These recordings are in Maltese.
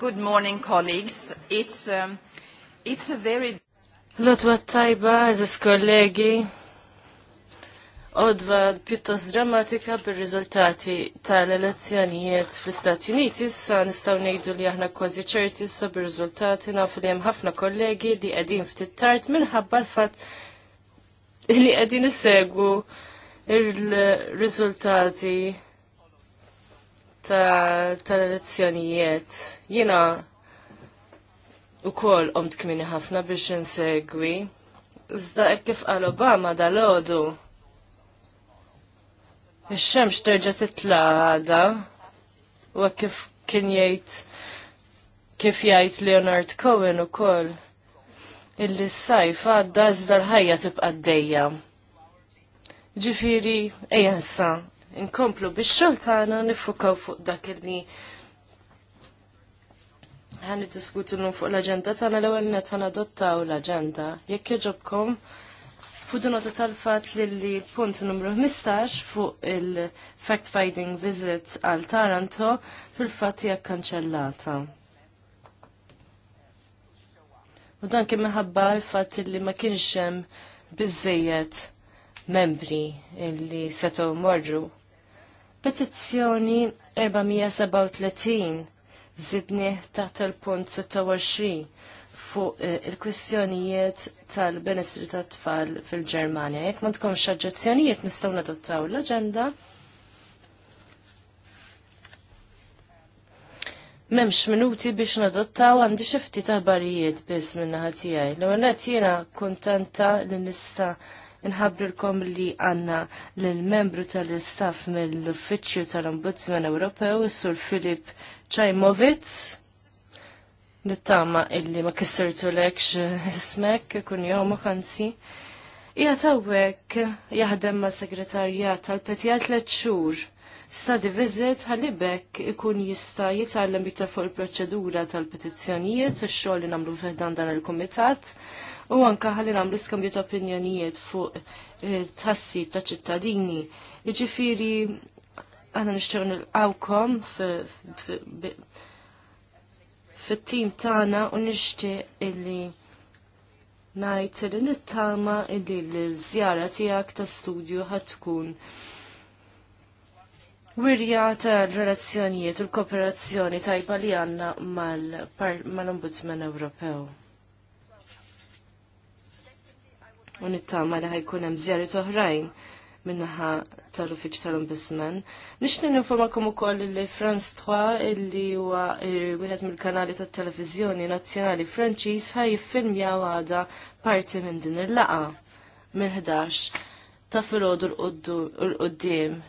Good morning, colleagues. It's, um, it's a very... Lotwa tajba, eżis kollegi. Odva pjuttost drammatika bir-riżultati tal-elezzjonijiet fl stati Uniti, sa nistaw nejdu li aħna kważi ċerti sa per rizultati nafu li ħafna kollegi li qegħdin ftit tard minħabba l fat li għedin isegwu il-riżultati tal-elezzjonijiet. Jina u kol omt kmini ħafna biex nsegwi. Iżda kif għal Obama dal-ħodu. Ix-xemx terġa' titla għada. U kif kien jgħid kif jgħid Leonard Cohen ukoll illi s-sajf għadda iżda l-ħajja tibqa' d-dejja. Ġifiri, ejja inkomplu biex xogħol tagħna nifukaw fuq dak li ħan diskutu l fuq l-agenda tana l-ewel net ħan adottaw l-agenda. Jekk jġobkom fudu nota tal-fat li l-punt numru 15 fuq il-fact-finding visit għal Taranto fil-fat hija kanċellata. U dan kien meħabba l-fat li ma kienx hemm membri li setgħu morġu Petizzjoni 437 zidni taħt il-punt 26 fuq eh, il-kwistjonijiet tal-benessri tat tfal fil ġermania Jek ma tkomx oġġezzjonijiet nistgħu nadottaw l-aġenda. Memx minuti biex nadottaw għandi xifti taħbarijiet biss minna ħatijaj. L-għonet jena kontenta li nista' nħabrilkom li għanna l-membru tal-istaff mill-Uffiċċju tal-Ombudsman Ewropew, Sur Filip Czajmovitz. Nittama illi ma kissirtu lekx ismek, kun jom kanzi. Ija tawwek jaħdem ma segretarjat tal-petjat l sta Stadi vizit ħalibek ikun jista jitallem bita fuq il-proċedura tal-petizzjonijiet, il xogħol li nagħmlu f'dan dan il-kumitat. il komitat il kumitat u anka ħalli nagħmlu skambju ta' opinjonijiet fuq eh, tħassib ta' ċittadini. Jiġifieri għana nil nilqawkom fit-tim tagħna u nixtieq illi ngħid li nittama illi l-żjara tiegħek ta' studju ħatkun tkun Wirja ta' relazzjonijiet u l-kooperazzjoni tajba li għanna mal-Ombudsman Ewropew. u nittama li ħajkun hemm żjarit oħrajn minnaħa tal-uffiċ tal-Ombudsman. Nixni ninformakom ukoll li Franz 3 illi huwa eh, wieħed mill-kanali tat-Televiżjoni Nazzjonali Franċiż ħajjiffilmjaw għada parti minn din il-laqa minn 11 ta' filgħodu l-qudiem.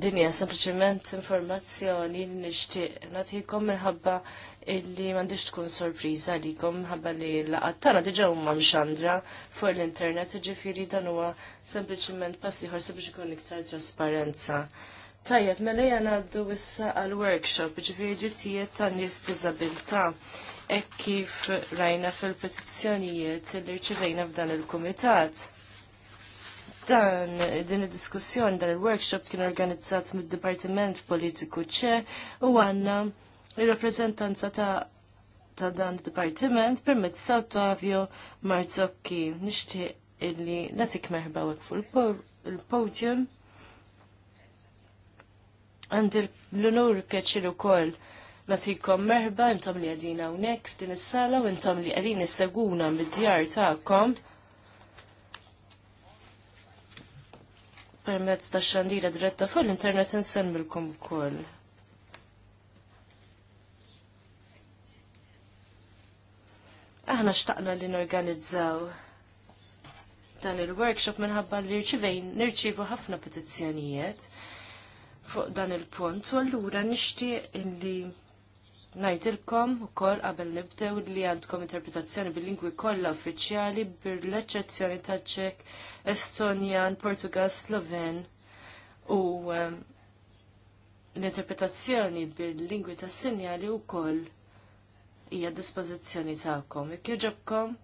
Din hija sempliċement informazzjoni li nixtieq nagħtikom minħabba illi mandiġ tkun sorpriża likom ħabba li laqat tagħna diġà huma mxandra fuq l-internet, ġifieri dan huwa sempliċiment pass ieħor sabiex ikun iktar trasparenza. Tajjeb, mela jana għaddu issa għal-workshop, ġifieri ġittijiet ta' nies b'iżabilità e kif rajna fil-petizzjonijiet li rċivejna f'dan il-kumitat. Dan din id-diskussjoni dan il-workshop kien organizzat mid-Dipartiment Politiku ċe u għanna il reprezentanza ta' ta' dan departiment dipartiment permezz ta' Ottavio Marzocchi. Nixtieq illi natik merba għek fuq il-podium. Għand l-onur keċil u koll natikom merba intom li għadina unek f'din is-sala u intom li għadina s-saguna mid-djar ta'kom. Permezz ta' xandira diretta fuq l-internet nsemmilkom ukoll. aħna xtaqna li norganizzaw dan il-workshop minħabba li rċivejn nirċivu ħafna petizzjonijiet fuq dan il-punt u allura nixtieq li ngħidilkom ukoll qabel nibdew li għandkom interpretazzjoni bil-lingwi kollha uffiċjali bil-eċċezzjoni ta' Ċek, Estonjan, Portugal, Sloven u ehm, l-interpretazzjoni bil-lingwi tas-sinjali wkoll hija dispożizzjoni tagħkom. Jekk jogħġobkom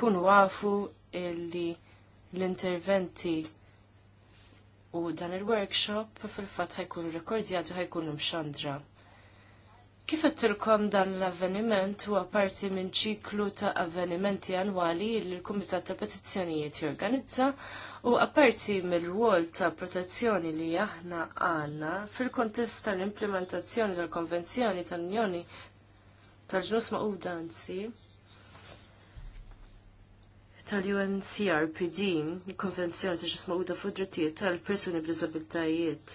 kunu għafu illi l-interventi u dan il-workshop fil-fatt ħajkunu rekordjati ħajkunu mxandra. Kif għattilkom dan l-avveniment huwa parti minn ċiklu ta' avvenimenti annwali li l-Kumitat ta' Petizzjonijiet jorganizza u apparti mill-wol ta' protezzjoni li aħna għanna fil-kontest tal-implementazzjoni tal-Konvenzjoni tal-Unjoni tal-ġnus ma' tal-UNCRPD, il-Konvenzjoni tal-ġnus ma' fuq drittijiet tal-persuni b'diżabiltajiet.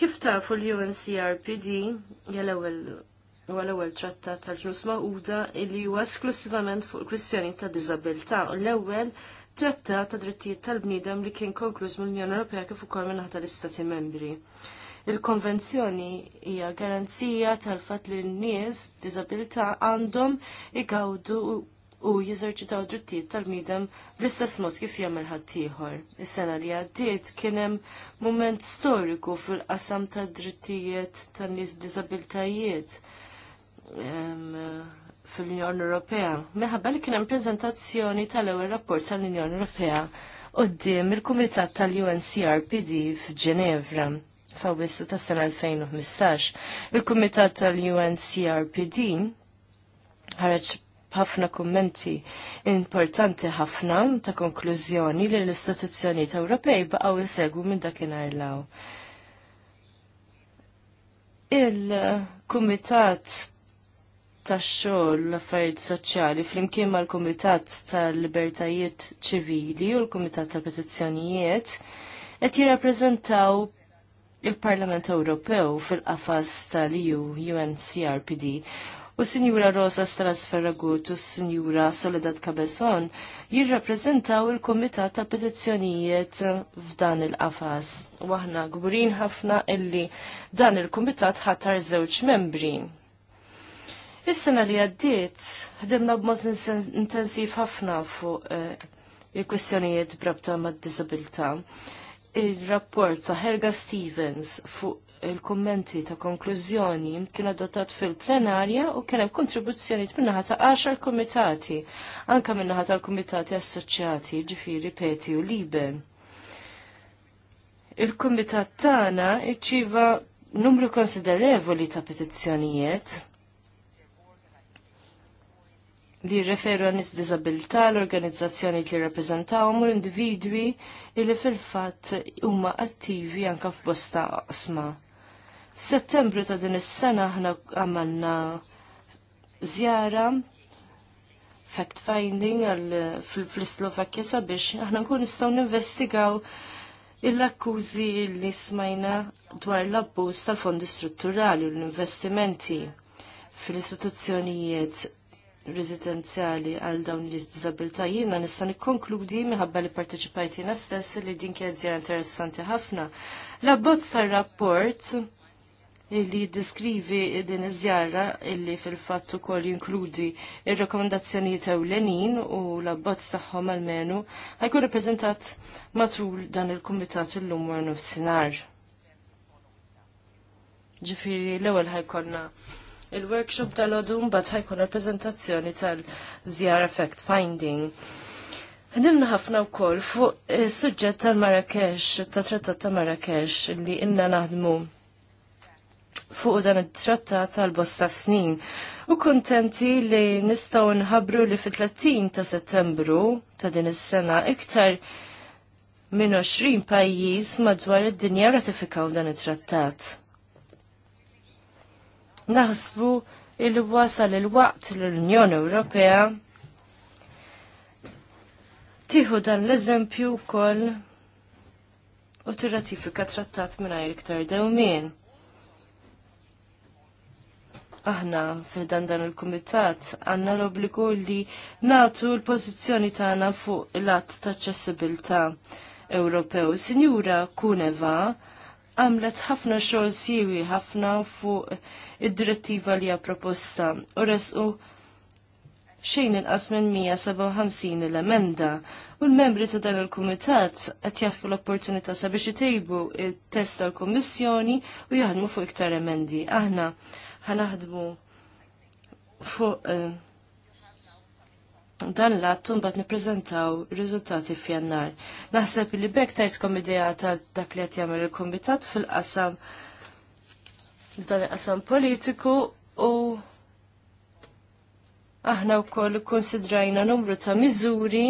Kif tafu l-UNCRPD jgħal-ewel għal l-ewwel trattat tal-ġnus Magħquda li huwa esklusivament fuq kwistjoni ta' diżabilità u l-ewwel trattat ta' drittijiet tal-bniedem li kien konkluż mill-Unjoni Ewropea kif ukoll minn l istati Membri. Il-konvenzjoni hija garanzija tal-fatt li n-nies b'diżabilità għandhom igawdu u jeżerċitaw drittijiet tal-midem bl-istess mod kif jagħmel ħaddieħor. Is-sena li għaddiet kien hemm mument storiku fil-qasam tad drittijiet tan-nies b'diżabiltajiet fil-Unjoni Ewropea. Minħabba li kien hemm preżentazzjoni tal-ewwel rapport tal-Unjoni Ewropea qudiem il-Kumitat tal-UNCRPD f'Ġenevra f'Awwissu tas-sena 2015. Il-Kumitat tal-UNCRPD ħareġ ħafna kummenti importanti ħafna ta' konklużjoni li l-istituzzjoni ta' Ewropej baqgħu jsegwu minn dakinhar law. Il-Kumitat tax-xogħol l-affarijiet soċjali flimkien mal-Kumitat tal-Libertajiet Ċivili u l-Kumitat tal-Petizzjonijiet qed jirrappreżentaw il-Parlament Ewropew fil-qafas tal-EU UNCRPD u Sinjura Rosa stras ferragut u Sinjura Soledad Cabezon jirrappreżentaw il-Komitat ta' Petizzjonijiet f'dan il-qafas. U aħna gburin ħafna illi dan il-Komitat ħatar żewġ membri. Is-sena li għaddiet ħdimna b'mod intensiv ħafna fuq eh, il kwistjonijiet brabta mad-disabilità. Il-rapport ta' Helga Stevens fuq il-kommenti ta' konklużjoni kien adottat fil-plenarja u kien hemm kontribuzzjoni minnaħa ta' 10 komitati, anka minnaħa tal kumitati assoċjati, ġifiri Peti u Libe. il kumitat tagħna iċċiva numru konsiderevoli ta' petizzjonijiet li jirreferu għan disabilità l-organizzazzjoni li rappresentawhom u l-individwi li fil-fatt huma attivi anka f'bosta qasma. F'Settembru ta' din is-sena aħna għamilna żjara fact finding fil-Slovakja sabiex aħna nkun nistgħu ninvestigaw l akkużi li smajna dwar l-abbuż tal-fondi strutturali u l-investimenti fil-istituzzjonijiet rezidenzjali għal dawn li disabilità jiena nista' nikkonkludi minħabba li parteċipajt jiena stess li din kienet żjara interessanti ħafna. L-abbozz tar-rapport illi diskrivi din iż-żjara illi fil-fatt ukoll jinkludi ir-rakkomandazzjonijiet ewlenin u l-abbozz tagħhom għalmenu ħajkun rappreżentat matul dan il-kumitat illum wara nofsinhar. Ġifieri l-ewwel ħajkonna il-workshop tal-għodu mbagħad ħajkun rappreżentazzjoni preżentazzjoni tal żjara effect finding. Ħdimna ħafna wkoll fuq is suġġett tal-Marrakesh, tat trattat ta' Marrakesh li inna naħdmu fuq dan it-trattat tal-bosta snin. U kontenti li nistaw nħabru li fit-30 ta' settembru ta' din is-sena iktar minn 20 pajjiż madwar id-dinja ratifikaw dan it-trattat. Naħsbu il wasal il-waqt l-Unjoni Ewropea tieħu dan l-eżempju wkoll u tirratifika trattat mingħajr iktar dewmien aħna f'dan dan il-kumitat għanna l-obbligu li natu l-pozizjoni tagħna fuq l-att ta' ċessibilta Ewropew. Sinjura Kuneva għamlet ħafna xogħol siwi ħafna fuq id-direttiva li hija proposta u resqu xejn inqas minn 157 l-emenda u l-membri ta' dan il-kumitat qed jaffu l-opportunità sabiex itejbu it-test tal-Kummissjoni u jaħdmu fuq iktar emendi. Aħna ħanaħdmu fuq eh, dan l-att bat niprezentaw riżultati f'jannar. Naħseb li bekk tajtkom idea ta' dak li qed jagħmel il-kumitat fil-qasam dan il-qasam politiku u aħna wkoll konsidrajna numru ta' miżuri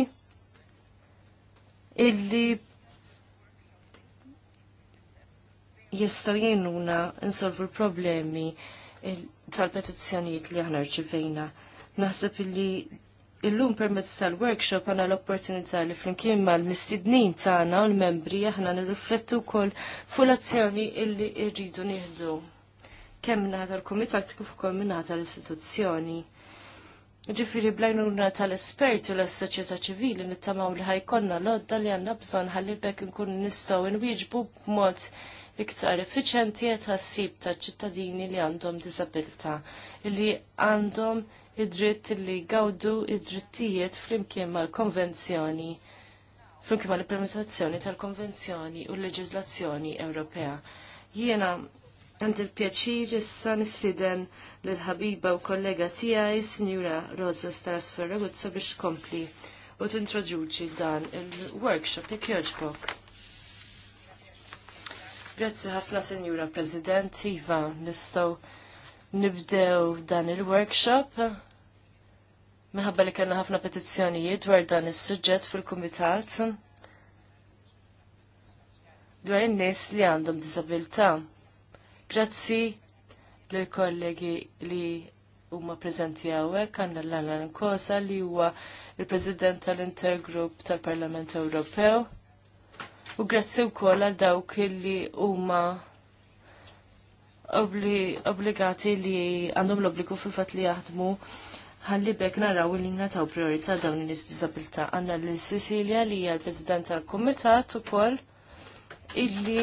illi jistaw jgħinuna insolvu l-problemi tal-petizzjonijiet li aħna rċivejna. Naħseb li illum permezz tal-workshop għana l-opportunità li flimkien mal mistidnin tagħna u l-membri aħna nirriflettu wkoll fuq l-azzjoni illi rridu nieħdu. Kemm mingħata l kumitat kif ukoll mingħata l istituzzjoni Ġifiri għuna tal-esperti u l-soċjetà ċivili nittamaw li ħajkonna l-odda li għandna bżonn ħallibek nkun nistgħu nwieġbu b'mod iktar effiċenti qed ħassib ta' ċittadini li għandhom diżabilità li għandhom id-dritt li gawdu id-drittijiet flimkien mal-konvenzjoni flimkien mal-implementazzjoni tal-konvenzjoni u l-leġiżlazzjoni Ewropea. Jiena għandi l-pjaċir issa nistiden l-ħabiba u kollega tiegħi Signora Rosa Staras Ferraguzza biex kompli u t-introduċi dan il-workshop jek joġbok. Grazzi ħafna, Signora President, Iva, nistaw nibdew dan il-workshop. Meħabba li kellna ħafna petizzjonijiet dwar dan is-suġġett fil-Kumitat dwar in-nies li għandhom diżabilità. Grazzi lill kollegi li huma preżenti hawnhekk għandna l Kosa li huwa il-President tal-Intergrupp tal-Parlament Ewropew u grazzi wkoll għal dawk li huma obbligati li għandhom l-obbligu fil-fatt li jaħdmu ħalli bekk naraw li nataw priorità dawn l nies b'diżabilità. Għandna lil Cecilia li hija l-President tal-Kumitat ukoll illi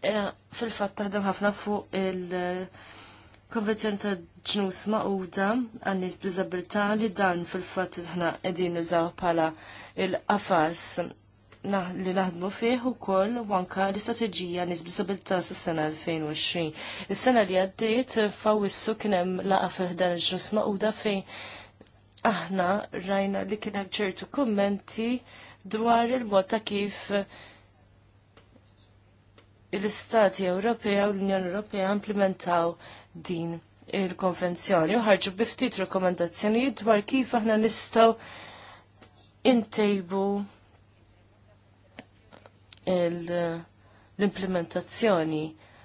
e, fil-fatt taħdem ħafna fuq il-Konvenzjoni ta' ġnus maquda għan-nies b'diżabilità li dan fil-fatt aħna qegħdin nużaw bħala il-qafas li naħdmu fih ukoll anka l-istrateġija nisbisabilta s sas-sena 2020. Is-sena li għaddiet fawissu kien hemm laqa fih dan il-ġnus maquda fejn aħna rajna li kien hemm ċertu kummenti dwar il-mod ta' kif l-Istati Ewropea u l-Unjoni Ewropea implementaw din il-konvenzjoni u ħarġu biftit rekomendazzjoni dwar kif aħna nistgħu intejbu l-implementazzjoni.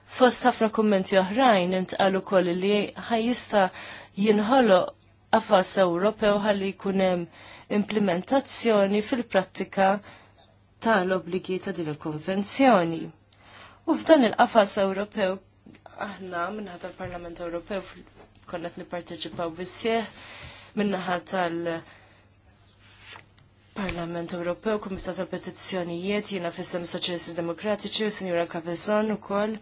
Fost ħafna kummenti oħrajn intqalu koll li ħajjista jinħolo għafas Ewropew ħalli jkunem implementazzjoni fil-prattika tal-obligi ta' din il-konvenzjoni. U f'dan il-qafas Ewropew aħna minnaħa tal-Parlament Ewropew konnet nipparteċipaw bissieħ minnaħa tal-Parlament Parlament Ewropew, Kumitat tal-Petizzjonijiet, jiena fissem Soċjalisti Demokratiċi u Sinjura Capezon ukoll.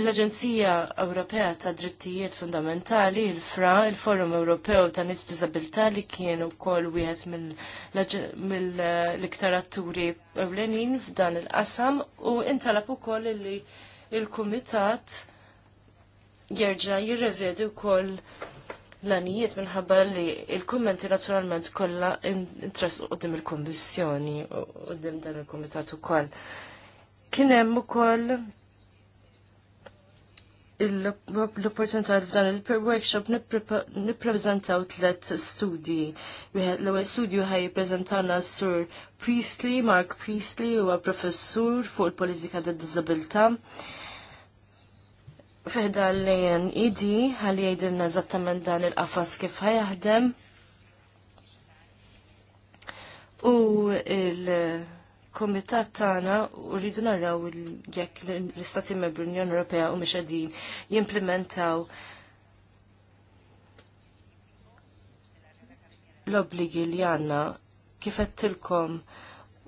L-Aġenzija Ewropea ta' Drittijiet Fundamentali, il-FRA, il-Forum Ewropew ta' Nis li kien ukoll wieħed mill-iktar atturi ewlenin f'dan il-qasam u intalab ukoll li il-Kumitat jerġa' jirrevedi wkoll l-anijiet minħabba li il-kommenti naturalment kollha interess dim il-Kummissjoni u dim dan il-Kumitat ukoll. Kien hemm ukoll l-opportunità li f'dan il-workshop nippreżentaw tliet studji. l-ewwel studju ħaj jippreżentana sur Priestley, Mark Priestley huwa professur fuq il-politika tad-diżabilità fiħda l-lejen idi e għal jgħidilna eżattament dan il-qafas kif ħajaħdem u il-komitat tagħna u rridu naraw jekk l-Istati Membri l-Unjoni Ewropea u mhux jimplementaw l-obligi li għanna kif tilkom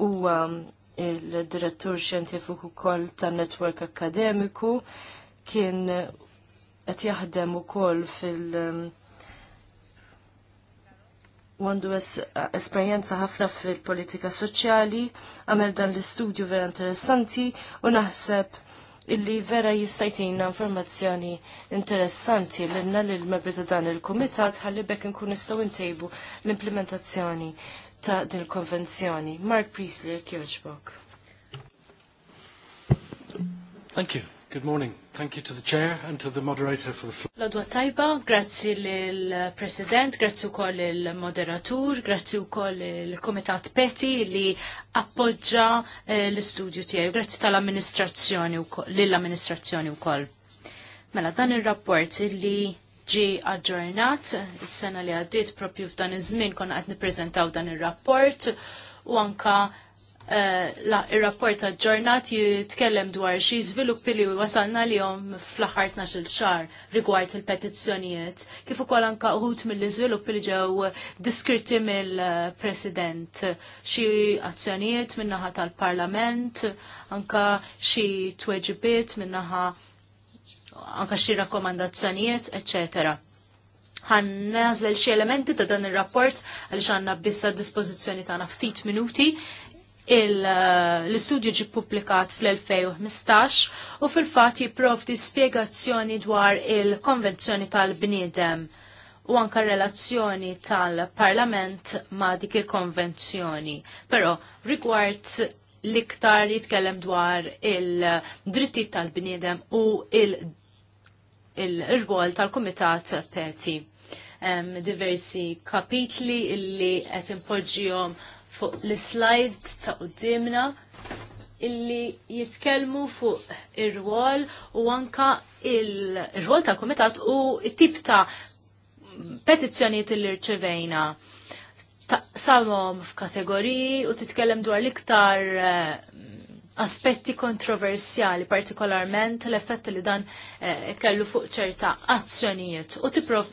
huwa il-direttur xjentifiku kol ta' netwerk akademiku kien qed jaħdem ukoll fil- għandu um, esperjenza ħafna fil-politika soċjali, għamel dan l-istudju vera interessanti u naħseb illi vera jistajtina informazzjoni interessanti l-inna l-membri ta' dan il-komitat ħalli bekk nkun nistaw intejbu l-implementazzjoni ta' din il-konvenzjoni. Mark Priestley, Kjoġbok. Thank you. Good morning. Thank you to the chair and to the moderator for the floor. Lodwa tajba, grazzi l-president, grazzi u koll l-moderatur, grazzi u koll l-komitat peti li appoġġa eh, l-studio tijaj, grazzi tal-amministrazzjoni l-amministrazzjoni u koll. Mela dan il-rapport li ġi aġġornat is-sena li għaddiet propju f'dan iż-żmien konna qed nippreżentaw dan ir-rapport u anka Eh, il-rapport ta' ġornat jitkellem dwar xi żviluppi li wasalna li jom fl-aħħar 12 xar rigward il-petizzjonijiet, kif ukoll anka uħut mill-iżviluppi li ġew diskritti mill-President, xi azzjoniet min-naħa tal-Parlament, anka xi tweġibiet min-naħa xie xi rakkomandazzjonijiet, Għan nazel xi elementi ta' dan ir-rapport għaliex għandna bissa dispożizzjoni tagħna ftit minuti, Eh, l-istudju ġi publikat fl-2015 u fil-fat jiprovdi spiegazzjoni dwar il-konvenzjoni tal-bniedem u anka relazzjoni tal-parlament ma' dik il-konvenzjoni. Pero rigward l-iktar jitkellem dwar il-drittijiet tal-bniedem u il- rwol tal-Komitat Peti. Um, diversi kapitli illi qed impoġġihom fuq l-slide ta' qoddimna illi jitkellmu fuq ir-rwol u anka il-rwol tal-kumitat u t-tip ta' petizzjonijiet li rċevejna taqsamhom f'kategoriji u titkellem dwar l-iktar eh, aspetti kontroversjali, partikolarment l-effett li dan eh, kellu fuq ċerta azzjonijiet u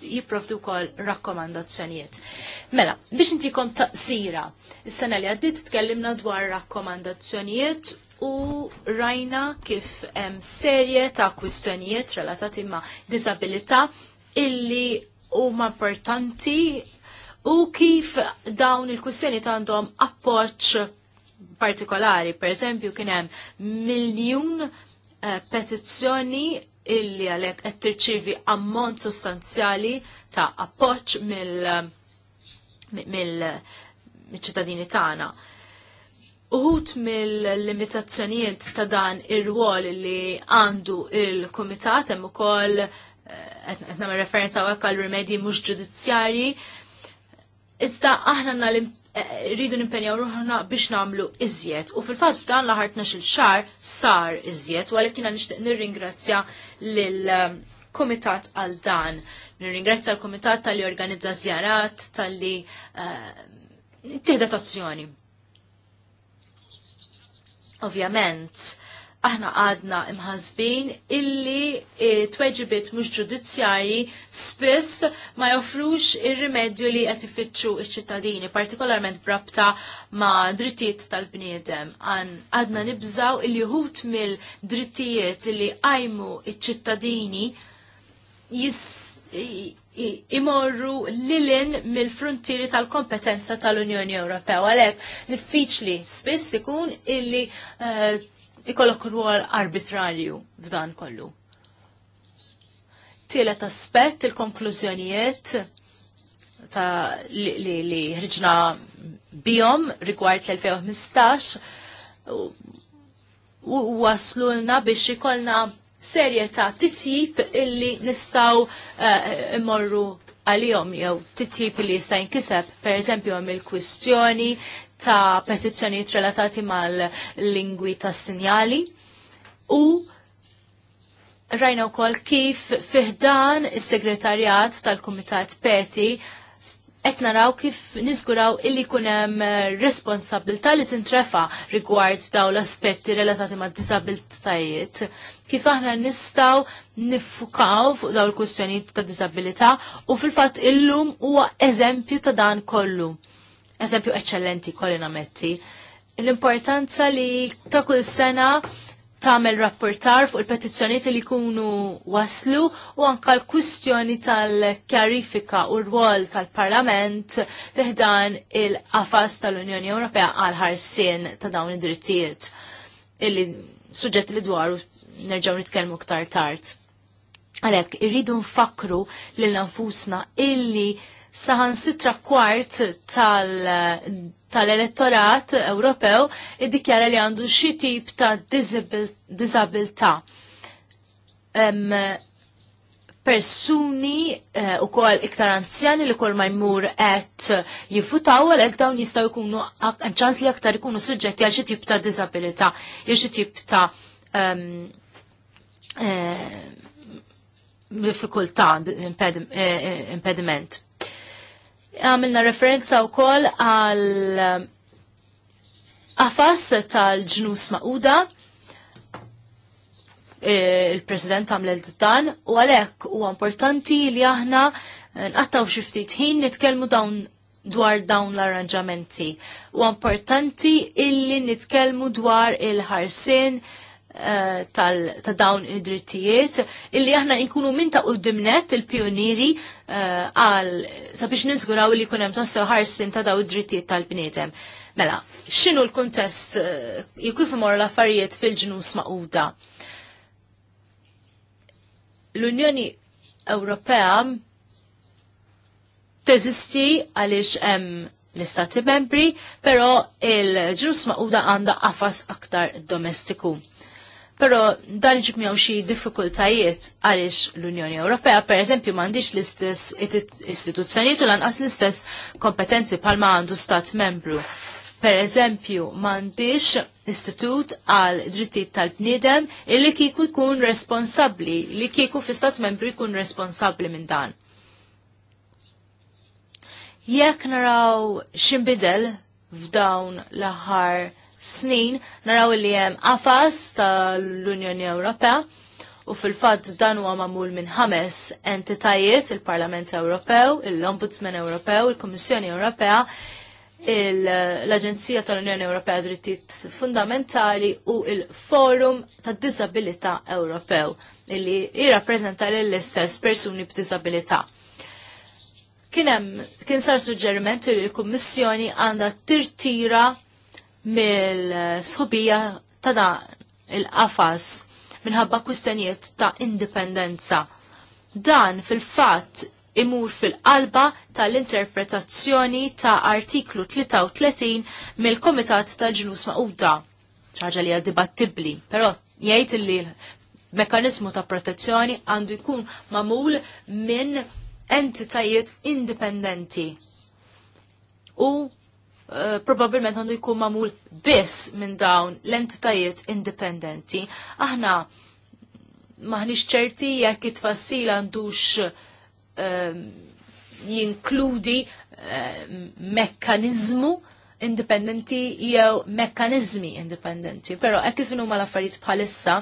jiprofdu kol rakkomandazzjonijiet. Mela, biex intikom taqsira, s-sena li għaddit tkellimna dwar rakkomandazzjonijiet u rajna kif hemm serje ta' kwistjonijiet relatati ma' disabilita illi huma importanti u kif dawn il kwistjonijiet għandhom appoċ partikolari, per esempio, kien hemm miljun eh, petizzjoni illi għalek qed tirċivi ammont sostanzjali ta' appoġġ mill-ċittadini tagħna. Uħut mill-limitazzjonijiet ta' dan ir-rwol li għandu il-Kumitat hemm ukoll eh, qed nagħmel referenza hawnhekk għal rimedji mhux ġudizzjarji Iżda aħna eh, eh, rridu nimpenjaw ruħna biex namlu iżjed. U fil-fatt f'dan laħartna xil-xar sar iżjed, u kien kina nishtiq nirringrazzja l-komitat eh, għal dan. Nirringrazzja l-komitat tal-li organizza zjarat, tal-li tihdet azzjoni. Ovvjament, aħna għadna imħazbin illi e, tweġibit mhux ġudizzjarji spiss ma joffrux ir-rimedju li qed fitxu iċ-ċittadini, partikolarment brabta ma' drittijiet tal-bniedem. Għadna nibżaw illi ħut mill-drittijiet illi għajmu iċ-ċittadini imorru lilin mill-frontieri tal-kompetenza tal-Unjoni Ewropea. Għalhekk diffiċli spiss ikun illi uh, ikollok rwol arbitrarju f'dan kollu. Tielet aspett il-konklużjonijiet ta' li, li, ħriġna bihom rigward l-2015 u waslulna biex ikollna serjeta titjib illi nistaw uh, immorru għalihom jew titjib li jista' jinkiseb, per eżempju hemm il-kwistjoni ta' petizzjonijiet relatati mal-lingwi tas sinjali u rajna wkoll kif fiħdan is-segretarjat tal-Kumitat Peti qed naraw kif niżguraw illi jkun hemm responsabilità li tintrefa rigward daw l-aspetti relatati mad disabilitajiet. Kif aħna nistgħu niffukaw fuq daw l kustjoni ta' disabilita u fil fat illum huwa eżempju ta' dan kollu eżempju eccellenti kolli nametti. L-importanza li ta' kull sena tagħmel rapportar fuq il-petizzjoniet li jkunu waslu u anka l-kwistjoni tal-kjarifika u r-rwol tal-Parlament fiħdan il-qafas tal-Unjoni Ewropea għal ħarsien ta' dawn id-drittijiet illi suġġett li dwaru nerġgħu nitkellmu ktar tard. Għalhekk irridu nfakru lil nfusna illi saħan sitra kwart tal-elettorat Ewropew iddikjara li għandu xi tip ta' disabilità. Um, persuni eh, u kol iktar anzjani li kol ma jmur għet jifutaw għalek dawn jistaw jkunu ċans li aktar ikunu suġġetti għal xie tip ta' disabilita, għal xie tip ta' um, uh, diffikultà, eh, impediment għamilna referenza u koll għal għafas tal-ġnus ma'uda e, il-President l dan u għalek u importanti li aħna nqattaw xiftit ħin nitkelmu dawn dwar dawn l-arranġamenti. U importanti illi nitkelmu dwar il-ħarsin, il ħarsin Eh, ta' dawn id-drittijiet illi aħna nkunu minn ta' qoddimnet il-pioniri eh, għal sabiex niżguraw li kunem tassew ħarsin ta' daw id-drittijiet tal-bniedem. Mela, xinu l-kontest eh, jikif mor l-affarijiet fil-ġnus maquda? L-Unjoni Ewropea teżisti għaliex hemm l-istati membri, però il-ġnus maquda għanda qafas aktar domestiku Pero dan ġib mjaw xi diffikultajiet għaliex l-Unjoni Ewropea, per eżempju, m'għandix l-istess istituzzjonijiet u lanqas l-istess kompetenzi bħalma għandu stat membru. Per eżempju, m'għandix istitut għal drittijiet tal-bniedem illi kieku jkun responsabbli, li kieku fi stat membru jkun responsabbli minn dan. Jekk naraw ximbidel f'dawn l-aħħar snin naraw li hemm afas tal-Unjoni Ewropea u fil-fatt dan huwa magħmul minn ħames entitajiet il-Parlament Ewropew, l-Ombudsman Ewropew, il-Kummissjoni Ewropea, l-Aġenzija tal-Unjoni Ewropea Drittijiet Fundamentali u il-Forum tad Disabilità Ewropew illi jirrappreżenta lill-istess persuni b'disabilità hemm kien sar suġġeriment li l-Kummissjoni għandha tirtira mill-sobija ta' da il-qafas minħabba kwistjonijiet ta' indipendenza. Dan fil-fatt imur fil-qalba tal-interpretazzjoni ta' artiklu 33 mill-Komitat tal-Ġnus Maquda. ċaġa li għaddibattibli, pero jgħid li l-mekanizmu ta' protezzjoni għandu jkun mamul minn entitajiet indipendenti. U Eh, probabilment għandu jkun mamul biss minn dawn l-entitajiet indipendenti. Aħna maħniex ċerti jekk it-tfassil għandux ehm, jinkludi ehm, mekkanizmu indipendenti jew mekkanizmi indipendenti. Pero hekk kif ma l-affarijiet bħalissa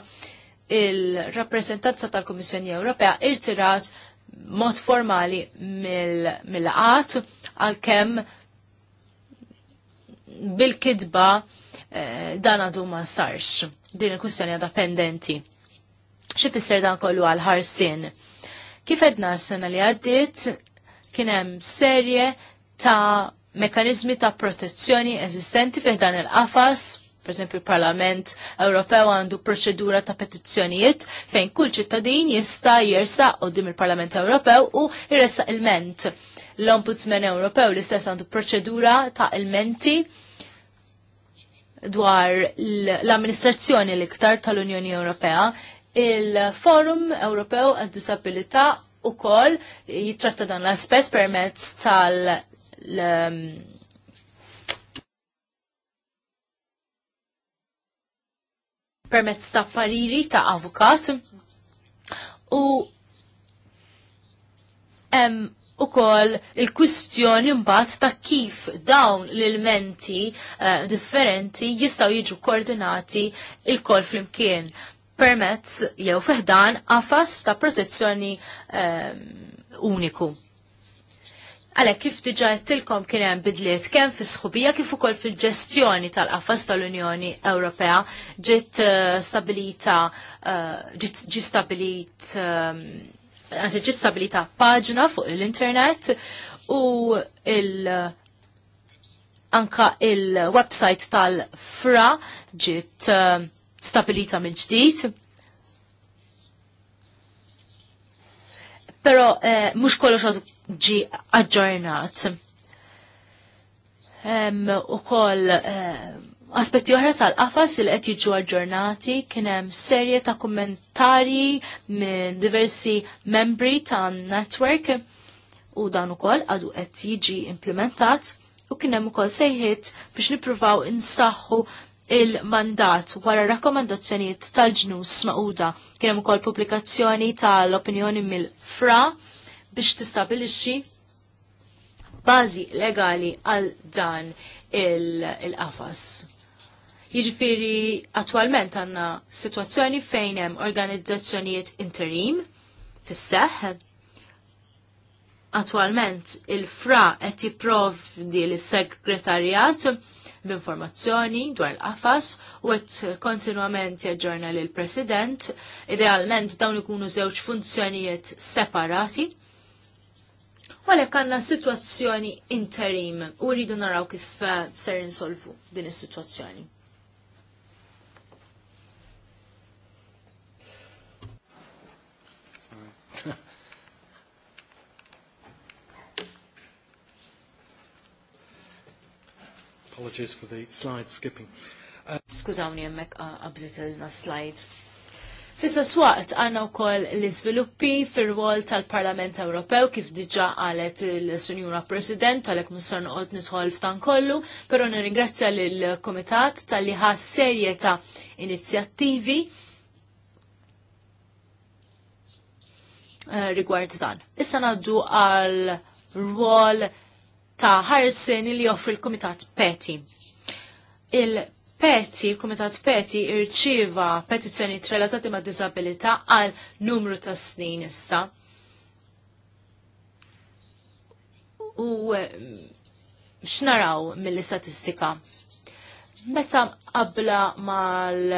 il-rappresentanza tal-Kummissjoni Ewropea irtirat mod formali mill għat għal kemm bil-kidba eh, dan għadu ma sarx. Din il-kustjoni għadha pendenti. Xifisser dan kollu għal-ħarsin. Kif edna s-sena li għaddit, kienem serje ta' mekanizmi ta' protezzjoni eżistenti fih dan il-qafas, per esempio il-Parlament Ewropew għandu proċedura ta' petizzjonijiet fejn kull ċittadin jista' jersaq qudiem il-Parlament Ewropew u jressaq il-ment. L-Ombudsman Ewropew l-istess għandu proċedura ta' il-menti dwar l-amministrazzjoni l-iktar tal-Unjoni Ewropea, il-Forum Ewropew għad-Disabilità u kol jitratta dan l-aspet permezz tal- um, permezz ta' fariri ta' avukat u u kol il-kwistjoni mbagħad ta' kif dawn l-elementi uh, differenti jistaw jiġu koordinati il-kol flimkien permezz jew feħdan għafas ta' protezzjoni um, uniku. Għalek kif diġa tilkom kien hemm bidliet kemm fis-sħubija kif ukoll fil-ġestjoni tal-qafas tal-Unjoni Ewropea ġiet uh, stabilita ġiet uh, ġit stabilit uh, għanti ġit stabilita paġna fuq l-internet u il- anka il-website tal-fra ġit eh, stabilita minn ġdid. Pero eh, mux kollox ġi aġġornat. Um, u koll eh, Aspetti oħra tal-qafas il qed jiġu aġġornati kien hemm serje ta' kummentarji minn diversi membri ta' network u dan ukoll għadu qed jiġi implementat u kien hemm ukoll sejħiet biex nippruvaw insaħħu il-mandat wara rakkomandazzjonijiet tal-ġnus maquda. Kien hemm ukoll pubblikazzjoni tal-opinjoni mill-FRA biex tistabilixxi bażi legali għal dan il-qafas. Jiġifieri attwalment għandna sitwazzjoni fejn hemm organizzazzjonijiet interim fis-seħħ. Attwalment il-fra qed jipprovdi l-segretarjat b'informazzjoni dwar l-qafas u qed kontinwament jaġġorna lil president idealment dawn ikunu żewġ funzjonijiet separati. għalhekk għandna situazzjoni interim u rridu naraw kif eh, ser insolvu din is sitwazzjoni Apologies for the slide skipping. Skużawni jemmek għabżit il-na slide. F'issa swaqt waqt għanna wkoll l-iżviluppi fir-rwol tal-Parlament Ewropew kif diġà qalet il-Sinjura President għalhekk mhux sar noqgħod nidħol f'tan kollu, però nirringrazzja lill-Kumitat tal-li ħas serje ta' inizjattivi eh, rigward dan. Issa ngħaddu għal rwol ta' ħarsin li joffri l-Kumitat Peti. Il-Peti, il-Kumitat Peti irċiva petizjoni relatati ma' disabilita għal numru ta' snin issa. U eh, x'naraw mill-istatistika? Meta qabla mal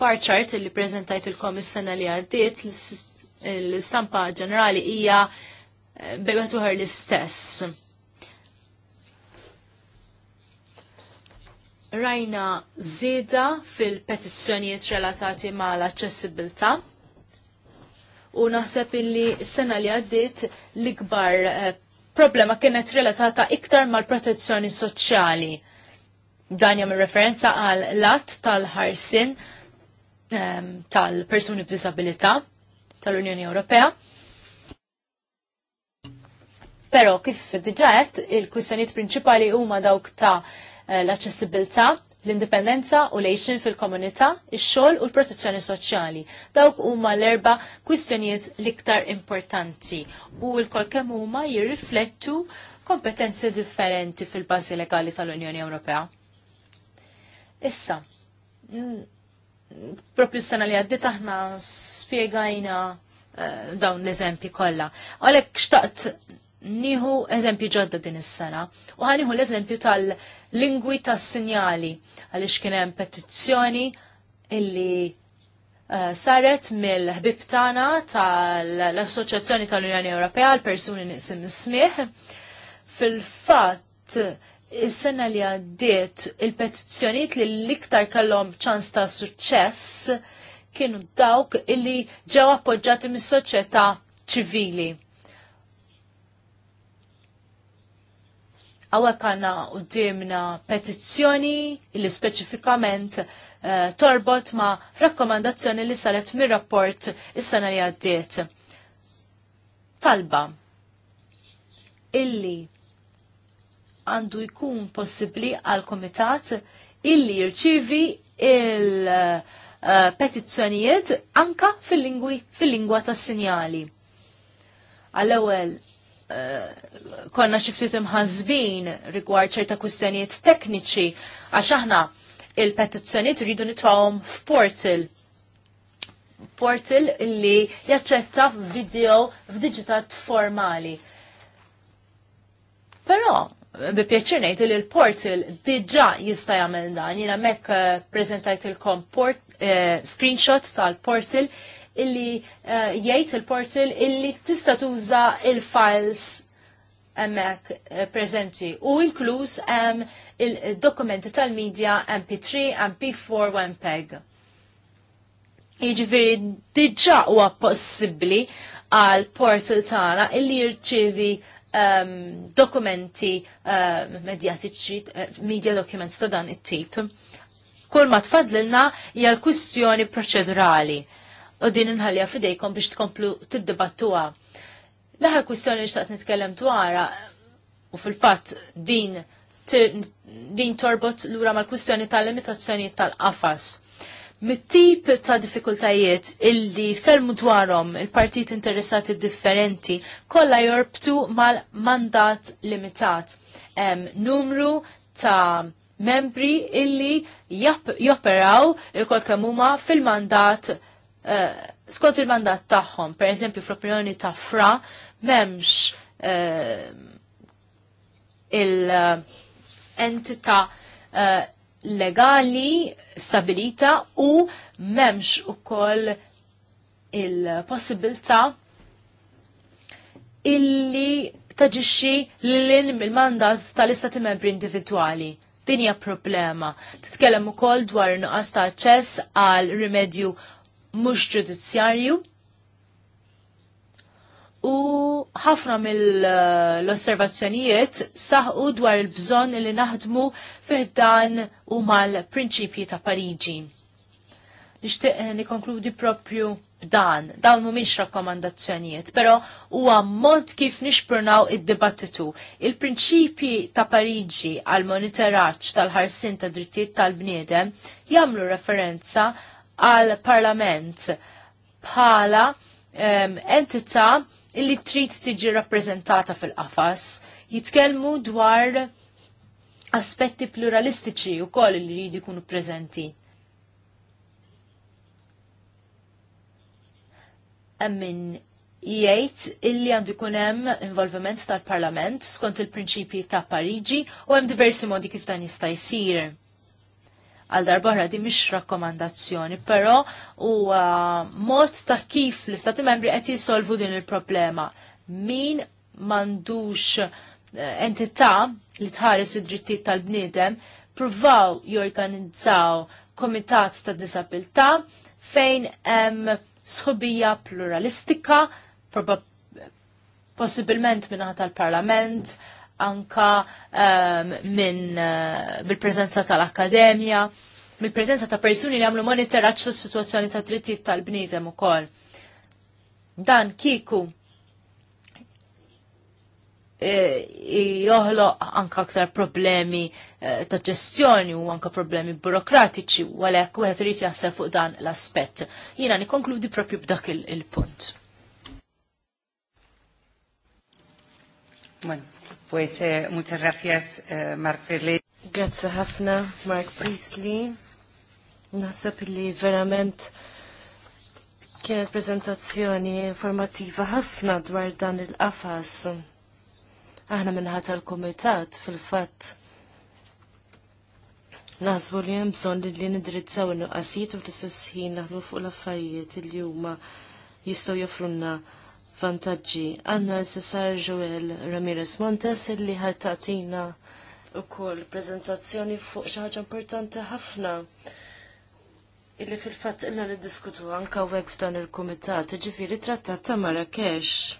bar chart li prezentajt il-kom is-sena li għaddiet, l-istampa ġenerali hija eh, bebetuħar l-istess. rajna zida fil-petizzjonijiet relatati ma' l-accessibilità u naħseb illi sena li għaddit l-ikbar eh, problema kienet relatata iktar mal-protezzjoni soċjali. Dan jagħmel referenza għal lat tal-ħarsin ehm, tal-persuni b'disabilità tal-Unjoni Ewropea. Pero kif diġaħet, il-kwistjoniet prinċipali huma dawk ta' Eh, l accessibilità l-indipendenza u l l-ejxin fil-komunità, ix-xogħol u l-protezzjoni soċjali. Dawk huma l-erba' kwistjonijiet l-iktar importanti u l-kol kemm huma jirriflettu kompetenzi differenti fil-bażi legali tal-Unjoni Ewropea. Issa, propju s-sena li għaddit aħna spiegajna eh, dawn l-eżempi kolla. Għalek xtaqt nieħu eżempju ġodda din is-sena u ħaniħu l-eżempju tal- lingwi tas-sinjali għaliex kien hemm petizzjoni illi uh, saret mill-ħbib tal-Assoċjazzjoni tal-Unjoni Ewropea għal persuni nisim smih. Fil-fatt is-sena li għaddiet il-petizzjonijiet li l-iktar kellhom ċans ta' suċċess kienu dawk illi ġew appoġġjati mis-soċjetà ċivili Għawek għanna u dimna petizzjoni li speċifikament uh, torbot ma rakkomandazzjoni li saret mir-rapport is-sena li għaddiet. Talba illi għandu jkun possibli għal komitat illi jirċivi il-petizzjonijiet eh, anka fil-lingwa fil tas sinjali. Għall-ewel, Eh, konna xiftit imħazbin rigward ċerta kustenijiet tekniċi għax aħna il-petizzjoniet rridu nitfawhom f'portal portal li jaċċetta video f'diġitat formali. Però, bi pjaċir ngħid li l-portal diġà jista' jagħmel dan. Jiena mekk eh, preżentajt eh, screenshot tal-portal illi uh, jgħid il-portal illi tista' tuża il-files emmek eh, prezenti u inkluż hemm il-dokumenti tal-medja MP3, MP4 u MPEG. Jiġifieri diġà huwa possibbli għal portal tagħna illi jirċievi um, dokumenti um, media documents ta' dan it-tip. Kol ma tfadlilna jgħal l-kwistjoni proċedurali u din inħallija fidejkom biex tkomplu tiddibattuha. L-aħħar kwistjoni li xtaqt nitkellem dwarha u fil-fatt din din torbot lura mal-kwistjoni tal-limitazzjoni tal-qafas mit-tip ta' diffikultajiet illi tkellmu dwarhom il-partit interessati differenti kollha jorbtu mal-mandat limitat. Em, numru ta' membri illi joperaw il-kol huma fil-mandat Eh, skont il-mandat tagħhom, per eżempju fl-opinjoni ta' fra, memx eh, il-entità eh, legali stabilita u memx ukoll il-possibilità illi taġixxi lil il-mandat tal-istati membri individwali dinja problema. Titkellem ukoll dwar nuqqas ta' aċċess għal rimedju mhux ġudizzjarju u ħafna mill-osservazzjonijiet saħu dwar il-bżonn li naħdmu fiħdan u mal-prinċipji ta' Pariġi. Nixtieq eh, nikonkludi propju b'dan, dawn mhumiex rakkomandazzjonijiet, però huwa mod kif nixpurnaw id-dibattitu. Il-prinċipji ta' Pariġi għal monitoraċ tal-ħarsin ta' drittijiet tal-bniedem jagħmlu referenza għal-Parlament bħala um, entità illi trid tiġi rappresentata fil-qafas. Jitkellmu dwar aspetti pluralistiċi u koll li jridu jkunu preżenti. Emmin jgħid illi għandu jkun hemm involviment tal-Parlament skont il-prinċipji ta' Pariġi u hemm diversi modi kif dan jista' jsir għal darbohra di mish rakkomandazzjoni, pero u uh, mod ta' kif l-istati membri qed jisolvu din il-problema. Min mandux uh, entità li tħares id-drittijiet tal-bniedem provaw jorganizzaw komitat ta' disabilità fejn hemm sħobija pluralistika, possibilment minna tal-parlament, anka um, minn uh, eh, bil-preżenza tal akademja mill-preżenza ta' persuni li għamlu monitoraġġ s situazzjoni ta' drittijiet tal-bniedem ukoll. Dan kiku eh, joħloq anka aktar problemi eh, ta' ġestjoni u anka problemi burokratiċi u għalhekk wieħed irid jaħseb fuq dan l-aspett. Jiena nikkonkludi propju b'dak il-punt. Il Well. Pues eh, muchas gracias, eh, Mark Priestley. Grazie ħafna, Mark Priestley. Naħseb li verament kienet prezentazzjoni informativa ħafna dwar dan il-qafas. Aħna minnaħat tal-komitat fil-fatt Nasbu li hemm bżonn li nidrizzaw in-nuqqasijiet u l istess ħin fuq l-affarijiet li huma jistgħu jofrunna vantaġġi. Għanna l sar Joel Ramirez Montes illi ħatatina u kol prezentazzjoni fuq xaħġa importanti ħafna illi fil-fat illa li diskutu anka u f'dan il-komitat, ġifiri trattat ta' Marrakesh.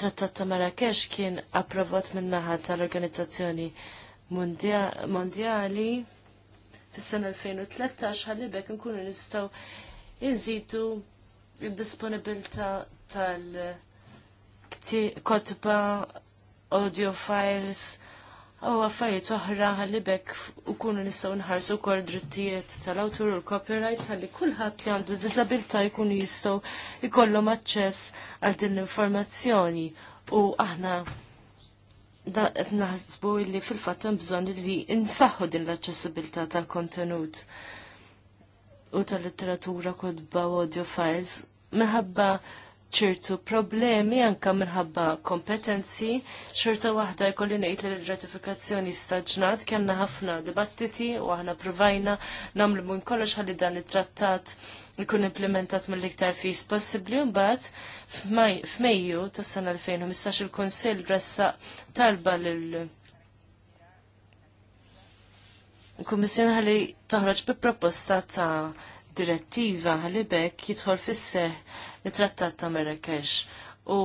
Trattat ta' Marrakesh kien approvat minnaħa tal-Organizzazzjoni Mondjali fis-sena 2013 ħallibek nkunu nistgħu inżidu il-disponibilità tal-kotba, audio files, u għaffariet oħra għalli bekk u kunu nistaw nħarsu kol drittijiet tal autor u l-copyright għalli kullħat li għandu disabilta jkunu jistaw jkollhom aċċess għal din l-informazzjoni u aħna naħsbu li fil-fatt hemm bżonn li insaħħu din l-aċċessibilità tal-kontenut u tal-litteratura kodba u audio files meħabba ċertu problemi anka minħabba kompetenzi, xorta waħda jkolli ngħid li l-ratifikazzjoni staġnat kellna ħafna dibattiti u aħna provajna nagħmlu minn kollox ħalli dan it-trattat ikun implementat mill-iktar fis possibbli u mbagħad f'Mejju tas-sena 2015 il-Kunsill rassa talba lil il-Kummissjoni ħalli toħroġ bi proposta ta' direttiva ħalli bekk jidħol fisseħ it-Trattat ta' Marrakesh u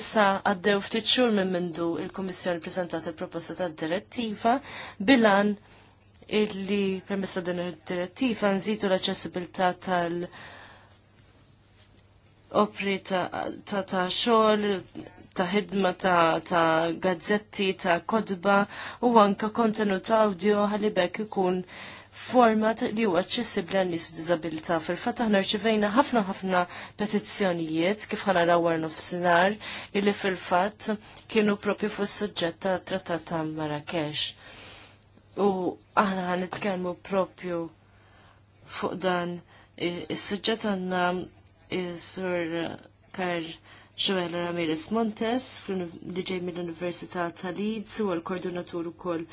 issa għaddew ftit xhur minn mindu il-Kummissjoni ppreżentat il-proposta ta' direttiva bilan illi permessa din id-direttiva nżidu l-aċċessibilità tal- ta opri ta' ta' xogħol, ta' ħidma ta', ta gazzetti, ta' kodba u anka kontenut audio ħalli bekk ikun format li huwa aċċessibbli għan nies b'diżabilità. Fil-fatt aħna rċivejna ħafna ħafna petizzjonijiet kif ħana rawar nofsinhar illi fil-fatt kienu propju fuq is-suġġett ta' Trattat ta' Marrakesh. U aħna ħan propju fuq dan is-suġġett għandna Sur Kar Joel Ramirez Montes li ġej mill-Università ta' Leeds u l-koordinatur ukoll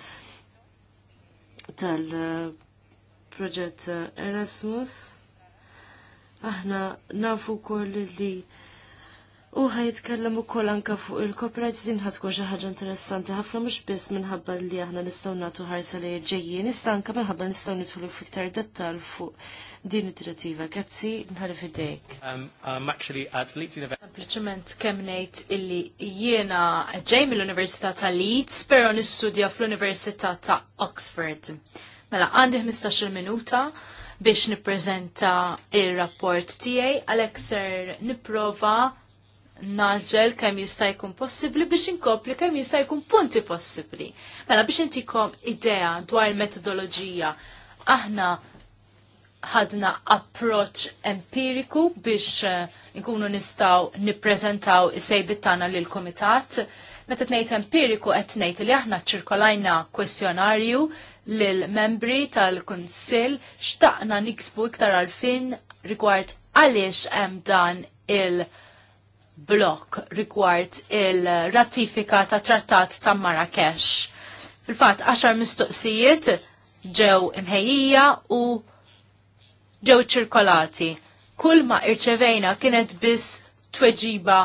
tal-proġett Erasmus. Aħna nafu koll li U ħajitkellem ukoll anke fuq il-copyright din ħatkun xi ħaġa interessanti ħafna mhux biss minħabba li aħna nistgħu nagħtu ħarsa li ġejjin, iżda anke minħabba nistgħu nidħlu fiktar dettal fuq din id-direttiva. Grazzi, nħalli fidejk. Um, um, Sempliċement kemm ngħid illi jiena ġej mill-Università ta' Leeds, però nistudja fl-Università ta' Oxford. Mela għandi 15-il minuta biex nippreżenta il-rapport tiegħi għalhekk ser nipprova naġel kemm jista' jkun possibbli biex inkopli kemm jista' jkun punti possibbli. Mela biex intikom idea dwar il-metodoloġija aħna ħadna approċ empiriku biex eh, nkunu nistaw niprezentaw sejbit tagħna lil komitat. Meta tnejt empiriku qed ngħid li aħna ċirkolajna kwestjonarju lil membri tal-Kunsill xtaqna niksbu iktar għalfin rigward għaliex hemm dan il- blok rigward il-ratifika ta' trattat ta' Marrakesh. Fil-fat, 10 mistoqsijiet ġew imħejjija u ġew ċirkolati. Kull ma irċevejna kienet biss tweġiba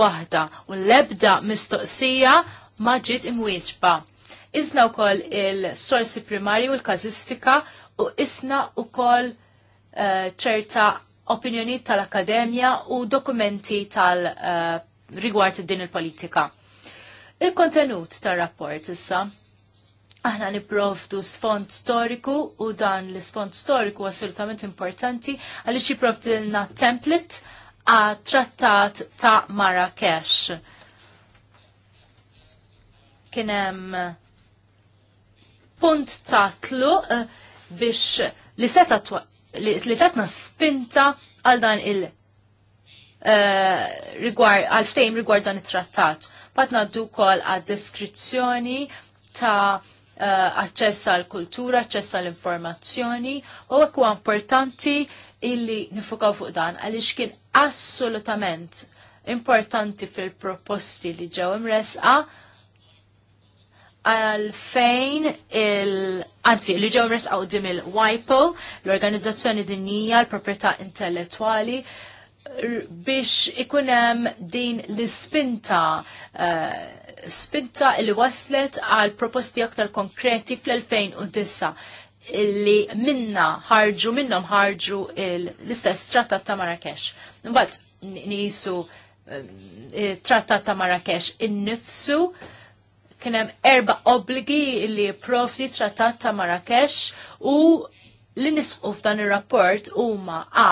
waħda u l-ebda mistoqsija ma ġiet imwieġba. Isna wkoll il-sorsi primari u l-kazistika u isna wkoll eh, ċerta uh, opinjoni tal-akademja u dokumenti tal- uh, rigward din il-politika. Il-kontenut tal-rapport issa. Aħna niprovdu sfond storiku u dan l-sfond storiku assolutament importanti għaliex na template għat trattat ta' Marrakesh. Kienem punt ta' tlu biex li seta li tatna spinta għal dan il- eh, rigward għal fejm rigward dan it-trattat. Patna du kol għad deskrizzjoni ta' eh, aċċess għal kultura, aċċess għal informazzjoni, u għek importanti illi nifukaw fuq dan għaliex kien assolutament importanti fil-proposti li ġew imresqa għalfejn il- Anzi, li ġew resqaw dim il-WIPO, l-Organizzazzjoni Dinjija l-Proprjetà Intellettwali, biex ikunem din l-spinta eh, spinta il waslet għal proposti aktar konkreti fl-2009 illi minna ħarġu minnom ħarġu l-istess trattat ta' Marrakesh. Mbagħad nisu eh, trattat ta' Marrakesh innifsu nifsu kienem erba obligi li li trattat ta' Marrakesh u li nisqu f'dan ir-rapport huma a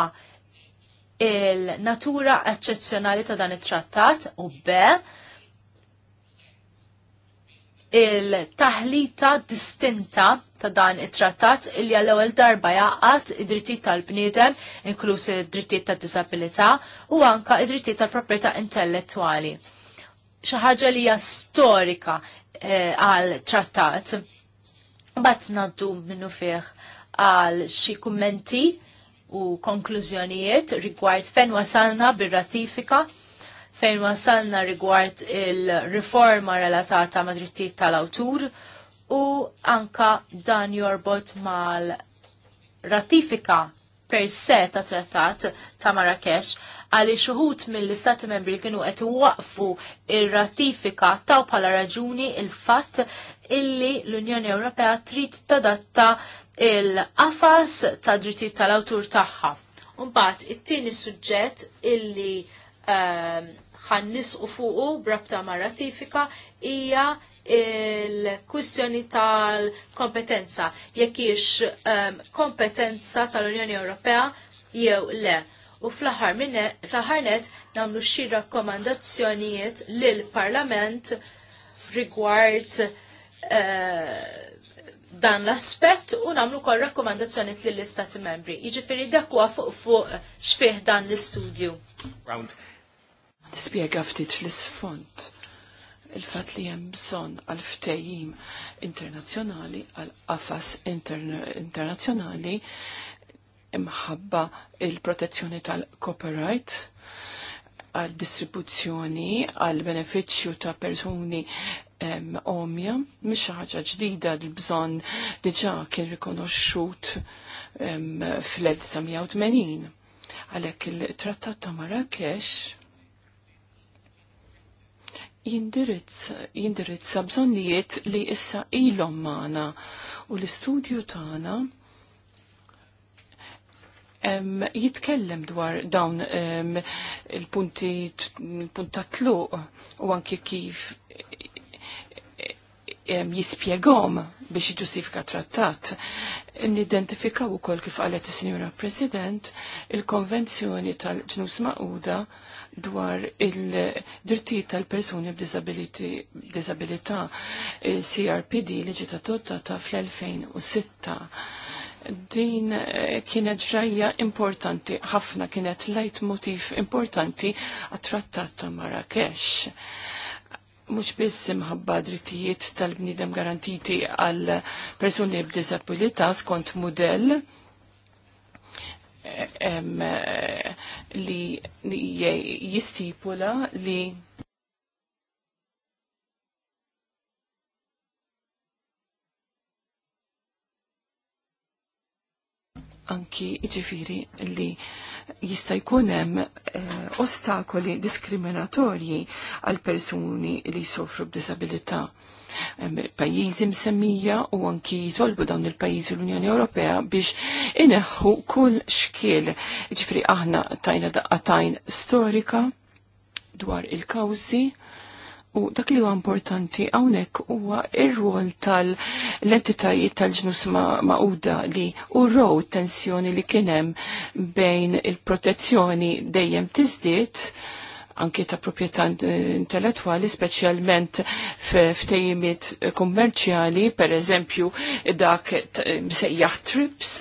il-natura eccezzjonali ta' dan it-trattat u b il-taħlita distinta ta' dan it-trattat il għall ewwel darba jaqat id-drittijiet tal-bniedem, inklusi id-drittijiet tad disabilita u anka id-drittijiet tal-proprjetà intellettwali xi ħaġa li hija storika eh, għal trattat. Mbagħad naddu minnu fieħ għal xi kummenti u konklużjonijiet rigward fejn wasalna bir-ratifika fejn wasalna rigward il-riforma relatata ma' drittijiet tal-awtur u anka dan jorbot mal ratifika per se ta' trattat ta' Marrakesh għali xuħut mill-istati membri kienu qed waqfu il ratifika taw bħala raġuni il-fatt illi l-Unjoni Ewropea trid tadatta il-qafas ta' drittijiet tal-awtur tagħha. Mbagħad it-tieni suġġett illi ehm, ħannis u fuqu brabta ma' ratifika hija il-kwistjoni tal-kompetenza, jekk hiex um, kompetenza tal-Unjoni Ewropea jew le. U fl-aħħar net nagħmlu xi rakkomandazzjonijiet lil Parlament rigward uh, dan l-aspett u namlu kol rakkomandazzjonijiet lill istati membri. Jiġifieri dakwa fuq fuq xfih dan l-istudju. Round. ftit l isfond il-fat li hemm bżonn għal ftejim internazzjonali, għal qafas internazzjonali imħabba il-protezzjoni tal-copyright, għal distribuzzjoni, għal beneficju ta' persuni omja, mhix ħaġa ġdida l-bżonn diġà kien rikonoxxut fl-1980. Għalhekk il-Trattat ta' Marrakesh jindirizza bżonnijiet li issa ilhom maħna u l-istudju tagħna jitkellem dwar dawn il-punti il-punta tluq u anki kif jispjegom biex ġusifika trattat. Nidentifikaw u kol kif għalet il-Sinjura President il-Konvenzjoni tal-ġnus Maquda dwar il drittijiet tal-persuni b'disabilità CRPD li ġiet adottata fl-2006. Din eh, kienet ġrajja importanti, ħafna kienet lajt motiv importanti għat-trattat ta' Marrakesh mux biss imħabba drittijiet tal-bnidem garantiti għal persuni b'disabilità skont modell Eh, li jistipula li anki ġifiri li jista' jkun hemm eh, ostakoli diskriminatorji għal persuni li jsofru b'disabilità. Pajjiżi msemmija u anki jitolbu dawn il-pajjiżi l-Unjoni Ewropea biex ineħħu kull xkiel. Ġifri aħna tajna daqqatajn storika dwar il-kawżi U dak li huwa importanti hawnhekk huwa ir-rwol tal-entitajiet tal-ġnus maquda li u row tensjoni li kien hemm bejn il-protezzjoni dejjem tiżdied anki ta' proprjetà intellettwali, speċjalment f'tejjimiet kummerċjali, per eżempju dak sejjaħ trips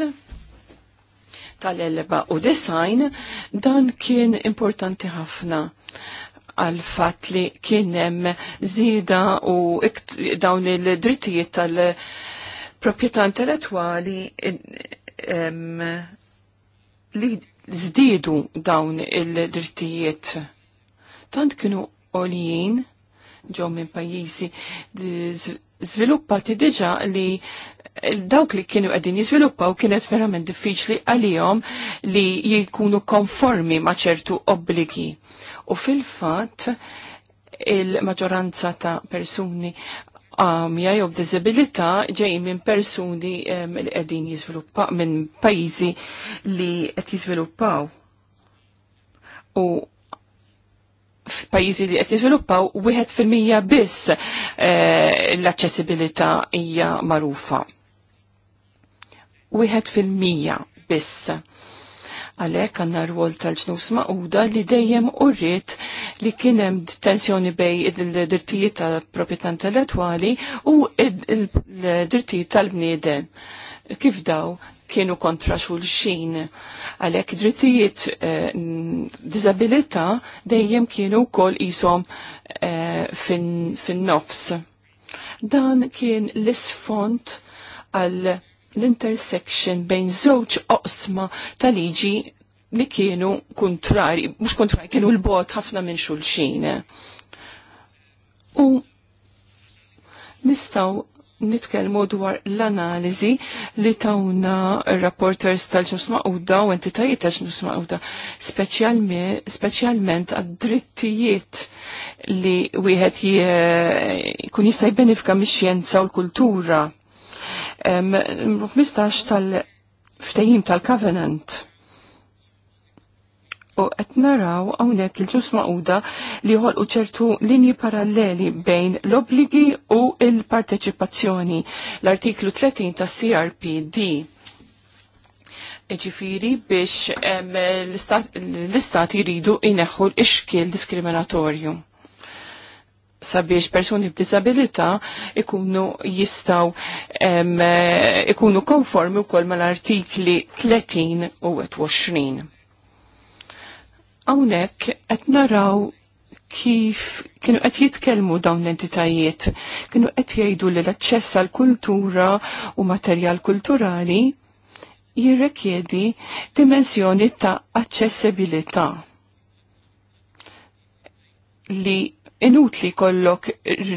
tal-elba u design, dan kien importanti ħafna għal fat li kienem zida u dawn il-drittijiet tal-propieta intellettuali li zdidu dawn il-drittijiet. Tant kienu oljien ġew minn pajjiżi żviluppati diġa li dawk li kienu għedin jizviluppaw kienet verament diffiċli għalihom li jikunu konformi ma' ċertu obbligi. U fil-fat il-maġoranza ta' persuni għamja um, jew disabilità ġej minn persuni um, li qegħdin jiżviluppaw minn pajjiżi li qed jiżviluppaw. U f'pajjiżi li qed jiżviluppaw wieħed fil-mija biss uh, l-aċċessibilità hija magħrufa wieħed fil-mija biss. Għalek għanna rwol tal-ġnus maquda li dejjem urrit li kienem tensjoni bej il-dirtijiet tal-proprietà intellettuali u il-dirtijiet tal-bnieden. Kif daw kienu kontra xulxin. Għalek drittijiet eh, disabilita dejjem kienu kol jisom eh, fin-nofs. Dan kien l-isfont għal l-intersection bejn żewġ oqsma tal-liġi li kienu kontrari, mux kontrari, kienu l-bot ħafna minn xulxin. U nistaw nitkelmu dwar l-analizi li tawna rapporters tal-ġnus maqda u entitajiet tal-ġnus maqda, specialment għad-drittijiet li wieħed kun jista' jbenifika mix-xjenza u l-kultura numru 15 tal-ftejim tal-Covenant. U qed naraw hawnhekk il-ġus maquda li ħolqu ċertu linji paralleli bejn l-obligi u l-parteċipazzjoni. L-artiklu 30 tas-CRPD ġifiri biex l-istat jridu ineħħu l-ixkil diskriminatorju sabiex persuni b'disabilita ikunu jistaw eh, ikunu konformi wkoll mal-artikli 30 u 20. Hawnhekk qed naraw kif kienu qed jitkellmu dawn l-entitajiet, kienu qed jgħidu li l-aċċess għal kultura u materjal kulturali jirrekjedi dimensjoni ta' aċċessibilità li inutli kollok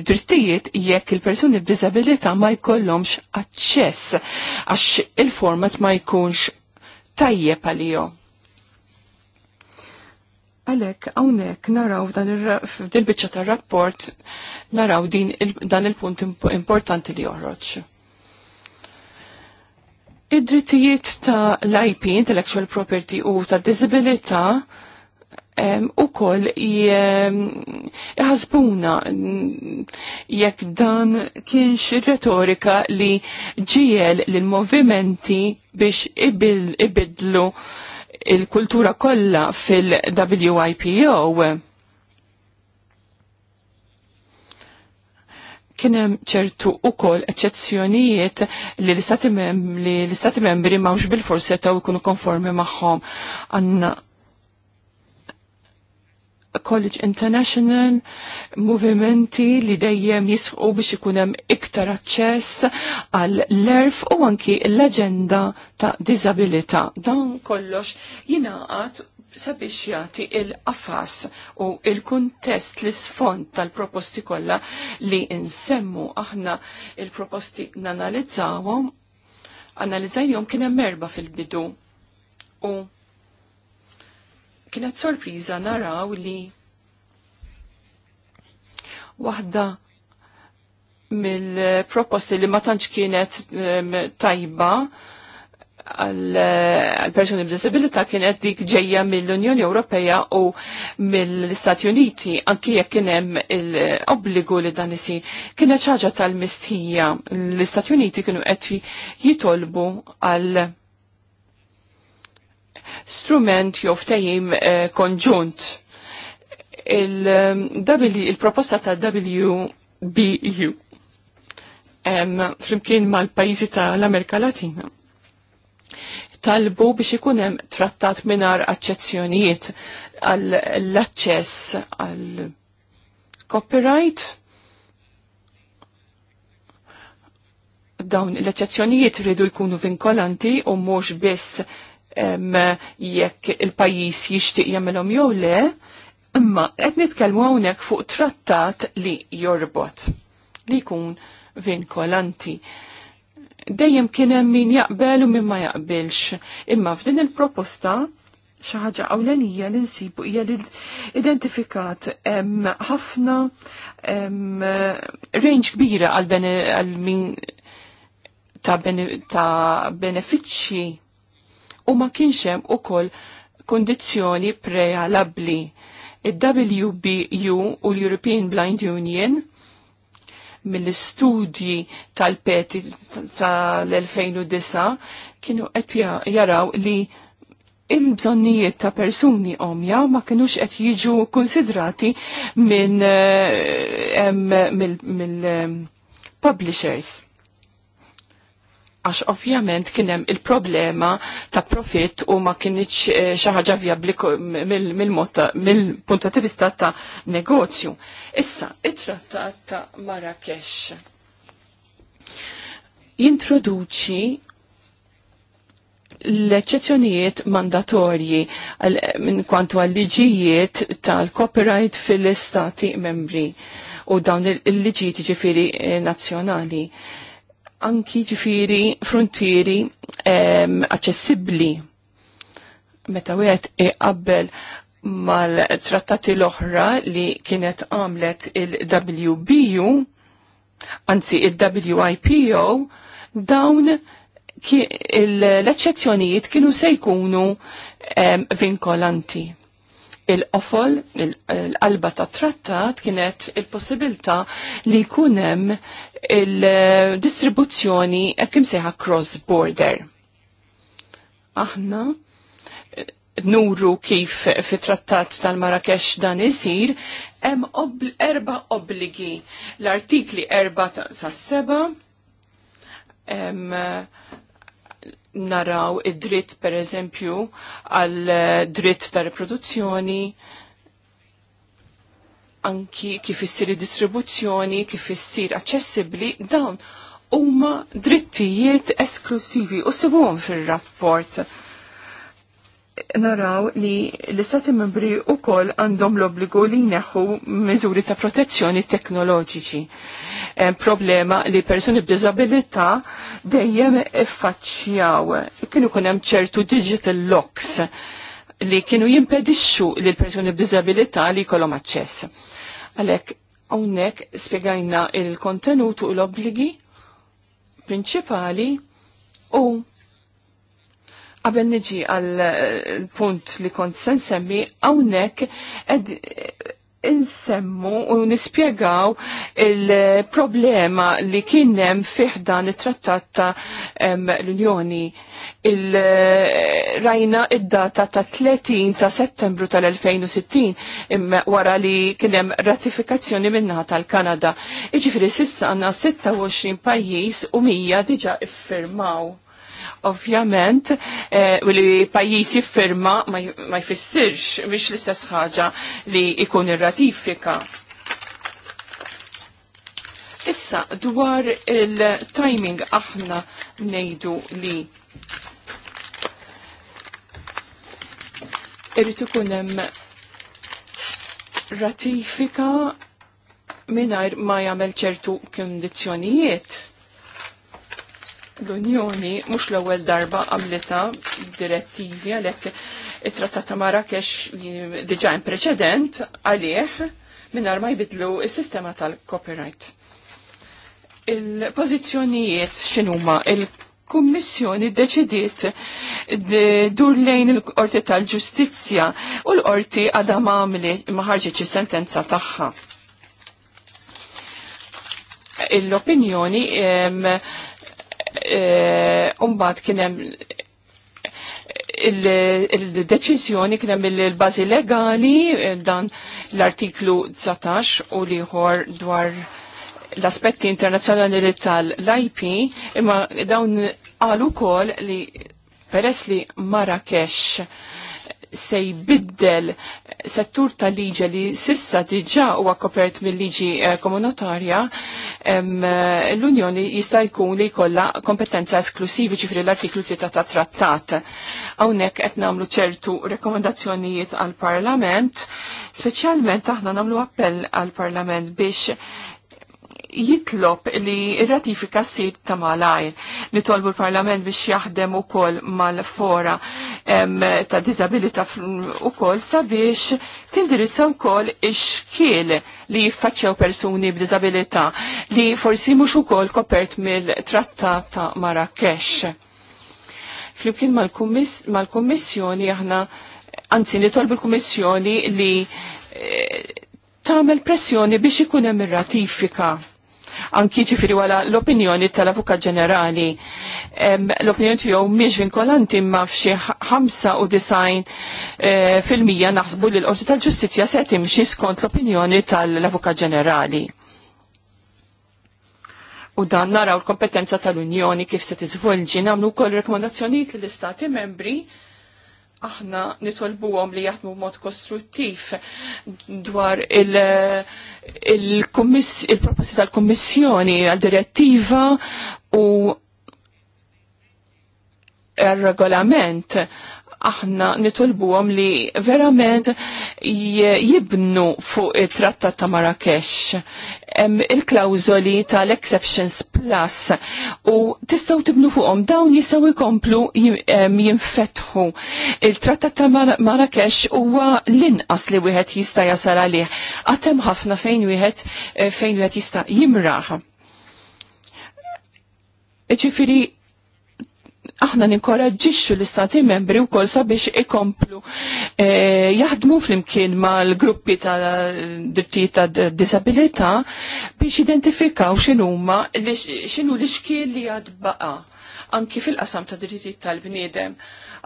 drittijiet jekk il-persuni b'dizabilità ma jkollhomx aċċess għax il-format ma jkunx tajjeb għalihom. Għalek, għawnek, naraw il bicċa tar rapport, naraw din il dan il-punt importanti li joħroġ. Id-drittijiet ta' l-IP, intellectual property u ta' disabilita' u koll jħasbuna jekk dan kienx retorika li ġiel l-movimenti biex ibidlu il-kultura kollha fil-WIPO. kienem ċertu u koll eccezzjonijiet li l-istati membri maħux bil-forsi taw ikunu konformi maħħom. Għanna College International, movimenti li dejjem jisħu biex ikunem iktar aċċess għal l-erf u anki l-agenda ta' disabilita. Dan kollox jinaqat sabiex jati il-qafas u il-kuntest l sfond tal-proposti kollha li nsemmu aħna il-proposti nanalizzawhom analizzajjom kien hemm erba' fil-bidu u kienet sorpriża naraw li waħda mill-proposti li ma tantx kienet ehm, tajba għal-persuni b'disabilita kienet dik ġejja mill-Unjoni Ewropea u mill-Istati Uniti, anki jekk kien hemm l-obbligu li dan isir. Kienet ħaġa tal-mistija l-Istati Uniti kienu qed jitolbu għal strument jew eh, konġunt. Ehm, il-proposta ta' WBU ehm, flimkien mal-pajizi tal-Amerika Latina talbu biex ikun hemm trattat minar aċċezzjonijiet għall-aċċess għall copyright dawn l-eċezzjonijiet rridu jkunu vinkolanti u mhux biss jekk il-pajis jixtieq jagħmelhom jew le, imma qed nitkellmu hawnhekk fuq trattat li jorbot li jkun vinkolanti. Dejjem kien hemm min jaqbel u min ma jaqbilx, imma f'din il-proposta xi ħaġa awlenija li nsibu hija li identifikat ħafna range kbira għal min ta', bene, benefiċċji u ma kienxem u koll kondizjoni prealabli. Il-WBU u l-European Blind Union mill-studji tal-peti tal-2009 kienu qed jaraw li il-bżonnijiet ta' persuni omja ma kienux qed jiġu konsidrati minn eh, mill-publishers. Eh, għax ovvjament kienem il-problema ta' profit u ma kienieċ eh, xi ħaġa vjabli mill-punta ta' vista ta' negozju. Issa, it-trattat ta' Marrakesh jintroduċi l-eċezzjonijiet mandatorji minn kwantu għal-liġijiet tal-copyright fil-istati membri u dawn il-liġijiet ġifiri eh, nazjonali anki ġifiri frontieri aċċessibbli meta wieħed iqabbel mal-trattati l-oħra li kienet għamlet il-WBU, anzi il-WIPO, dawn l-eċċezzjonijiet kienu se jkunu vinkolanti il-qofol, il-qalba ta' trattat kienet il-possibilta li kunem il-distribuzzjoni kim seħa cross-border. Aħna nuru kif fi trattat tal-Marrakesh dan isir, hemm ob erba obbligi l-artikli erba sa' seba, naraw id-dritt per eżempju għal eh, dritt ta' riproduzzjoni anki kif issir distribuzzjoni, kif issir aċċessibbli, dawn huma drittijiet esklusivi u sibuhom fir-rapport naraw li l-istati membri u kol għandhom l-obbligu li jneħħu miżuri ta' protezzjoni teknoloġiċi. Problema li persuni b'dizabilità dejjem iffaċċjaw. Kienu kunem ċertu digital locks li kienu jimpedixxu li l-persuni b'dizabilità li kolom aċċess. Għalek, għonek spiegajna il-kontenut u l-obbligi prinċipali u Qabel niġi għal eh, punt li kont sen semmi, għawnek insemmu u nispiegaw il-problema li kienem fiħdan it-trattat ta' l-Unjoni. Il-rajna eh, id-data ta' 30 ta' settembru tal-2060 imma wara li kienem ratifikazzjoni minna tal-Kanada. Iġifiri sissa għanna 26 pajjiż u mija diġa iffirmaw Ovvjament, eh, u li pajjiż jiffirma ma jfissirx biex l-istess ħaġa li ikun ir-ratifika. Issa, dwar il-timing aħna nejdu li irritu ikun hemm ratifika mingħajr ma jagħmel ċertu kondizjonijiet l-Unjoni mhux l-ewwel darba għamlita direttivi għalhekk it-Trattat ta' Marrakesh diġà hemm preċedent għalih mingħajr ma jbidlu s sistema tal-copyright. Il-pożizzjonijiet x'inhuma il kummissjoni deċidiet dur lejn il-qorti tal-ġustizja u l-qorti għada mamli maħarġiċi sentenza taħħa. L-opinjoni Eh, Umbat kienem il-deċizjoni kienem il-bazi legali eh, dan l-artiklu 19 u liħor dwar l-aspetti internazzjonali tal-IP imma dawn għalu kol li peress li Marrakesh se jbiddel settur tal liġi li sissa diġa huwa kopert mill-liġi eh, komunitarja, eh, l-Unjoni jista' jkun li jkollha kompetenza esklusivi ġifri l-artiklu 3 ta' trattat. Hawnhekk qed nagħmlu ċertu rekomendazzjonijiet għall-Parlament, speċjalment aħna nagħmlu appell għall-Parlament biex jitlob li ratifika s-sir ta' malajr. tolbu l-Parlament biex jaħdem u kol mal-fora ta' disabilita u kol sabiex tindirizza u kol iċkiel li jiffaċċew persuni b'disabilita li forsi mux u kol kopert mill-trattat ta' Marrakesh. Flimkien mal-Kommissjoni aħna anzi nitolbu l-Kommissjoni li eh, tagħmel pressjoni biex ikun hemm ir-ratifika anki ġifiri wara l-opinjoni tal-Avukat Ġenerali. L-opinjoni tiegħu mhix vinkolanti ma f'xi 95 eh, fil-mija naħsbu li l-Qorti tal-Ġustizzja se timxi skont l-opinjoni tal-Avukat Ġenerali. U dan naraw l-kompetenza tal-Unjoni kif se tiżvolġi nagħmlu wkoll rekomendazzjonijiet lill-Istati membri aħna nitolbuhom li jaħdmu mod kostruttiv dwar il-proposti il il tal-Kommissjoni għal-direttiva u il regolament aħna nitulbuhom li verament jibnu fuq it-trattat ta' Marrakesh il-klawżoli tal-exceptions plus u tistgħu tibnu fuqhom dawn jistgħu jkomplu jinfetħu. Il-trattat ta' Marrakesh huwa l-inqas li wieħed jista' jasal għalih. Għatem ħafna fejn wieħed eh, fejn wieħed jista' jimraħ. Ġifiri, aħna ninkoraġġixxu l-istati membri wkoll sabiex ikomplu eh, jaħdmu flimkien mal-gruppi ta' drittijiet ta' disabilità biex identifikaw x'inhuma x'inhu l-ixkiel li għad baqa' anki fil-qasam ta' drittijiet tal-bniedem.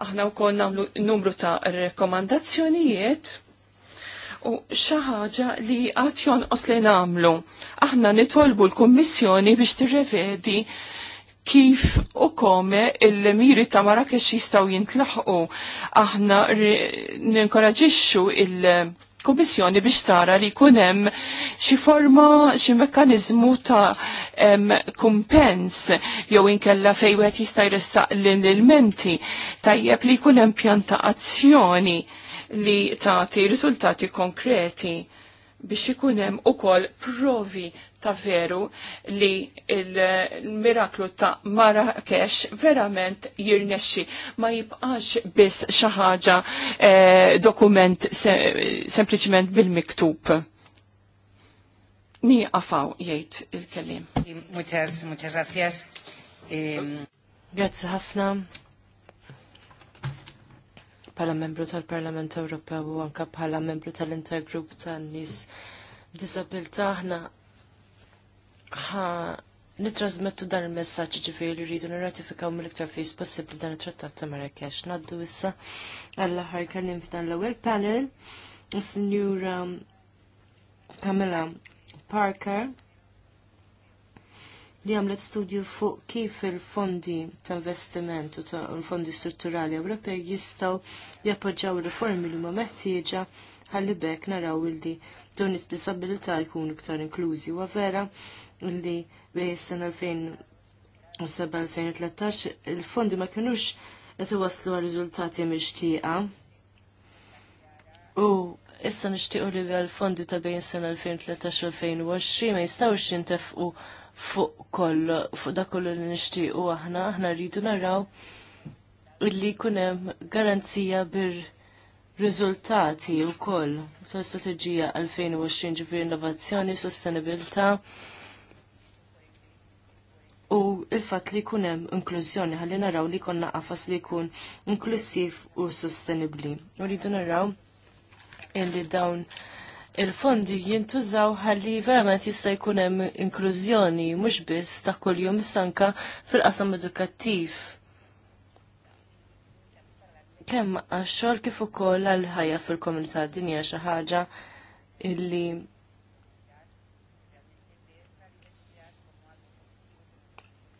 Aħna wkoll nagħmlu numru ta' rekomandazzjonijiet u xaħġa li għatjon os li namlu. Aħna nitolbu l kummissjoni biex tirrevedi kif u kome il-miri ta' Marrakesh jistaw jintlaħqu. Aħna ninkoraġixxu il-Kummissjoni biex tara li jkun hemm xi forma xi mekkaniżmu ta' kumpens jew inkella fejn wieħed jista' jressaq l-ilmenti tajjeb li jkun hemm pjanta azzjoni li tagħti riżultati konkreti biex ikun hemm ukoll provi ta' veru li il-miraklu ta' Marrakesh verament jirnexxi ma jibqax biss xi ħaġa eh, dokument sempliċement bil-miktub. Ni għafaw jgħid il-kellim. Muchas, muchas gracias. Eh, Grazzi ħafna bħala membru tal-Parlament Ewropew u anka bħala membru tal-intergrupp tan-nies b'diżabilità aħna ħa nitrasmettu dan il-messaġġ ġifieri li rridu nirratifikaw mill-iktar fis possibbli dan it-trattat ta' Marrakesh. Naddu issa għall-aħħar kellim f'dan l-ewwel panel, is-Sinjura Pamela Parker li għamlet studju fuq kif il-fondi ta' investiment u l-fondi strutturali Ewropej jistaw jappoġġaw riformi li ma meħtieġa ħalli bekk naraw illi dawn is-disabilità jkunu iktar inklużi u vera illi bejn is 2007-2013 il-fondi ma kienux qed iwasslu għal riżultati mixtieqa. U issa nixtiequ li għal fondi ta' bejn sena 2013-2020 ma jistgħux jintefqu fuq koll, fuq da koll li u aħna, aħna rridu naraw illi kunem garanzija bir rizultati u koll ta' strategija 2020 ġifir innovazzjoni, sostenibilta u il-fat li kunem inklużjoni ħalli naraw li konna għafas li kun inklusiv u sostenibli. rridu naraw illi dawn il-fondi jintużaw ħalli verament jista' jkun hemm inklużjoni mhux biss ta' kuljum sanka fil-qasam edukattiv. Kemm għax-xogħol kif ukoll għall ħajja fil-komunità dinja xi ħaġa illi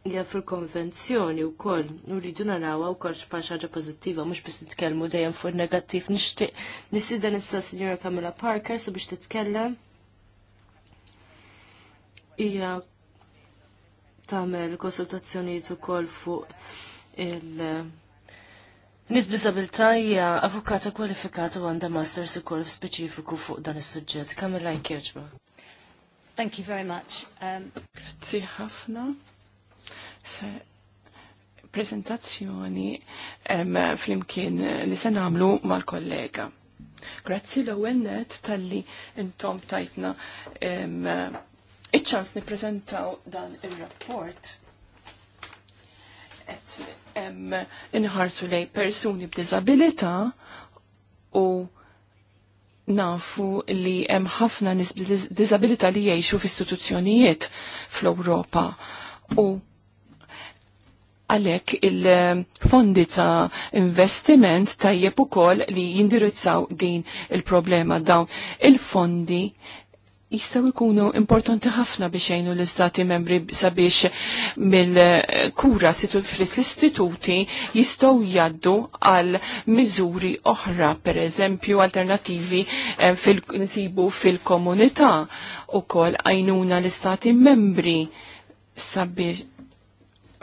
hija fil-konvenzjoni wkoll u rridu narawha wkoll xi ħaġa pozittiva, mhux biss nitkellmu dejjem fuq negattiv nixtieq nisidan issa Sinjora Camilla Parker sabiex titkellem. Hija tagħmel konsultazzjonijiet ukoll fuq il- Nis disabilta hija avukata kwalifikata u għandha masters ukoll specifiku fuq dan is-suġġett. Kamila jkieġba. Thank you very much. Um... Grazzi ħafna prezentazzjoni fl-imkien li se nagħmlu mal-kollega. Grazzi l-ewwel net talli intom tajtna iċ-ċans nippreżentaw dan ir-rapport qed inħarsu lej persuni b'diżabilità u nafu li hemm ħafna nies dizabilita li jgħixu f'istituzzjonijiet fl-Ewropa u Għalek il-fondi ta' investiment tajjeb ukoll li jindirizzaw din il-problema dawn. Il-fondi jistaw ikunu importanti ħafna biex jgħinu l-istati membri sabiex mill-kura situ fris l-istituti jistaw jaddu għal miżuri oħra, per eżempju, alternativi eh, fil-nsibu fil-komunità u kol għajnuna l-istati membri sabiex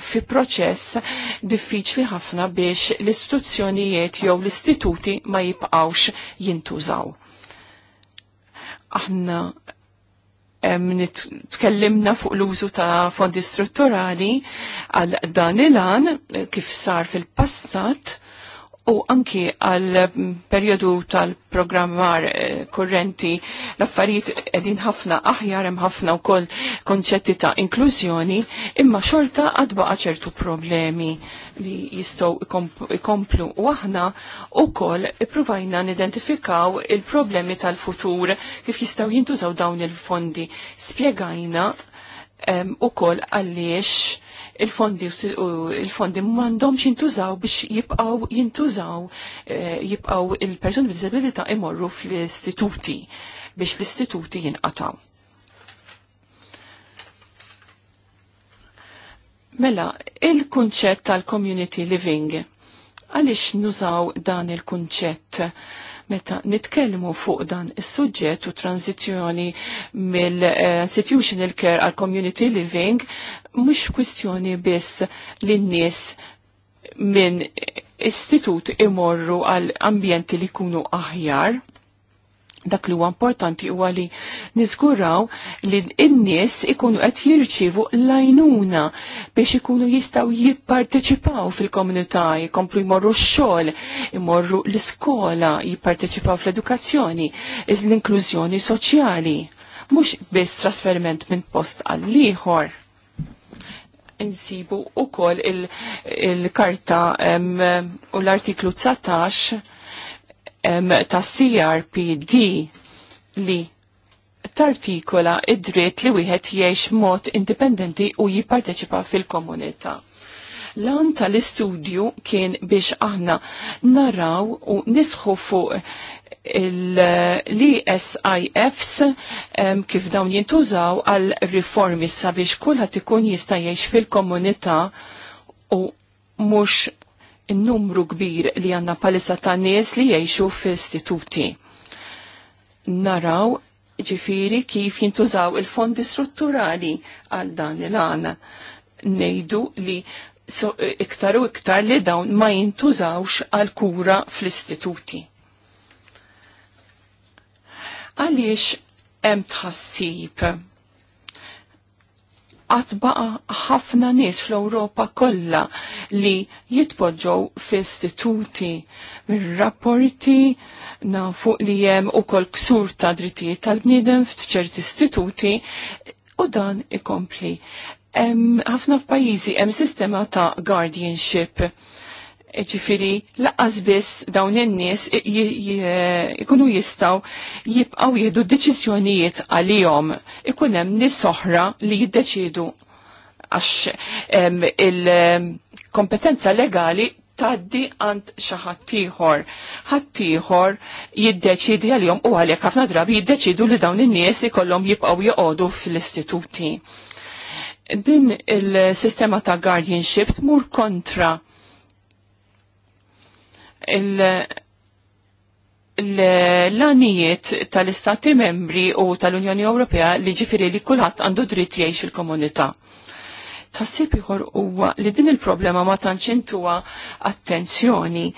fi proċess diffiċli ħafna biex l-istituzzjonijiet jew l-istituti ma jibqawx jintużaw. Aħna tkellimna fuq l-użu ta' fondi strutturali għal dan il-an kif sar fil-passat u anki għal mm, periodu tal-programmar eh, kurrenti l-affarijiet edin ħafna aħjar hemm ħafna wkoll konċetti ta' inklużjoni imma xorta għad ċertu problemi li jistgħu ikomplu u aħna wkoll ippruvajna nidentifikaw il-problemi tal-futur kif jistgħu jintużaw dawn il-fondi. Spjegajna u kol għalliex il-fondi il-fondi jintużaw biex jibqaw jintużaw eh, jibqaw il-persuni disabilita imorru fl-istituti biex l-istituti jinqataw. Mela, il-kunċett tal-community living, għalix nużaw dan il-kunċett Meta nitkellmu fuq dan is-suġġett u tranzizzjoni mill-institutional care għal community living mhux kwistjoni biss li n-nies minn istitut imorru għal ambjenti li kunu aħjar dak li huwa importanti huwa li niżguraw li n-nies ikunu qed jirċivu lajnuna biex ikunu jistgħu jipparteċipaw fil-komunità, jkomplu jmorru x-xogħol, jmorru l-iskola, jipparteċipaw fl-edukazzjoni, l-inklużjoni soċjali, mhux biss trasferiment minn post għal ieħor insibu u il-karta il u l-artiklu 19 ta' CRPD li tartikola id-dritt li wieħed jgħix mod indipendenti u jipparteċipa fil-komunità. Lan tal-istudju kien biex aħna naraw u nisħu fuq l-ESIFs kif dawn jintużaw għal riformi sabiex kullħat ikun jista' jgħix fil-komunità u mhux il-numru kbir li għanna palissa ta' nies li jiexu fil-istituti. Naraw ġifiri kif jintużaw il-fondi strutturali għal dan il-għana. Nejdu li so, iktar u iktar li dawn ma jintużawx għal kura fl-istituti. Għaliex hemm tħassib għatbaqa ħafna nies fl-Ewropa kollha li jitpoġġow istituti rapporti fuq li hemm ukoll ksur ta' drittijiet tal-bniedem f'ċerti istituti u dan ikompli. Ħafna f'pajjiżi hemm sistema ta' guardianship ġifiri laqqas biss dawn in-nies ikunu jistaw jibqaw jieħdu deċiżjonijiet għalihom ikun hemm nies oħra li jiddeċidu għax il-kompetenza legali taddi għand xi ħadd ieħor. jiddeċidi għalihom u għalhekk ħafna drabi jiddeċidu li dawn in-nies ikollhom jibqgħu joqogħdu fl-istituti. Din il-sistema ta' guardianship tmur kontra l-lanijiet tal-istati membri u tal-Unjoni Ewropea li ġifiri li kulħadd għandu dritt jgħix il-komunità. Tassib ieħor huwa li din il-problema ma tantx intuha attenzjoni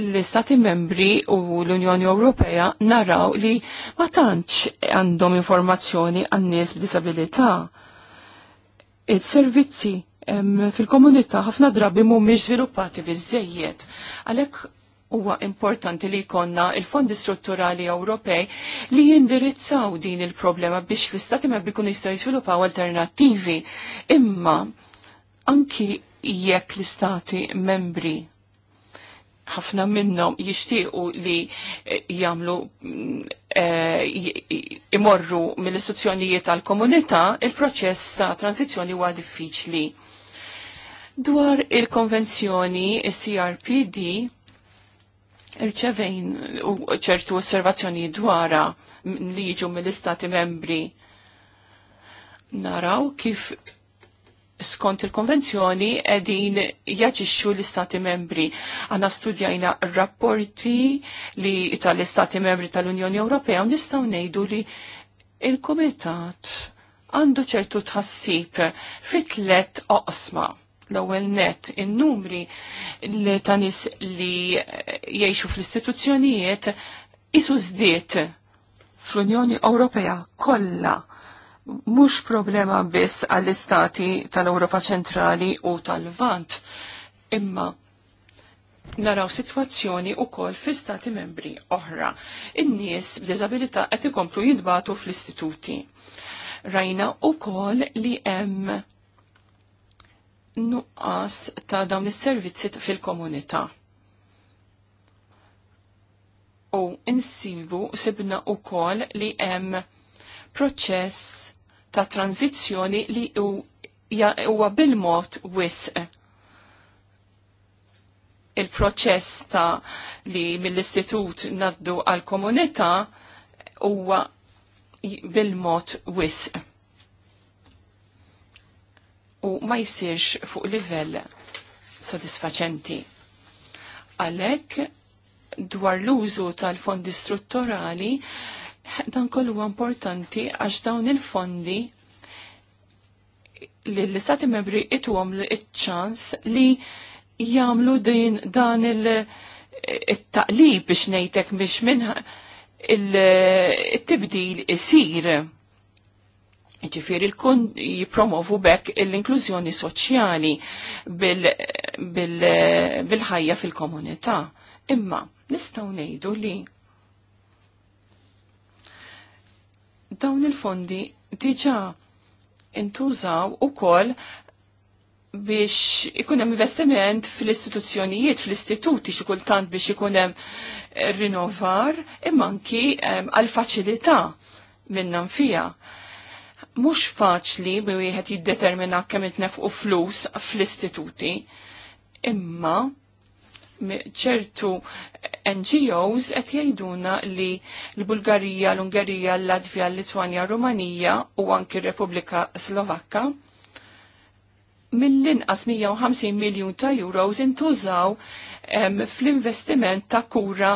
l-Istati membri u l-Unjoni Ewropea naraw li ma tantx għandhom informazzjoni għan nies b'disabilità. Il-servizzi fil-komunità ħafna drabi mhumiex żviluppati bizzejiet. Għalhekk huwa importanti li jkollna il-fondi strutturali Ewropej li jindirizzaw din il-problema biex fl-istati ma bikun jistgħu sviluppaw alternattivi. Imma anki jekk l-istati membri ħafna minnhom jixtiequ li eh, jagħmlu eh, imorru mill-istituzzjonijiet tal-komunità, il-proċess ta' transizzjoni huwa diffiċli Dwar il-konvenzjoni, il-CRPD, irċevejn u ċertu osservazzjoni dwara li jiġu mill-istati membri naraw kif skont il-konvenzjoni edin jaċiċu l-istati membri. Għanna studjajna rapporti li tal-istati membri tal-Unjoni Ewropea u nistaw nejdu li il-komitat għandu ċertu tħassib fitlet oqsma l-ewwel net in-numri li ta' nies li jgħixu fl-istituzzjonijiet isu żdiet fl-Unjoni Ewropea kollha mhux problema biss għall-istati tal-Ewropa ċentrali u tal-Vant, imma naraw situazzjoni u kol fi stati membri oħra. In-nies b'dizabilità qed ikomplu jitbatu fl-istituti. Rajna u kol li hemm nuqqas ta' dawn is-servizzi fil-komunità. U insibu sibna u kol li hemm proċess ta' tranzizzjoni li huwa bil-mod wisq il-proċess ta' li mill-istitut naddu għal komunità huwa bil-mod wisq u ma jisirx fuq livell sodisfaċenti. Għalek dwar l-użu tal-fondi strutturali dan kollu importanti għax dawn il-fondi li l-istati membri għom l-ċans li jamlu din dan il-taqlib biex nejtek biex minn il-tibdil isir ġifiri l-kun jipromovu bekk l-inklużjoni soċjali bil-ħajja fil-komunità. Imma, nistaw nejdu li dawn il-fondi diġa intużaw u koll biex ikunem investiment fil-istituzzjonijiet, fil-istituti xikultant biex ikunem rinnovar ki għal-facilita minnan fija mhux faċli bi wieħed jiddetermina kemm itnefqu flus fl-istituti, imma ċertu NGOs qed jgħiduna li l-Bulgarija, l-Ungerija, l-Latvja, l-Litwanja, Rumanija u anki r-Repubblika Slovakka mill-inqas 150 miljun ta' euros intużaw fl-investiment ta' kura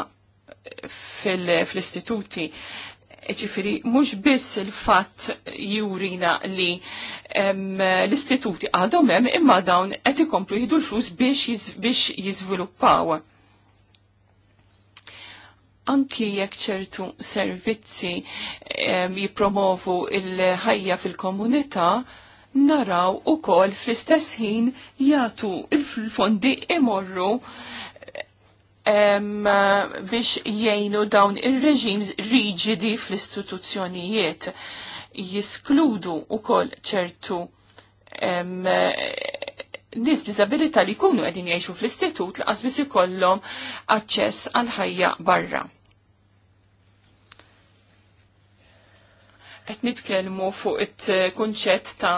fil-istituti ċifiri, mux biss il-fat jurina li l-istituti għadhom hemm imma dawn qed ikomplu jihdu l-flus biex jiżviluppaw. Anki jekk ċertu servizzi jipromovu il-ħajja fil-komunità, naraw ukoll fl-istess ħin jagħtu il-fondi imorru biex jgħinu dawn il-reġims riġidi fl-istituzzjonijiet jiskludu u kol ċertu nis bizabilita li kunu għedin jgħixu fl-istitut l-qasbis ikollhom aċċess għal ħajja barra. qed nitkellmu fuq it-kunċett ta'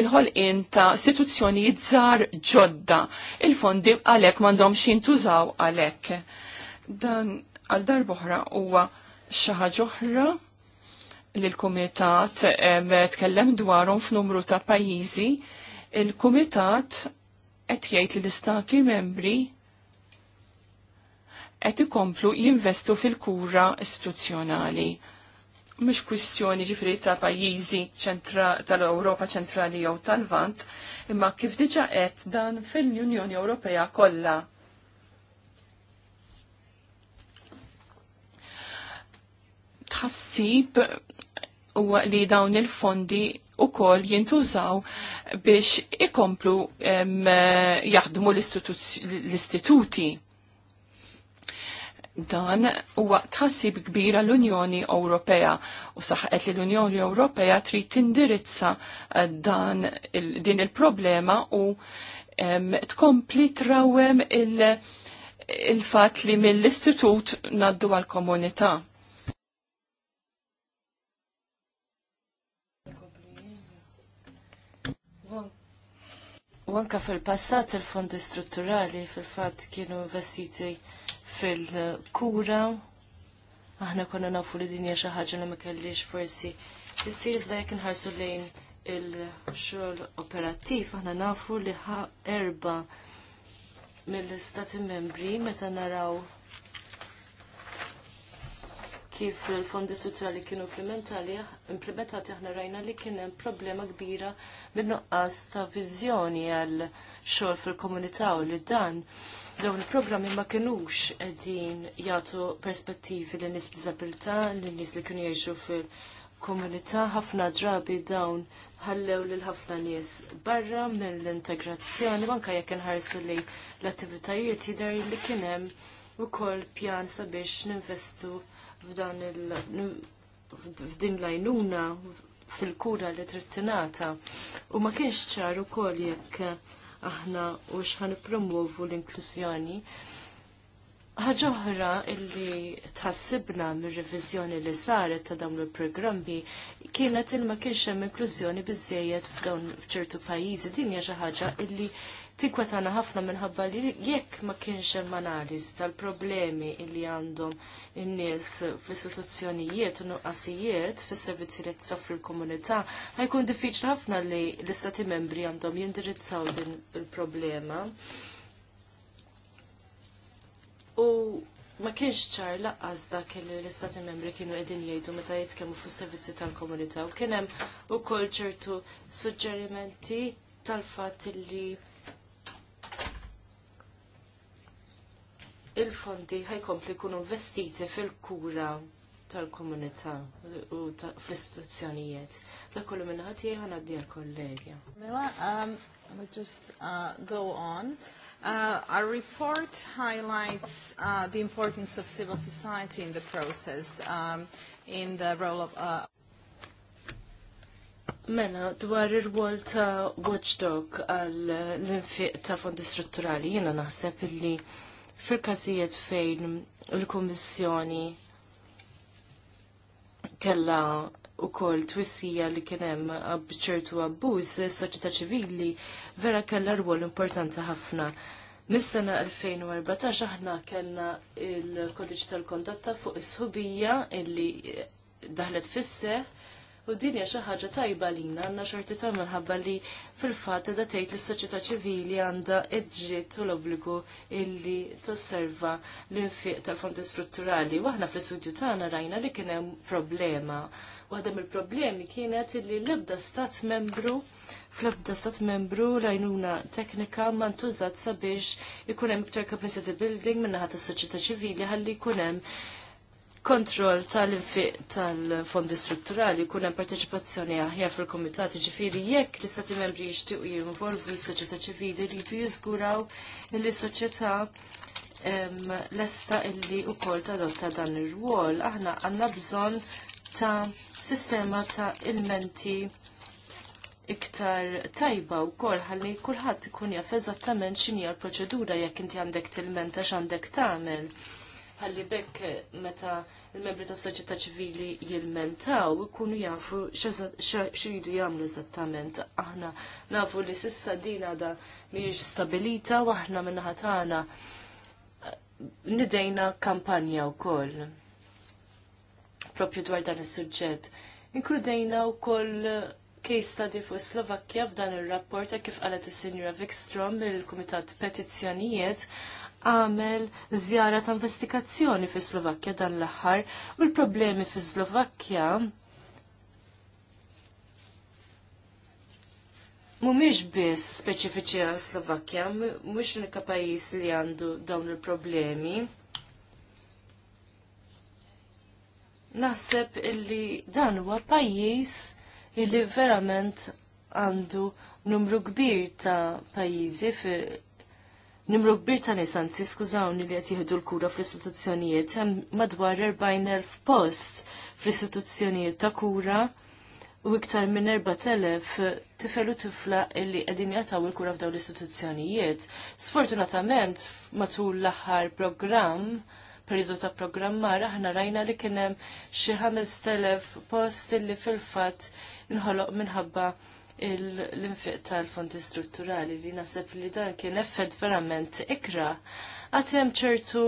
il-ħolqien ta' istituzzjonijiet żgħar ġodda. Il-fondi għalhekk m'għandhomx jintużaw għalhekk. Dan għal darb'oħra huwa xi ħaġa oħra li l-kumitat tkellem dwarhom f'numru ta' pajjiżi. Il-kumitat qed jgħid li l-istati membri qed ikomplu jinvestu fil-kura istituzzjonali mhux kwistjoni ġifri ta' pajjiżi tal-Ewropa ċentrali jew tal-Vant, imma kif diġa qed dan fil-Unjoni Ewropea kollha. Tħassib huwa li dawn il-fondi u kol jintużaw biex ikomplu eh, jaħdmu l-istituti. Dan huwa tħassib kbira l-Unjoni Ewropea u saħqet li l-Unjoni Ewropea trid tindirizza eh, dan il din il-problema u tkompli trawem il- il-fat li mill-istitut naddu għal-komunità. Wanka fil-passat il-fondi strutturali fil-fat kienu vessiti fil-kura. Aħna konna nafu li dinja xi ħaġa li ma kellix forsi issir iżda jekk inħarsu lejn il-xogħol operattiv aħna nafu li erba' mill-istati membri meta naraw kif il-fondi strutturali kienu implementati aħna rajna li kien hemm problema kbira bin-nuqqas ta' viżjoni għal xogħol fil-komunità u li dan dawn il-programmi ma kinux qegħdin jagħtu perspettivi lin nies b'diżabilità, lin nies li kienu jgħixu fil-komunità ħafna drabi dawn ħallew lil ħafna nies barra mill-integrazzjoni anke jekk inħarsu li l-attivitajiet jidher li kien hemm ukoll pjan sabiex ninvestu f'dan il f'din lajnuna fil-kura li trittinata u ma kienx ċar ukoll jekk aħna u xħan promuvu l-inklusjoni. Ħaġa oħra illi tħassibna mir revizjoni li saret ta' dawn il-programmi kienet il ma kienx hemm inklużjoni biżejjed f'dawn f'ċertu pajjiżi din hija xi ħaġa illi Tikwetana ħafna minħabba li jekk ma kienx hemm analiżi tal-problemi li għandhom in-nies fl-istituzzjonijiet u nuqqasijiet fis-servizzi li toffri l-komunità, ħajkun diffiċli ħafna li l-istati membri għandhom jindirizzaw din il-problema. U Ma kienx ċar laqqas dak li l-istati membri kienu qegħdin jgħidu meta jitkellmu fis-servizzi tal-komunità u kien hemm ukoll ċertu suġġerimenti tal-fatt li il-fondi ħajkompli jkunu investiti fil-kura tal-komunità u fl-istituzzjonijiet. Dakollu kollu ħati ħana d-dir kollegja. Mela, um, just uh, go on. Uh, our report highlights uh, the importance of civil society in the process, um, in the role of... Uh, Mena, dwar ir-rwol ta' watchdog għal l-infiq ta' fondi strutturali, jena naħseb illi fil-każijiet fejn il-Kummissjoni kella u kol twissija li kienem bċertu abbuż, s-soċieta ċivili vera kella rwol importanti ħafna. Mis-sena 2014 aħna kellna il-kodiċ tal-kondotta fuq is-subija illi daħlet fisse u dinja xi ħaġa tajba lina għandna xorti ta' minħabba li fil-fatt qiegħda tgħid lis-soċjetà ċivili għandha id-dritt u l-obbligu illi tosserva l-infiq tal-fondi strutturali. Waħna fl-istudju tagħna rajna li kien hemm problema. Waħda mill-problemi kienet li l-ebda stat membru fl-ebda stat membru lajnuna teknika ma ntużat sabiex ikun hemm iktar capacity building minnaħat tas-soċjetà ċivili ħalli jkun hemm kontroll tal-infiq tal-fondi strutturali jkun hemm parteċipazzjoni aħjar fil-kumitat ġifieri jekk l-istati membri jixtiequ jinvolvu s-soċjetà ċivili li jridu jiżguraw li soċjetà lesta illi wkoll tadotta dan ir-rwol. Aħna għandna bżonn ta' sistema ta' ilmenti iktar tajba u kol ħalli kullħat ikun jaf eżattament x'inhi l-proċedura jekk inti għandek tilmenta x'għandek tagħmel. Ta ħalli bekk meta il-membri ta' soċjetà ċivili jilmentaw ikunu jafu x'iridu jagħmlu eżattament. Aħna nafu li sissa din għadha mhijiex stabilita u aħna minnaħa tagħna eh, nidejna kampanja wkoll propju dwar dan is-suġġett. Inkludejna wkoll case study fuq Slovakkja f'dan ir rapporta kif qalet is-Sinjura Vikstrom mill-Kumitat Petizzjonijiet għamel żjara ta' investigazzjoni fi Slovakkja dan l-aħħar u l-problemi fi Slovakkja mumiex biss speċifiċi għal Slovakkja, mumiex l pajis li għandu dawn il-problemi. Naħseb illi dan huwa pajjiż illi verament għandu numru kbir ta' pajjiżi Nimru kbir ta' nisanzi skużawni li qed jieħdu l-kura fl-istituzzjonijiet hemm madwar 40,000 post fl-istituzzjonijiet ta' kura u iktar minn 4,000 tifel u tifla illi qegħdin jataw il-kura f'dawn l-istituzzjonijiet. Sfortunatament, matul l-aħħar programm, periodu ta' programmar, aħna rajna li kien hemm xi 5,000 post illi fil-fatt inħoloq minħabba l-infiq tal-fondi strutturali li nasib li dan kien effett verament ikra. Għatjem ċertu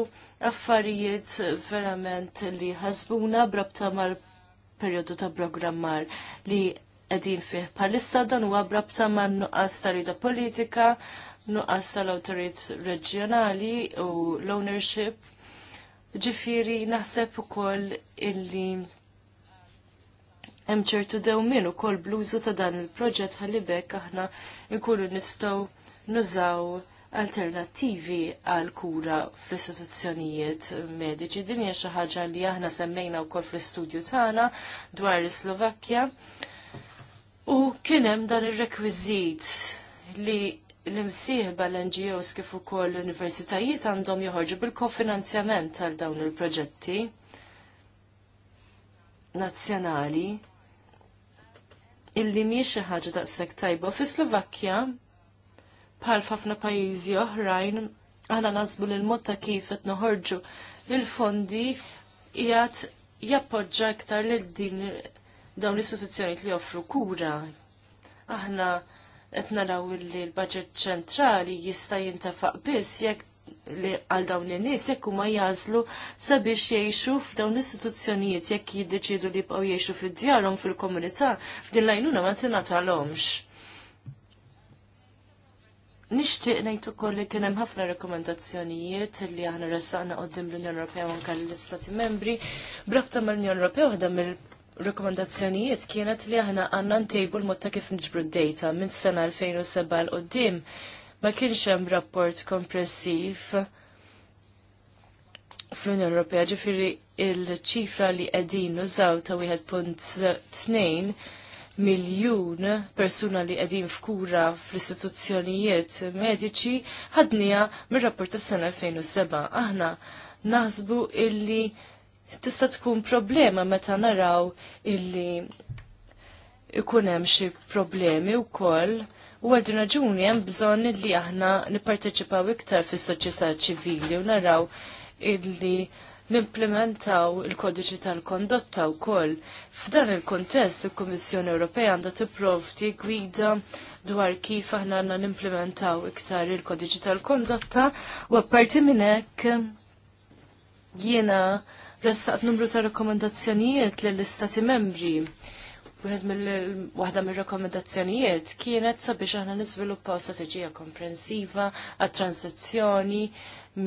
affarijiet verament li ħazbuna brabta mal periodu ta' programmar li edin fih palissa dan huwa għabrabta ma' nuqqas tal-rida politika, nuqqas tal-autorit reġjonali u l-ownership. Ġifiri naħseb ukoll illi hemm ċertu dewmien ukoll bluzu ta' dan il-proġett ħalibek aħna nkunu nistgħu nużaw alternattivi għal kura fl-istituzzjonijiet mediċi. Din hija xi ħaġa li aħna semmejna wkoll fl-istudju tagħna dwar is-Slovakkja. U kien hemm dan ir-rekwiżit li l-imsieħba l-NGOs kif ukoll l-universitajiet għandhom joħorġu bil-kofinanzjament għal dawn il-proġetti nazzjonali illi mhijiex ħaġa daqshekk tajba. Fi Slovakkja bħal f'ħafna pajjiżi oħrajn aħna nasbu lil mod ta' kif qed noħorġu il-fondi qiegħed jappoġġa iktar lil din dawn l-istituzzjonijiet li joffru kura. Aħna qed naraw li l-baġġett ċentrali jista' jintafaq biss jekk li għal dawn li nies jekk huma jażlu sabiex jgħixu f'dawn l-istituzzjonijiet jekk jiddeċidu li jibqgħu jgħixu fid-djarhom fil-komunità f'din l-għajnuna ma tingħatalhomx. Nixtieq ngħid ukoll li kien hemm ħafna rekomendazzjonijiet li aħna ressaqna għoddim l-Unjoni għan kalli l-Istati Membri. Brabta mal-Unjoni Europea għadam mill rekomendazzjonijiet kienet li aħna għandna ntejbu l motta kif nġbru d-data minn sena 2007 l qoddim ma kienx hemm rapport kompressiv fl-Unjoni Ewropea ġifieri il-ċifra li qegħdin nużaw ta' 1.2 miljun persuna li qegħdin f'kura fl-istituzzjonijiet mediċi ħadnija mir-rapport tas-sena 2007. Aħna naħsbu illi tista' tkun problema meta naraw illi ikun hemm xi problemi wkoll U għad raġuni hemm bżonn li aħna nipparteċipaw iktar fis-soċjetà ċivili u naraw illi nimplementaw il-kodiċi tal-kondotta wkoll. F'dan il-kontest il-Kummissjoni Ewropea għandha tipprovdi gwida dwar kif aħna għandna nimplementaw iktar il-kodiċi tal-kondotta u apparti minn hekk jiena ressaqt numru ta' rakkomandazzjonijiet lill-Istati membri wieħed mill-waħda mir rekomendazzjonijiet kienet sabiex aħna niżviluppaw strateġija komprensiva għat-transizzjoni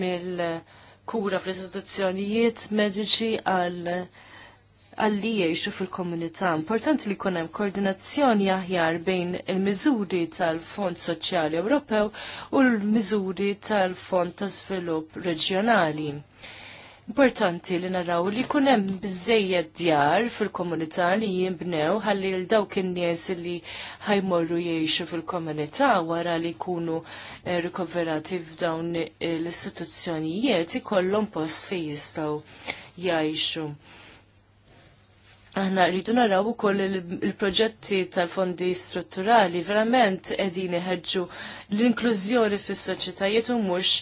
mill-kura fl-istituzzjonijiet mediċi għal għalli jiexu fil-komunità. Importanti li kunem koordinazzjoni aħjar bejn il-mizuri tal-Fond Soċjali Ewropew u l-mizuri tal-Fond ta' Svilupp Reġjonali. Importanti li naraw li jkun hemm biżejjed djar fil-komunità li jimbnew ħalli l dawk in-nies li ħajmorru jgħixu fil-komunità wara li jkunu eh, rikoverati f'dawn l-istituzzjonijiet ikollhom post fi jistgħu jgħixu. Aħna rridu naraw ukoll il-proġetti tal-fondi strutturali verament qegħdin iħeġġu l-inklużjoni fis-soċjetajiet u mhux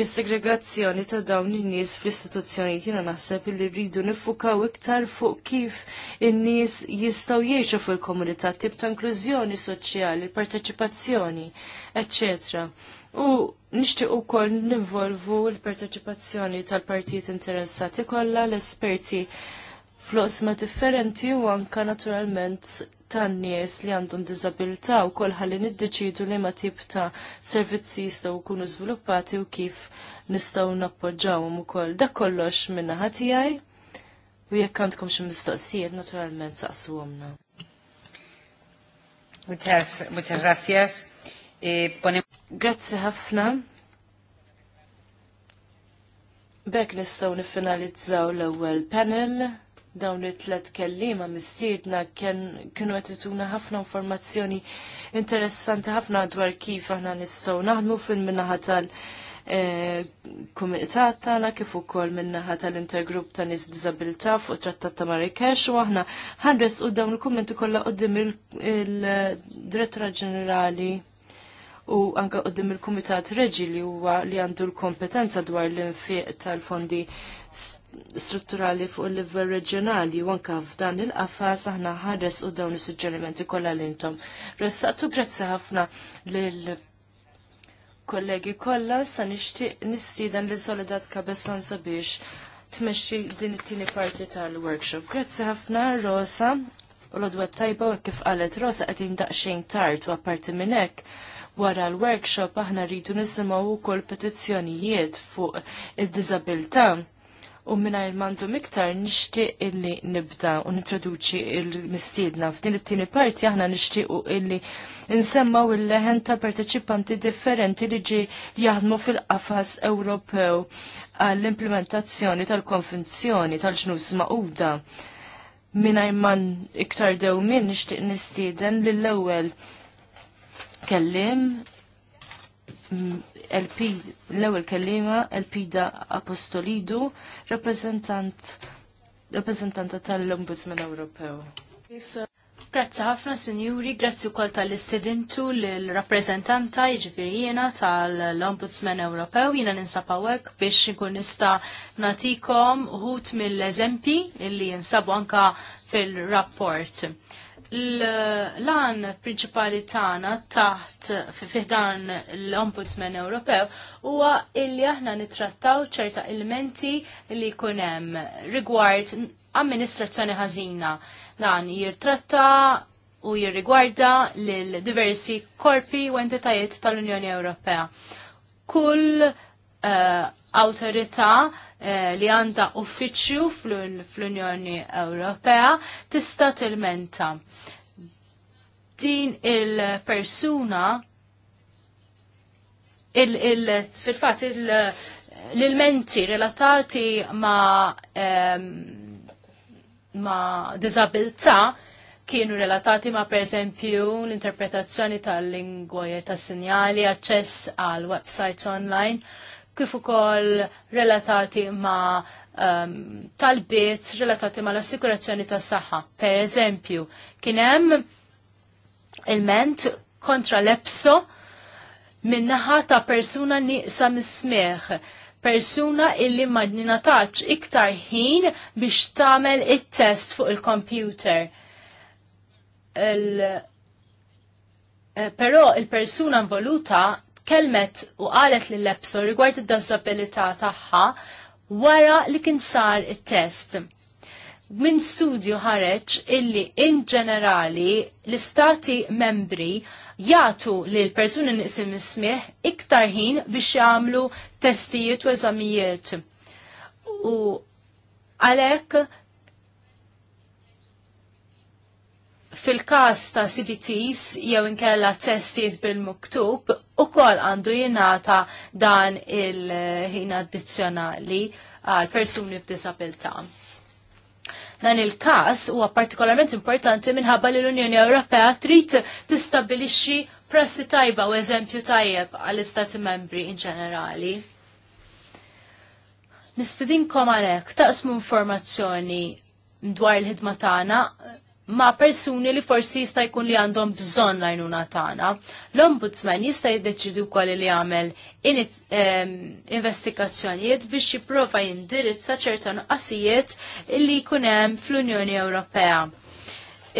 is-segregazzjoni ta' dawn in-nies fl istituzzjoni jiena naħseb li rridu nifukaw iktar fuq kif in-nies jistgħu jgħixu fil-komunità tip ta' inklużjoni soċjali, parteċipazzjoni, eċċetera. U nixtieq ukoll ninvolvu l-parteċipazzjoni tal-partijiet interessati kollha l-esperti fl differenti u anka naturalment tan-nies li għandhom diżabilità u kol ħalli niddeċidu li ma tip ta' servizzi jistgħu jkunu żviluppati u kif nistgħu nappoġġawhom ukoll. Dak kollox minna ħatijaj u jekk għandkom xi mistoqsijiet naturalment saqsuhomna. Muchas, muchas gracias. Eh, Grazie ħafna. Bek nistgħu niffinalizzaw l-ewwel panel dawn it tlet kellima mistiedna kienu qed ħafna informazzjoni interessanti ħafna dwar kif aħna nistgħu naħdmu fil minnaħa tal- eh, kumitat tagħna kif ukoll min-naħa tal-intergrupp ta' nies b'diżabilità fuq trattat ta' Marrakesh u aħna ħanres u dawn il-kummenti kollha qudiem il-Direttura Ġenerali u anka qudiem il-Kumitat Reġi li huwa li għandu l-kompetenza dwar l infieq tal-fondi strutturali fuq il-livell reġjonali u anka f'dan il-qafas aħna ħares u dawn is-suġġerimenti kollha l-intom. Ressaqtu grazzi ħafna lil kollegi kollha sa nixtieq nistieden li Solidat Kabesson sabiex tmexxi din it-tieni parti tal-workshop. Grazzi ħafna Rosa u l odwa tajba u kif qalet Rosa qed indaqxejn tard u apparti minn hekk wara l-workshop aħna rridu nisimgħu wkoll petizzjonijiet fuq id-diżabilità U minna il-mandu miktar nishtiq illi nibda u nitroduċi il-mistiedna. F'din it-tieni parti aħna u illi nsemmaw il-leħen ta' parteċipanti differenti li ġi jaħdmu fil-qafas Ewropew għall-implementazzjoni tal-konvenzjoni tal-ġnus ma'uda. Minna man iktar minn nishtiq nistieden lill-ewwel kellim mm, LP l-ewwel kellima Elpida Apostolidu, rappreżentant rappreżentanta tal-Ombudsman Ewropew. Grazzi ħafna, sinjuri, grazzi wkoll tal-istedintu l-rappreżentanta jiġifieri jiena tal-Ombudsman Ewropew, jiena ninsab hawnhekk biex nkun nista' natikom uħut mill-eżempji li jinsabu anka fil-rapport l-lan prinċipali tagħna taħt fiħdan l-Ombudsman Ewropew huwa illi aħna nitrattaw ċerta elementi li jkun hemm rigward amministrazzjoni ħażina. Dan jirtratta u jirrigwarda lil diversi korpi u entitajiet tal-Unjoni Ewropea. Kull Eh, awtorità eh, li għandha uffiċċju fl-Unjoni Ewropea tista' tilmenta. Din il-persuna fil-fatt l-ilmenti relatati ma' ehm, ma' disabilità kienu relatati ma' per esempio l-interpretazzjoni tal-lingwa ta' sinjali, access għal websites online, kif ukoll relatati ma' um, ehm, talbiet relatati ma' l-assikurazzjoni tas saħħa. Per eżempju, kien hemm il-ment kontra l-EPSO minnaħa ta' persuna nieqsa mismieħ persuna illi ma ninataċ iktar ħin biex tagħmel it-test fuq il-computer. Il eh, Però il-persuna involuta kelmet u qalet lil Epso rigward id-dansabilità tagħha wara li kien sar it-test. Min studju ħareġ illi in ġenerali l-istati membri jagħtu l persuni nisim ismih iktar ħin biex jagħmlu testijiet u eżamijiet. U għalhekk fil-każ ta' CBTs jew inkella testijiet bil u ukoll għandu jingħata dan il-ħin addizzjonali għal persuni b'disabilità. Dan il-każ huwa partikolarment importanti minħabba li l-Unjoni Ewropea trid tistabilixxi prassi tajba u eżempju tajjeb għall-Istati membri in ġenerali. Nistedinkom għalhekk taqsmu informazzjoni dwar il-ħidma tagħna ma' persuni li forsi jista' jkun li għandhom bżonn lajnuna tagħna. L-Ombudsman jista' jiddeċidi wkoll li jagħmel investigazzjonijiet biex jipprova jindirizza ċerta nuqqasijiet li jkun hemm fl-Unjoni Ewropea.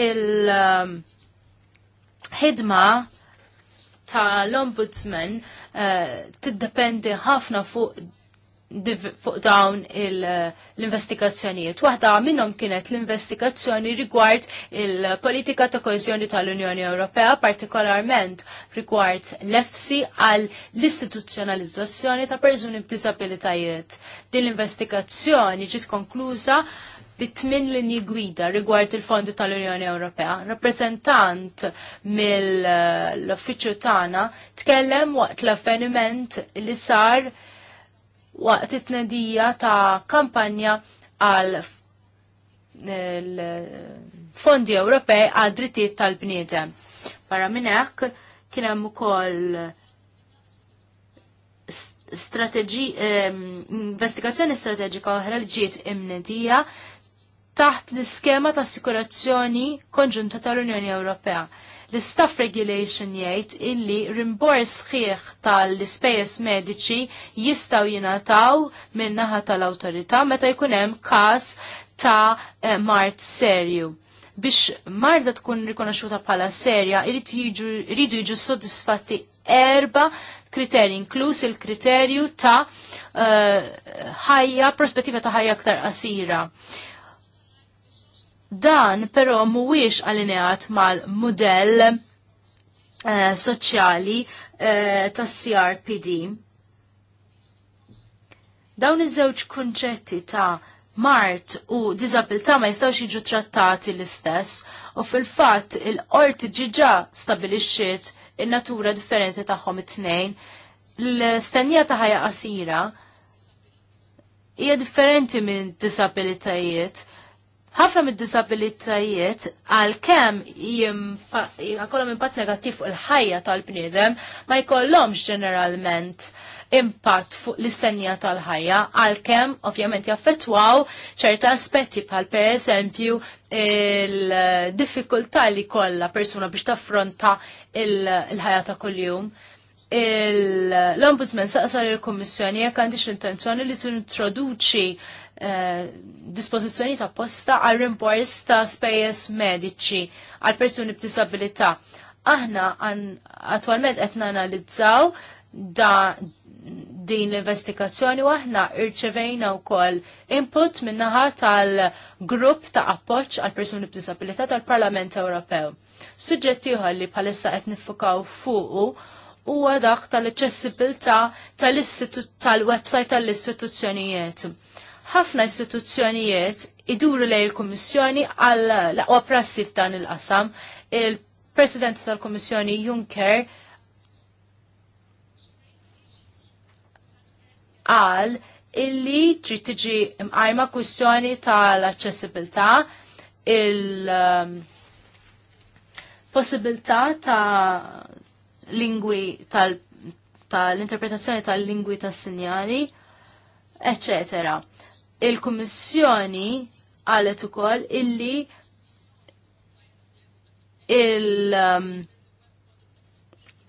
Il-ħidma tal-Ombudsman eh, tiddependi ħafna fuq fuq dawn l-investigazzjonijiet. Waħda minnhom kienet l-investigazzjoni rigward il-politika ta' koezjoni tal-Unjoni Ewropea, partikolarment rigward l-EFSI għal l-istituzzjonalizzazzjoni ta' persuni b'disabilitajiet. Din l-investigazzjoni ġiet konkluża bit-tmin linji gwida rigward il-fondi tal-Unjoni Ewropea. Rappresentant mill-uffiċċju tagħna tkellem waqt l-avveniment li sar waqt it-tnedija ta' kampanja għal eh, fondi Ewropej għal drittijiet tal-bniedem. Para minn hekk kien hemm ukoll investigazzjoni strateġika oħra li ġiet imnedija taħt l-iskema ta' assikurazzjoni konġunta tal-Unjoni Ewropea. L-Staff Regulation jgħid illi rimbors sħiħ tal-ispejjeż mediċi jistgħu jingħataw min-naħa tal-awtorità meta jkun hemm każ ta' eh, mart serju biex marda tkun rikonoxuta bħala serja, rridu jiġu soddisfatti erba kriteri, inkluż il-kriterju ta' eh, ħajja, prospettiva ta' ħajja aktar qasira. Dan però mhuwiex allineat mal modell eh, soċjali eh, tas-CRPD. Dawn iż-żewġ kunċetti ta' mart u disabilità ma jistgħux jiġu trattati l-istess u fil-fatt il-qorti ġiġa stabilixxiet in-natura differenti tagħhom it-tnejn l istennija ta' ħajja qasira hija differenti minn disabilitajiet ħafna mid-disabilitajiet għal kem jkollhom impatt negattiv fuq il-ħajja tal-bniedem ma jkollhomx ġeneralment impatt fuq l-istennija tal-ħajja għal kem ovvjament jaffettwaw ċerta aspetti bħal per eżempju il-diffikultà li kolla persuna biex taffronta il-ħajja ta' kuljum. L-Ombudsman saqsar il-Kommissjoni jekk għandix l-intenzjoni li t introduċi Eh, disposizjoni ta' posta għal rimpors ta' spejjeż mediċi għal persuni b'disabilità. Aħna attwalment qed nanalizzaw da din l-investigazzjoni u aħna irċevejna wkoll input min-naħa tal-grupp ta' appoġġ għal persuni b'disabilità tal-Parlament Ewropew. Suġġett ieħor li bħalissa qed niffukaw fuqu huwa dak tal-aċċessibilità tal-website tal-istituzzjonijiet ħafna istituzzjonijiet iduru lej il-Kommissjoni għal laqwa prassi f'dan il-qasam. Il-President tal-Kommissjoni Juncker għal illi trid tiġi imqajma kwistjoni tal-aċċessibilità il-possibilità um, ta' lingwi tal-interpretazzjoni tal-lingwi tas-sinjali, eccetera Il-Kummissjoni qalet ukoll illi il- um,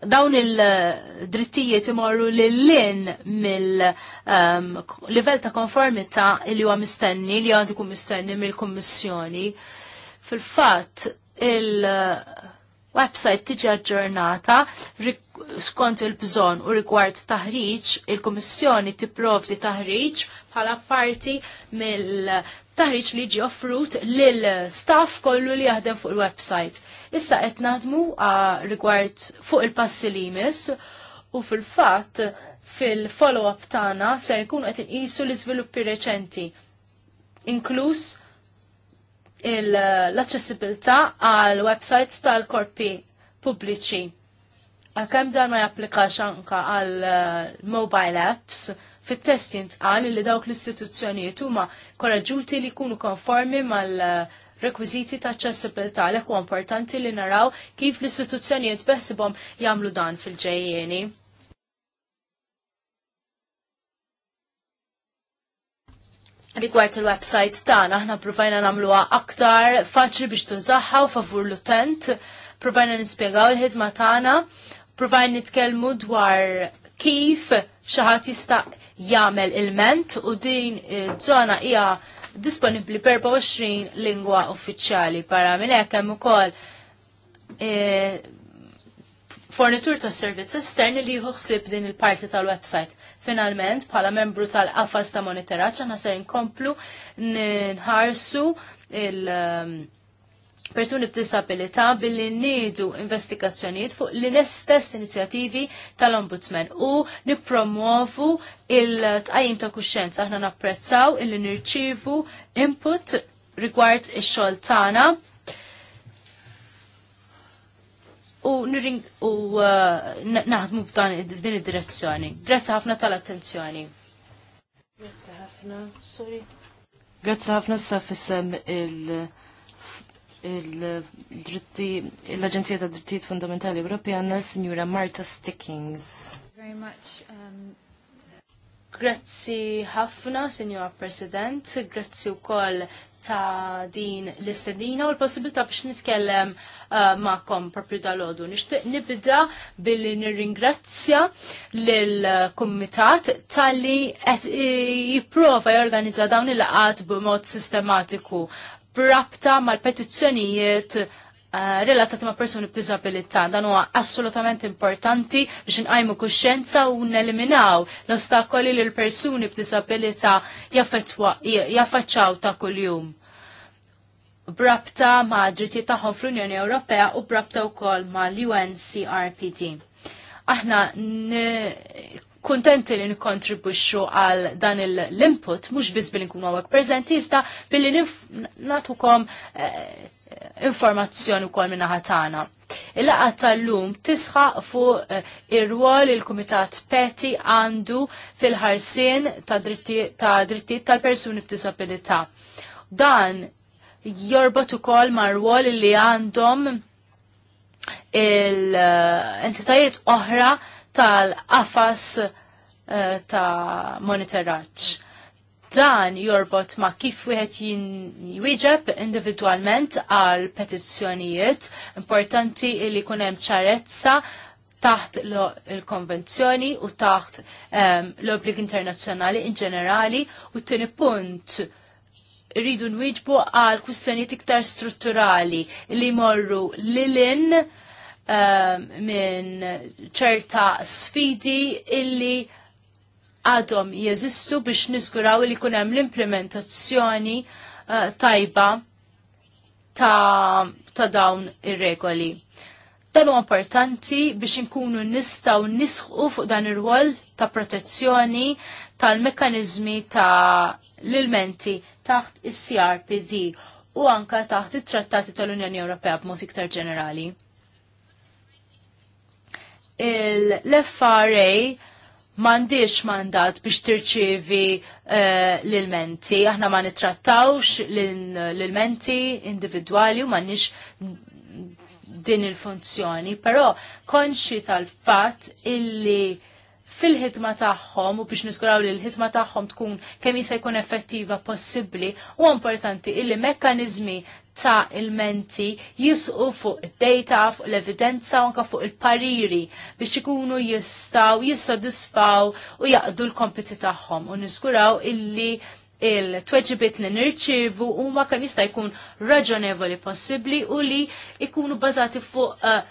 dawn il-drittijiet imorru l lin mill-livell um, ta' konformità li huwa mistenni li għandu kun mistenni mill-Kummissjoni. Fil-fatt il- website tiġi aġġornata skont il-bżon u rigward taħriġ, il-Kummissjoni tipprovdi taħriġ bħala parti mill-taħriġ li ġi offrut lil staff kollu li jaħdem fuq il-website. Issa qed naħdmu rigward fuq il-passi li jmiss u fil-fatt fil-follow-up tagħna se jkunu qed inqisu l-iżviluppi reċenti inkluż l-accessibilità għal websites tal-korpi pubbliċi. Għakem dan ma japplikax anka għal eh, mobile apps, fit-test għal li dawk l-istituzzjonijiet huma korraġuti li jkunu konformi mal- rekwiziti ta' accessibilità l importanti li naraw kif l-istituzzjonijiet beħsibhom jagħmlu dan fil-ġejjeni rigward il-website tagħna aħna provajna nagħmluha aktar faċli biex tużaha u favur l-utent, provajna nispjegaw il-ħidma tagħna, provajna nitkellmu dwar kif xi ħadd jista' jagħmel il-ment u din żona hija disponibbli per 24 lingwa uffiċjali para minn hekk hemm ukoll e, fornitur ta' servizz esterni li jħuħsib din il-parti tal-website finalment bħala membru tal-qafas ta' monitoraġġ aħna se nkomplu nħarsu il- um, persuni b'disabilità billi nidu investigazzjonijiet fuq l-istess inizjattivi tal-Ombudsman u nipromovu il-tqajjim ta' kuxjenza aħna napprezzaw illi nirċivu input rigward ix-xogħol tagħna u nirring u uh, naħdmu f'din id-direzzjoni. Grazzi ħafna tal-attenzjoni. Grazzi ħafna, sorry. Grazzi ħafna s fissem il- il-dritti, l-Aġenzija ta' Drittijiet Fundamentali Ewropea għandna sinjura Marta Stickings. Very much. Um... Grazzi ħafna, Sinjura President, grazzi u koll ta' din l-istedina u l-possibilità biex nitkellem uh, ma'kom propju dal-ħodu. Nishtiq nibda billi nirringrazzja l-Komitat tal-li e, jiprofa jorganizza dawn il-laqat b'mod sistematiku brabta mal-petizzjonijiet Eh, relatat ma' persuni b'disabilità. Dan huwa assolutament importanti biex nqajmu kuxjenza u neliminaw l-ostakoli li l-persuni b'disabilità jaffaċċaw ta' kuljum. Brabta ma' drittijiet tagħhom fl-Unjoni Ewropea u brabta wkoll ma' l-UNCRPD. Aħna kontenti li nikontribuxxu għal dan l-input, mhux biss billi nkunu hawnhekk preżenti, iżda billi natukom eh, informazzjoni wkoll minna ħatana. il laqqa tal-lum tisħaq fuq eh, ir-rwol il-Kumitat Peti għandu fil-ħarsien ta' drittijiet tal-persuni b'disabilità. Dan jorbot ukoll ma' rwol li għandhom il-entitajiet eh, oħra tal-qafas eh, ta' monitoraġġ dan jorbot ma kif wieħed jwieġeb individwalment għal petizzjonijiet importanti li jkun hemm ċarezza taħt il-konvenzjoni u taħt um, l-obbligi internazzjonali in ġenerali u t-tieni punt rridu nwieġbu għal kwistjonijiet iktar strutturali li morru lilin um, minn ċerta sfidi illi għadhom jeżistu biex niżguraw li kun hemm l-implementazzjoni uh, tajba ta', ta dawn ir-regoli. Dan huwa importanti biex inkunu nistgħu nisħu fuq dan ir-rwol ta' protezzjoni tal-mekkaniżmi ta' l-ilmenti taħt is-CRPD u anka taħt it-trattati tal-Unjoni Ewropea b'mod iktar ġenerali. Il-FRA mandiex mandat biex tirċievi eh, l-menti. Aħna ma nitrattawx l-menti individwali u m'għandniex din il-funzjoni, però konxi tal-fatt illi fil-ħidma tagħhom u biex niskuraw li l-ħidma tagħhom tkun kemm jista' jkun effettiva possibbli u importanti illi mekkaniżmi ta' il-menti jisqu fuq id-data, fuq l-evidenza u anka fuq il-pariri biex ikunu jistaw, jissodisfaw u jaqdu l-kompiti tagħhom u niskuraw illi il-tweġibit li nirċivu u ma kan jista' jkun raġonevoli possibli u li ikunu bazati fuq uh,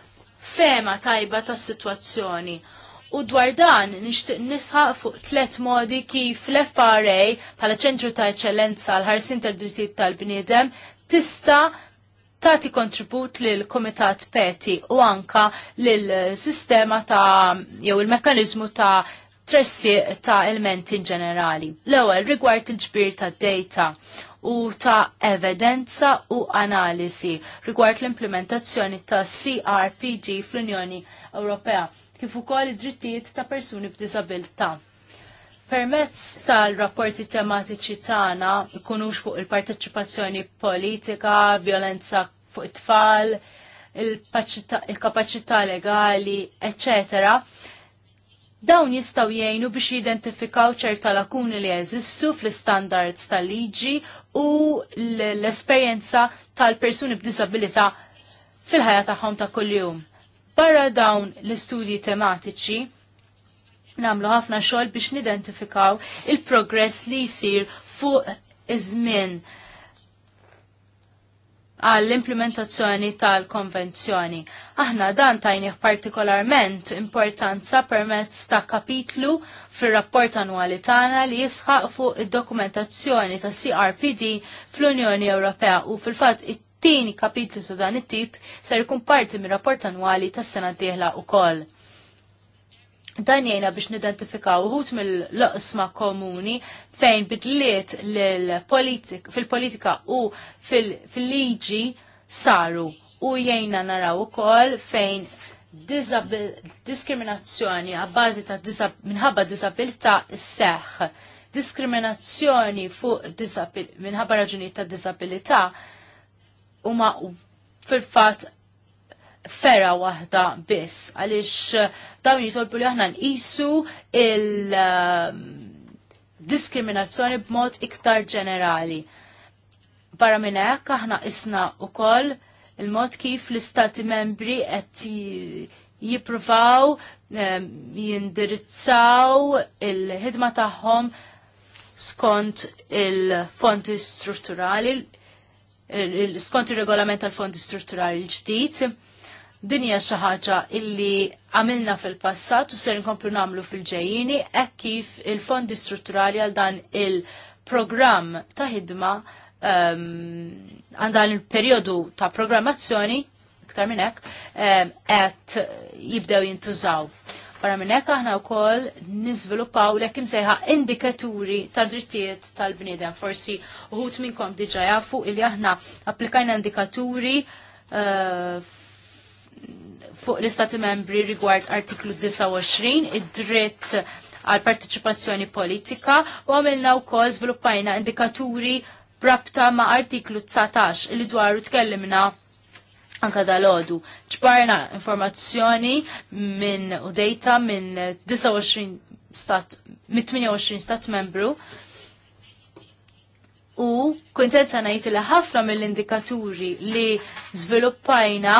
fema tajba ta' situazzjoni. U dwar dan nixtieq nisħaq fuq tliet modi kif l-FRA bħala ċentru ta' eccellenza l ħarsin tal drittijiet tal-bniedem tista' tagħti kontribut lil komitat peti u anka lil sistema ta' jew il-mekkaniżmu ta' tressi ta' elementi ġenerali. L-ewwel rigward il-ġbir ta' data u ta' evidenza u analisi rigward l-implementazzjoni ta' CRPG fl-Unjoni Ewropea kif ukoll id-drittijiet ta' persuni b'disabilità permezz tal-rapporti tematiċi tagħna ikunux fuq il-parteċipazzjoni politika, violenza fuq it-tfal, il-kapacità il legali, eccetera, dawn jistaw jgħinu biex jidentifikaw ċerta lakuni li jeżistu fl-standards tal-liġi u l-esperjenza tal-persuni b'disabilità fil-ħajja tagħhom ta' kuljum. Barra dawn l-istudji tematiċi, namlu ħafna xogħol biex nidentifikaw il-progress li jsir fuq iż-żmien għall-implementazzjoni tal-konvenzjoni. Aħna dan tajnih partikolarment importanza permezz ta' kapitlu fir-rapport annwali tagħna li jisħaq fuq id-dokumentazzjoni ta' CRPD fl-Unjoni Ewropea u fil-fatt it-tieni kapitlu ta' dan it-tip ser jkun parti mir-rapport annwali tas-sena d u ukoll. Dan biex nidentifikaw uħut mill-loqsma komuni fejn bidliet fil-politika u fil-liġi saru u jgħina naraw ukoll fejn diskriminazzjoni għabbażi ta' minħabba minħabba s seħ. Diskriminazzjoni fuq minħabba raġuni ta' u huma fil-fatt fera waħda biss għaliex eh, dawn jitolbu li aħna nqisu il eh, diskriminazzjoni b'mod iktar ġenerali. Barra minn hekk aħna isna wkoll il-mod kif l-istati membri qed jippruvaw eh, jindirizzaw il-ħidma tagħhom skont il-fonti strutturali, skont il-regolament tal-fonti strutturali l-ġdid dinja xi ħaġa illi għamilna fil-passat u ser nkomplu nagħmlu fil-ġejjini hekk kif il-fondi strutturali għal dan il-programm ta' ħidma ehm, għal dan il-perjodu ta' programmazzjoni iktar minn hekk ehm, qed jibdew jintużaw. Barra minn hekk aħna wkoll niżviluppaw lek imsejħa indikaturi ta' drittijiet tal-bniedem. Forsi uħut minnkom diġà jafu illi aħna applikajna indikaturi uh, fuq l-Istati membri rigward artiklu 29, id-dritt għal partiċipazzjoni politika u għamilna u kol zviluppajna indikaturi brabta ma' artiklu 19 li dwaru tkellimna anka dal-ħodu. ċbarna informazzjoni minn u data minn 29 stat, 28 stat membru u kontent sanajti li ħafna mill-indikaturi li zviluppajna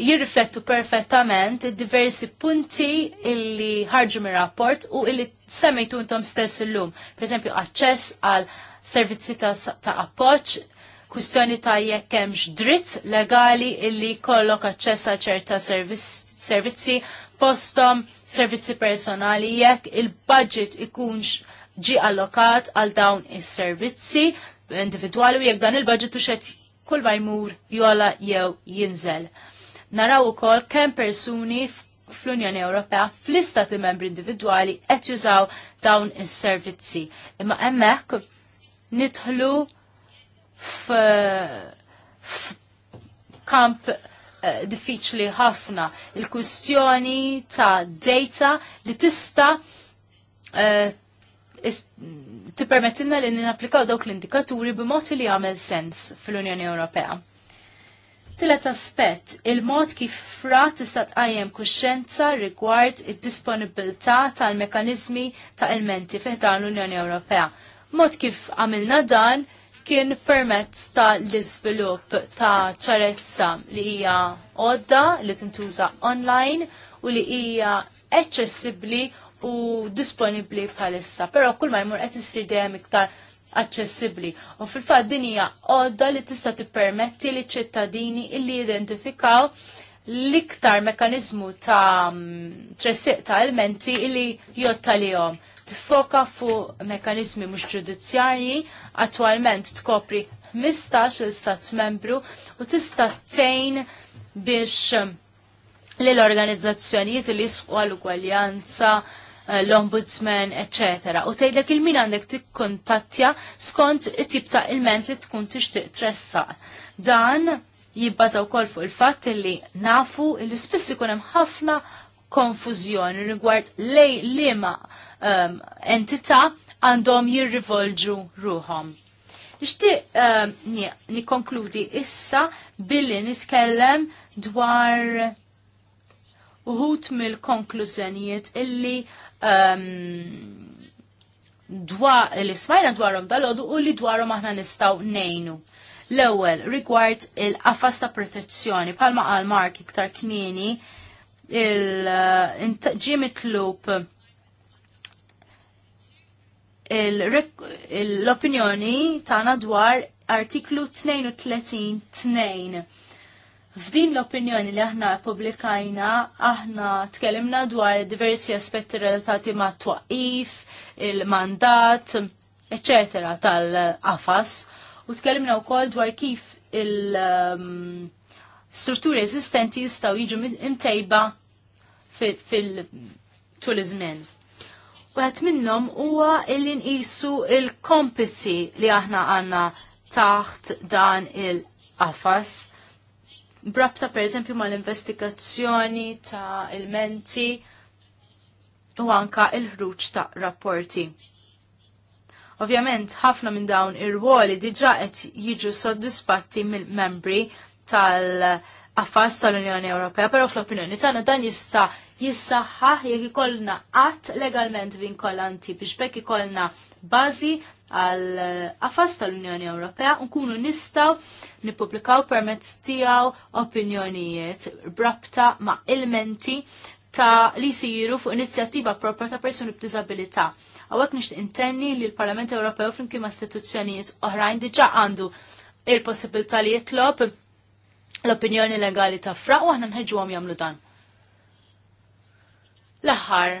jirriflettu perfettament diversi punti illi ħarġu mir rapport u illi semmejtu intom stess illum. Per esempio, access għal servizzi ta', ta appoċ, kwistjoni ta' jekk hemmx dritt legali illi kollok aċċess għal ċerta servizzi postom, servizzi personali jekk il-budget ikunx ġi allokat għal dawn is-servizzi individwali u jekk dan il-budget u xed kull ma jmur jola jew jinżel naraw ukoll kemm persuni fl-Unjoni Ewropea fl-istati membri individwali qed jużaw dawn is-servizzi. Imma hemmhekk nidħlu f'kamp eh, diffiċli ħafna il kustjoni ta' data li tista eh, tippermettilna li ninapplikaw dawk l-indikaturi b'mod li jagħmel sens fl-Unjoni Ewropea. Tilet aspett, il-mod kif fra tista' tqajjem kuxxenza rigward id-disponibilità tal-mekanizmi ta' elmenti dan l-Unjoni Ewropea. Mod kif għamilna dan kien permezz ta' l ta' ċarezza li hija għodda li tintuża online u li hija eċċessibbli u disponibbli bħalissa. Però kull ma jmur qed issir dejjem iktar aċċessibbli. U fil-fatt din hija għodda li tista' tippermetti li ċittadini illi identifikaw l-iktar mekanizmu ta' tressiq ta' elementi illi jottalihom. Tifoka fuq mekanizmi mhux ġudizzjarji, attualment tkopri 15 l-istat membru u tista' tgħin biex l-organizzazzjonijiet li jisqu għal-ugwaljanza, Eh, l-ombudsman, etc. U tgħidlek il-min għandek tikkuntattja skont it-tip ta' ilment li tkun tixtieq tressaq. Dan jibbażaw wkoll fuq il-fatt li nafu li spiss ikun hemm ħafna konfużjoni rigward lej liema um, entità għandhom jirrivolġu ruhom. Nixtieq uh, ehm, nikkonkludi issa billi nitkellem dwar uħut mill-konklużjonijiet illi Um, dwa l-ismajna dwarhom dal ħodu u li dwarhom aħna nistgħu nejnu. L-ewwel rigward il-qafas ta' protezzjoni bħalma qal Mark iktar kmieni il-ġie mitlub l-opinjoni tagħna dwar artiklu 32 2 F'din l-opinjoni li aħna publikajna, aħna tkellimna dwar diversi aspetti relatati ma' twaqif, il-mandat, eccetera, tal-qafas, u tkellimna wkoll dwar kif il-strutturi um, eżistenti jistgħu jiġu imtejba fil tul iż-żmien. Wieħed minnhom huwa illi nqisu il-kompiti li aħna għandna taħt dan il-qafas brabta per eżempju ma l-investigazzjoni ta' il-menti u anka il-ħruġ ta' rapporti. Ovvjament, ħafna minn dawn ir-ruoli diġa qed jiġu soddisfatti mill-membri tal-affas tal-Unjoni Ewropea, però fl-opinjoni tagħna dan jista' jissaħħaħ jekk ikollna qatt legalment vinkolanti biex bekk ikollna bażi għal qafas eh, tal-Unjoni Ewropea nkunu nistaw nippubblikaw permezz tiegħu opinjonijiet brabta ma' ilmenti ta' li siru fuq inizjattiva propra ta' persuni b'disabilità. Għawek nix intenni li l-Parlament Ewropew flimkien ma' istituzzjonijiet oħrajn diġà għandu il-possibilità li jitlob l-opinjoni legali ta' fraq u aħna għom jagħmlu dan. L-aħħar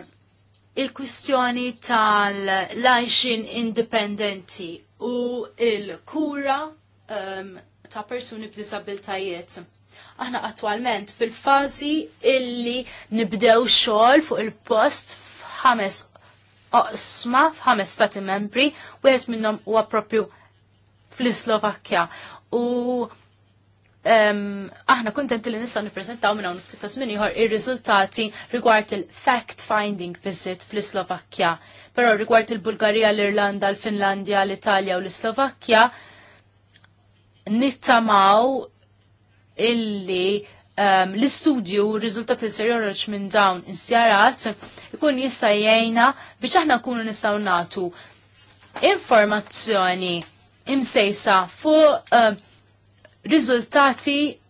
il-kwistjoni tal-lajxin independenti u il-kura um, ta' persuni b'disabiltajiet. Aħna attualment fil-fazi illi nibdew xogħol fuq il-post f'ħames oqsma f'ħames stati membri, wieħed minnhom huwa għapropju fl slovakja U aħna kontenti li nista' nippreżentaw minn hawn ftit tasmin ieħor ir-riżultati rigward il-fact finding visit fl-Slovakkja. Però rigward il-Bulgarija, l-Irlanda, l-Finlandja, l-Italja u l-Slovakkja nittamaw illi um, l-istudju u r-riżultati li ser minn dawn iż-żjarat ikun jista' jgħinna biex aħna nkunu nistgħu nagħtu informazzjoni imsejsa fuq uh, riżultati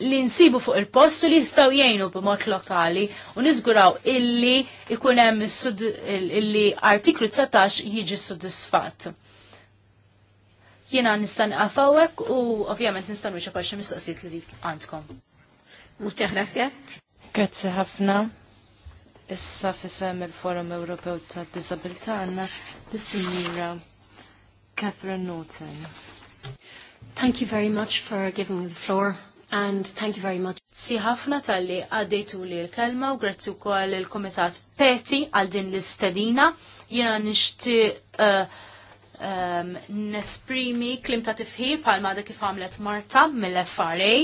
li nsibu fuq il-post u li jistaw jgħinu b'mod lokali u niżguraw illi ikun hemm illi artiklu 19 jiġi sodisfatt. Jiena nistan għafawek u ovvjament nistan wieċa parxi mistoqsijiet li għandkom. Muċċa grazie. Grazie ħafna. Issa fisem il-Forum Ewropew ta' Disabilità għandna l-Sinjura Catherine Norton. Thank you very much for giving me the floor. And thank you very much. Si ħafna tal-li għaddejtu li l-kelma u grazzi wkoll il-Komitat Peti għal din l-istedina. Jiena nishti uh, um, nesprimi klim ta' tifħir pal da kif għamlet Marta mill-FRA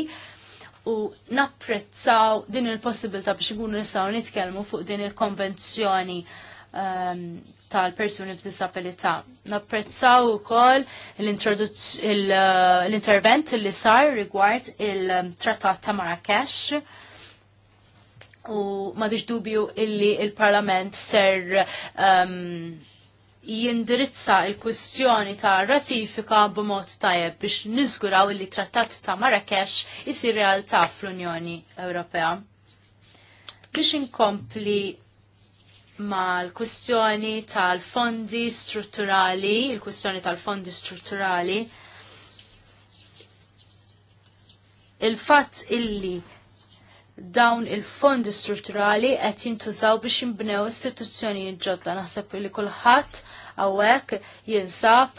u napprezzaw din il-possibilità biex ikunu nistgħu nitkellmu fuq din il-konvenzjoni um, tal-persuni b'disabilità. Napprezzaw ukoll uh, l-intervent li sar rigward il-Trattat ta' Marrakesh u madix dubju illi il-Parlament ser um, jindirizza il-kwistjoni ta' ratifika b'mod tajjeb biex niżguraw illi trattat ta' Marrakesh isir realtà fl-Unjoni Ewropea. Biex inkompli mal-kwistjoni tal-fondi strutturali, il-kwistjoni tal-fondi strutturali, il-fatt illi dawn il-fondi strutturali qed jintużaw biex jinbnew istituzzjonijiet ġodda. Naħseb li kulħadd hawnhekk jinsab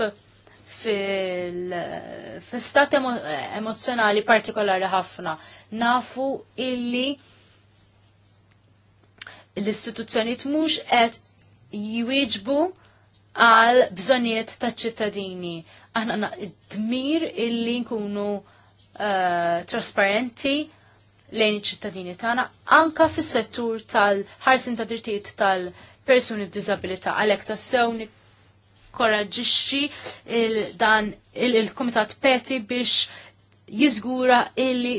fil-stat emozjonali partikolari ħafna. Nafu illi l-istituzzjonijiet mhux qed jwieġbu għal bżonijiet taċ ċittadini. Aħna dmir illi nkunu uh, trasparenti lejn iċ-ċittadini tagħna anka fis-settur tal-ħarsin ta' drittijiet tal-persuni b'diżabilità għalhekk tassew nikkoraġixxi dan il-Kumitat Peti biex jiżgura illi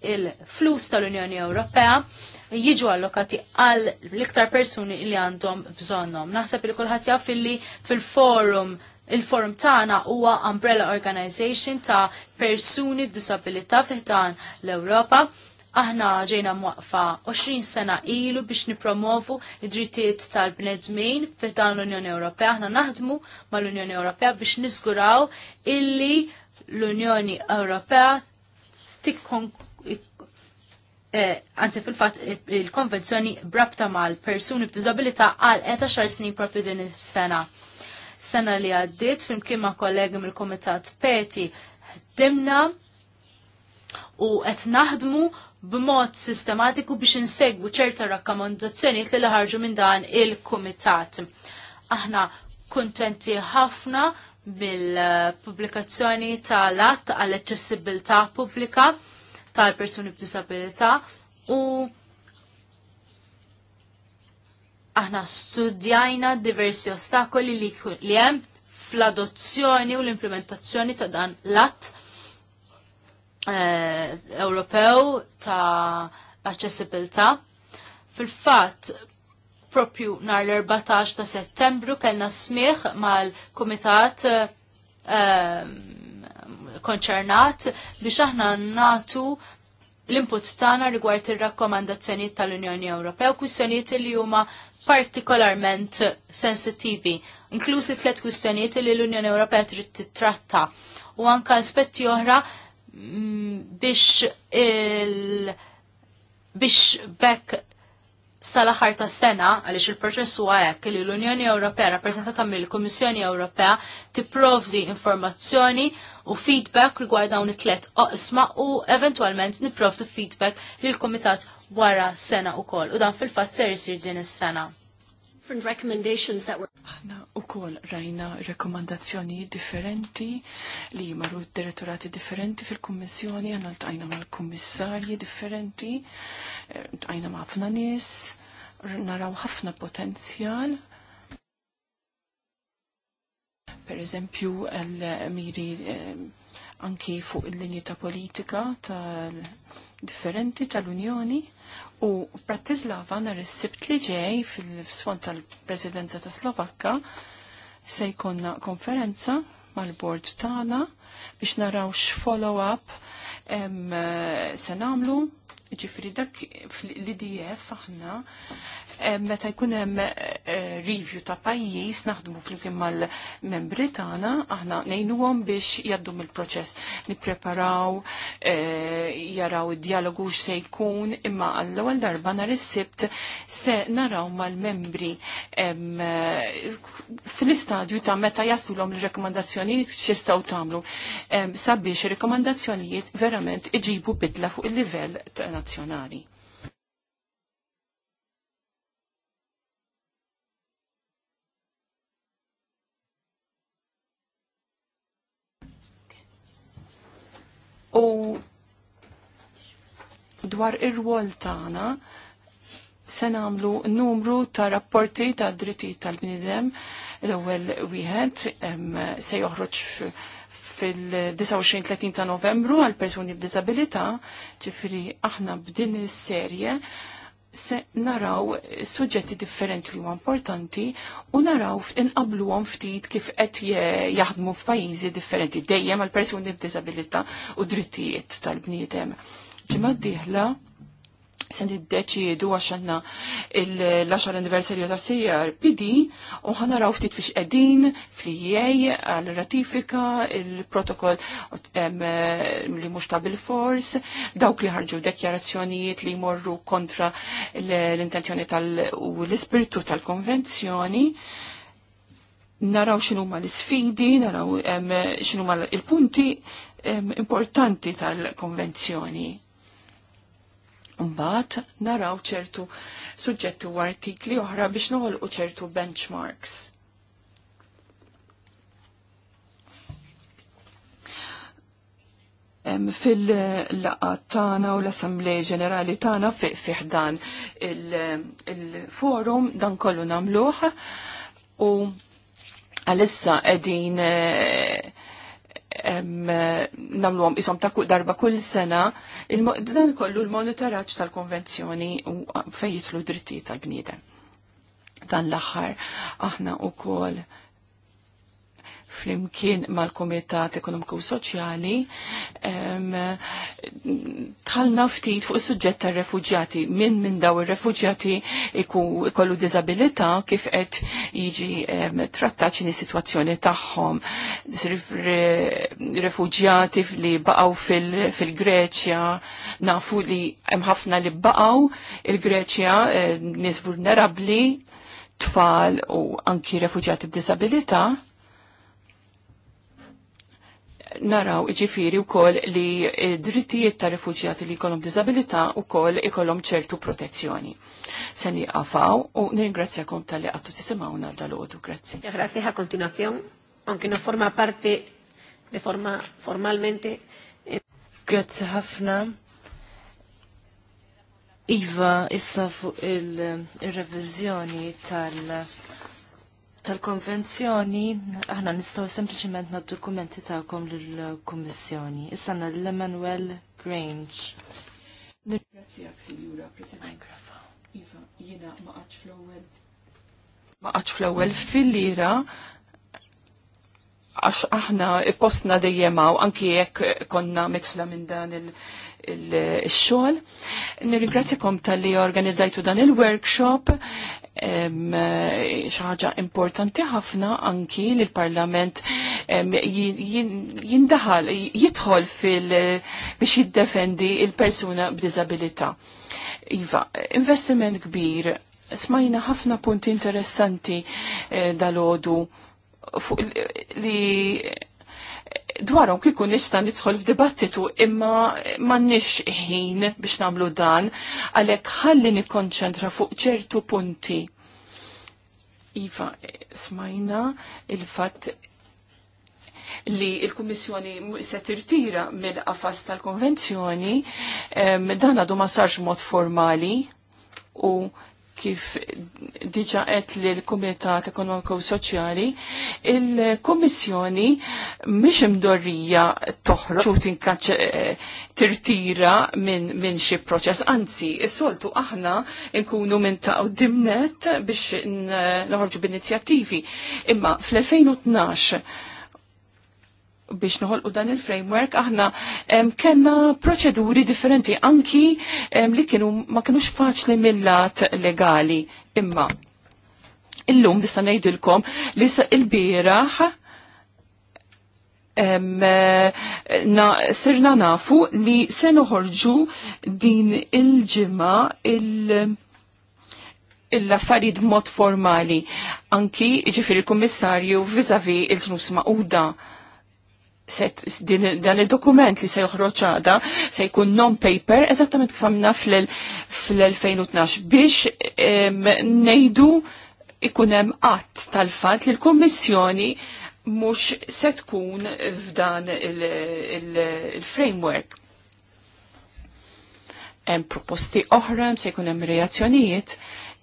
il-flus tal-Unjoni Ewropea jiġu allokati għal l-iktar persuni li għandhom bżonnom. Naħseb li kulħadd jaf li fil-forum il-forum tagħna huwa umbrella organization ta' persuni b'disabilità fiħdan l-Ewropa. Aħna ġejna mwaqfa 20 sena ilu biex nipromovu id-drittijiet tal-bnedmin fiħdan l-Unjoni Ewropea. Aħna naħdmu mal-Unjoni Ewropea biex niżguraw illi l-Unjoni Ewropea tikkon għanzi eh, anzi fil-fat il-konvenzjoni brabta mal persuni b'dizabilità għal eta xar snin propju din is-sena. Sena li għaddit fil kima ma' kollegi mill-Komitat Peti dimna u qed naħdmu b'mod sistematiku biex insegwu ċerta rakkomandazzjoni li ħarġu minn dan il-Kumitat. Aħna kuntenti ħafna bil-pubblikazzjoni tal-att għall-accessibilità pubblika tal-persuni b'disabilità u aħna studjajna diversi ostakoli li, li hemm fl-adozzjoni u l-implementazzjoni ta' dan l-att eh, Ewropew ta' accessibilità. Fil-fatt, propju nar l-14 ta' settembru kellna smieħ mal-Kumitat eh, konċernat biex aħna natu l-input tagħna rigward ir-rakkomandazzjonijiet tal-Unjoni Ewropew, u kwistjonijiet li huma partikolarment sensittivi, inklusi tliet kwistjonijiet li l-Unjoni Ewropea trid titratta u anke aspetti oħra mm, biex il biex bekk sal-aħħar tas sena għaliex il-proċess huwa hekk li l-Unjoni Ewropea rappreżentata mill-Kummissjoni Ewropea tipprovdi informazzjoni u feedback rigward dawn it-tlet oqsma u eventwalment nipprovdu feedback lil kumitat wara sena wkoll u dan fil-fatt ser isir din is-sena different recommendations that were Aħna u kol rajna rekomandazzjoni differenti li maru direttorati differenti fil-kommissjoni, għanna tajna ma' l-kommissarji differenti, eh, tajna ma' ħafna nis, naraw ħafna potenzjal. Per eżempju, l-miri eh, anki fuq il-linji ta' politika tal differenti tal-Unjoni U Bratislava nar is-sibt li ġej fil-sfond tal-Presidenza ta' Slovakka se jkollna konferenza mal-bord tagħna biex naraw x-follow-up eh, se nagħmlu ġifri dak l-IDF aħna Eh, meta jkun hemm eh, review ta' pajjiż naħdmu flimkien mal-membri tagħna aħna ngħinuhom biex jaddu mill-proċess nippreparaw eh, jaraw id-dialogu x'se jkun imma għall-ewwel darba nhar is-sibt se naraw mal-membri fil-istadju ta' meta jaslulhom ir rekomandazzjonijiet x'istgħu tagħmlu sabiex ir-rekomandazzjonijiet verament iġibu bidla fuq il-livell nazzjonali. U dwar ir-rwol tagħna se nagħmlu numru ta' rapporti ta' dritti tal-bniedem l-ewwel wieħed se joħroġ fil-29-30 ta' Novembru għal persuni b'disabilità, ġifiri aħna b'din is-serje se naraw suġġetti differenti li importanti u naraw inqabluhom ftit kif qed jaħdmu f'pajjiżi differenti dejjem għal persuni b'diżabilità u drittijiet tal-bniedem. Ġimma d se niddeċiedu għax għandna l-10 anniversarju ta' CRPD u raw ftit fiex qegħdin fl-EA għal ratifika il-protokoll li mhux ta' bil-fors, dawk li ħarġu dekjarazzjonijiet li jmorru kontra l-intenzjoni tal- u l-ispirtu tal-konvenzjoni naraw xinu ma l-sfidi, naraw xinu ma l-punti importanti tal-konvenzjoni Mbagħad naraw ċertu suġġetti u artikli oħra biex noħolqu ċertu benchmarks. fil-laqa tana u l-Assemblej Ġenerali tana fiħdan il-forum dan kollu namluħ u għalissa edin eh, namluhom isom ta' darba kull sena, dan kollu l-monitoraġġ tal-konvenzjoni u fejjitlu drittijiet tal-bniedem. Dan l-aħħar aħna wkoll flimkien mal-Komitat Ekonomiku Soċjali tħalna ftit fuq is-suġġett tar-refuġjati. Min minn daw ir-refuġjati ikollu diżabilità kif qed jiġi trattat x'inhi sitwazzjoni tagħhom. Refuġjati li baqgħu fil-Greċja nafu li hemm ħafna li baqgħu il-Greċja nies vulnerabbli tfal u anki refuġjati b'diżabilità naraw ġifiri u kol li drittijiet ta' refugjati li kolom disabilita u koll ikolom ċertu protezzjoni. Seni għafaw u kom tal-li għattu tisimawna dal-ħodu. Grazzi. Grazie għa kontinuazzjon, anki no forma parte de forma formalmente. Eh, Grazzi ħafna. Iva, issa fuq il-revizjoni tal- tal-konvenzjoni, aħna nistaw sempliciment naddu dokumenti tagħkom ta'kom l-Kommissjoni. Issanna l-Emanuel Grange. Grazie, Signora President. Iva, jina ma fl-ewwel. Ma fl-ewwel fil-lira għax aħna postna dejjemaw anki jekk konna mitħla minn dan il-xogħol. Nirringrazzjakom tal-li organizzajtu dan il-workshop Eh, xaħġa importanti ħafna anki li l-Parlament jindahal, jidħol fil biex jiddefendi il-persuna b'dizabilita. Iva, investiment kbir, smajna ħafna punti interessanti eh, dal-ħodu li dwarhom kieku nista' nidħol f'dibattitu imma m'għandniex ħin biex nagħmlu dan għalhekk ħalli nikkonċentra fuq ċertu punti. Iva, smajna il-fatt li il-Kummissjoni se tirtira mill-qafas tal-konvenzjoni, dan għadu ma sarx mod formali u kif diġa qed li l-Kumitat Ekonomiku Soċjali, il-Kummissjoni mhix imdorrija toħroġ u tinkaċ eh, tirtira minn min xi proċess, anzi, is-soltu aħna nkunu minn ta' dimnet biex noħorġu b'inizjattivi. Imma fl-2012 biex noħolqu dan il-framework, aħna kena proċeduri differenti anki em, li kienu ma kienux faċli mill-lat legali. Imma, illum bissa ngħidilkom li il biraħ na, sirna nafu li se noħorġu din il-ġimma il- ġima il l affarid mod formali, anki ġifir il-kommissarju vizavi il-ġnus ma'uda dan il-dokument li se joħroġ għada se jkun non-paper eżattament kif għamna fl-2012 biex nejdu ikun hemm qatt tal-fatt li l-Kummissjoni mhux se tkun f'dan il-framework. Hemm proposti oħra, se jkun hemm reazzjonijiet,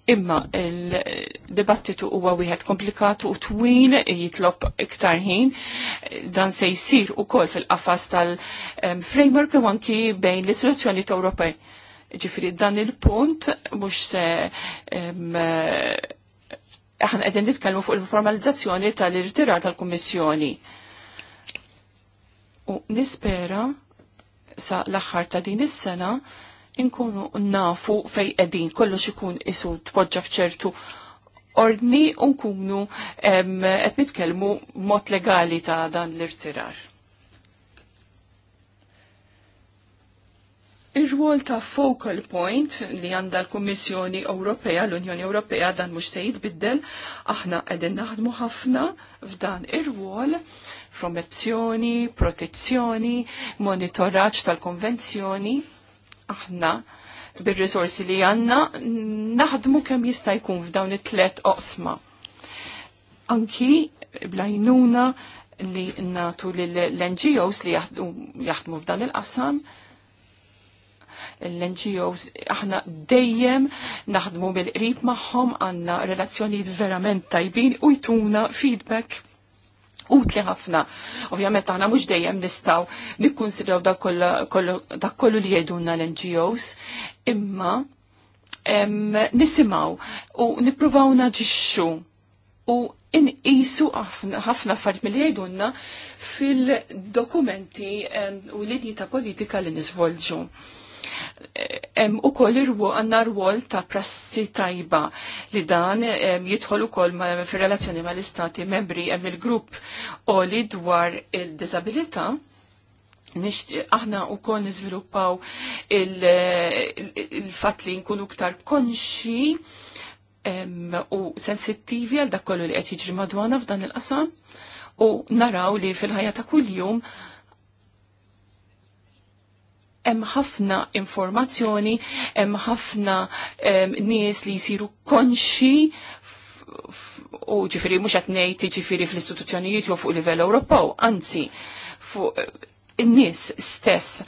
Imma il-dibattitu huwa wieħed komplikatu u twil jitlob iktar ħin dan se jsir ukoll fil-qafas tal-framework u anki bejn l-istituzzjoni Ewropej. Ġifieri dan il-punt mhux se aħna qegħdin nitkellmu fuq il-formalizzazzjoni tal-irtirar tal-Kummissjoni. U nispera sa l-aħħar ta' din is-sena inkunu nafu fej edin kollox ikun isu tpoġġa fċertu ordni unkunu qed nitkellmu mod legali ta' dan l-irtirar. Ir-rwol ta' focal point li għandha l-Kummissjoni Ewropea, l-Unjoni Ewropea dan mhux se jitbiddel, aħna qegħdin naħdmu ħafna f'dan ir-rwol promozzjoni, protezzjoni, monitoraġġ tal-konvenzjoni aħna bil-risorsi li għanna naħdmu kemm jista' jkun f'dawn it-tlet oqsma. Anki blajnuna li natu l-NGOs li jaħdmu f'dan il-qasam, l-NGOs aħna dejjem naħdmu bil-qrib magħhom għandna relazzjonijiet verament tajbin u jtuna feedback utli ħafna. Ovvjament aħna mhux dejjem nistgħu nikkunsidraw dak kollu li jgħidulna l-NGOs, imma nisimgħu u nippruvaw naġixxu u inqisu ħafna affarijiet milli jgħidulna fil-dokumenti u l-idji ta' politika li nisvolġu. Em, u koll għanna rwol ta' prassi tajba li dan jidħol u koll fil-relazzjoni ma' l-istati membri hemm il-grupp u li dwar il-disabilita aħna u koll nizviluppaw il-fat li nkunu ktar konxi u sensittivi għal dak kollu li qed jiġri madwana f'dan il-qasam u naraw li fil-ħajja ta' kuljum jum hemm ħafna informazzjoni, hemm ħafna nies li jsiru konxi u ġifiri mhux qed ngħid ġifiri fl-istituzzjonijiet jew fuq livell Ewropew, anzi fuq in-nies eh, stess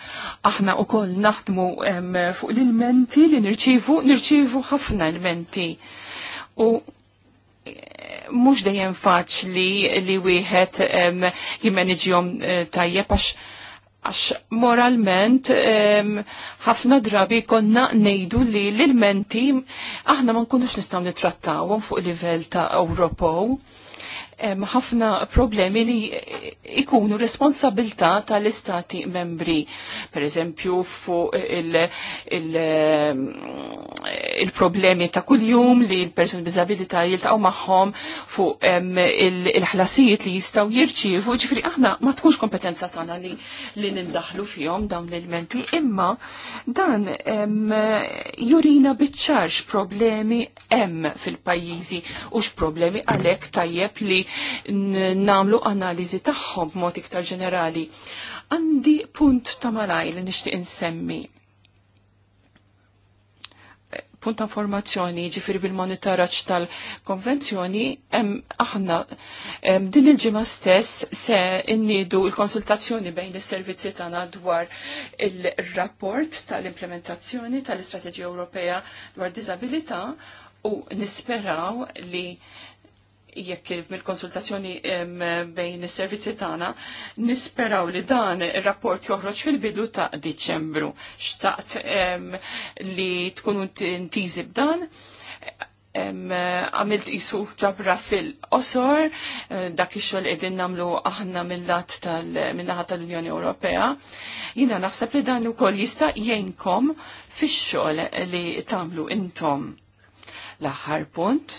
aħna wkoll naħdmu fuq l-ilmenti li nirċivu, nirċivu ħafna l-menti. U eh, mhux dejjem faċli li wieħed jimmanġjom eh, tajjeb għax għax moralment ħafna drabi konna nejdu li l-menti aħna ma nkunux nistaw nitrattawhom fuq livell ta' Ewropew ħafna problemi li ikunu responsabilta tal-istati membri. Per eżempju, fuq il-problemi ta' kuljum li l-persuni bizabilita jiltaw maħħom fuq il-ħlasijiet li jistaw jirċivu, ġifri aħna ma tkunx kompetenza tagħna li, li nindaħlu fihom dawn l-elementi, imma dan jurina biċċarx problemi hemm fil-pajjiżi u x-problemi għalek tajjeb li namlu analiżi tagħhom b'mod iktar ġenerali. Għandi punt ta' malaj li nixtieq insemmi punt ta' informazzjoni ġifiri bil-monitoraċ tal-konvenzjoni, aħna din il-ġimma stess se innidu il-konsultazzjoni bejn is-servizzi tagħna dwar il-rapport tal-implementazzjoni tal-Istrateġija Ewropea dwar Disabilità u nisperaw li jekk mill-konsultazzjoni bejn is-servizzi tagħna nisperaw li dan ir-rapport joħroġ fil-bidu ta' Diċembru. Xtaqt li tkun intiżi b'dan għamilt isu ġabra fil-qosor, eh, dak ix-xogħol qegħdin nagħmlu aħna mill-lat tal-minnaħat tal-Unjoni Ewropea. Jiena naħseb li dan ukoll jista' jgħinkom fix-xogħol li tagħmlu intom. L-aħħar punt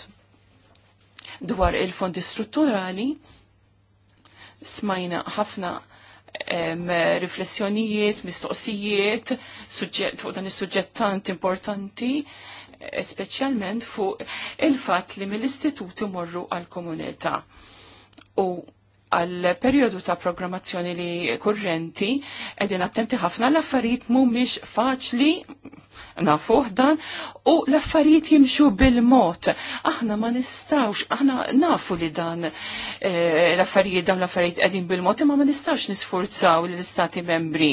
dwar il-fondi strutturali smajna ħafna riflessjonijiet, mistoqsijiet fuq dan is-suġġett tant importanti, speċjalment fuq il-fatt li mill istituti morru għall komunità U għal periodu ta' programmazzjoni li kurrenti edin attenti ħafna l-affarijiet mhumiex faċli nafu dan u l-affarijiet jimxu bil-mod. Aħna ma nistawx, aħna nafu li dan e, l-affarijiet dawn l-affarijiet qegħdin bil-mod imma ma nistawx nisfurzaw l-istati membri.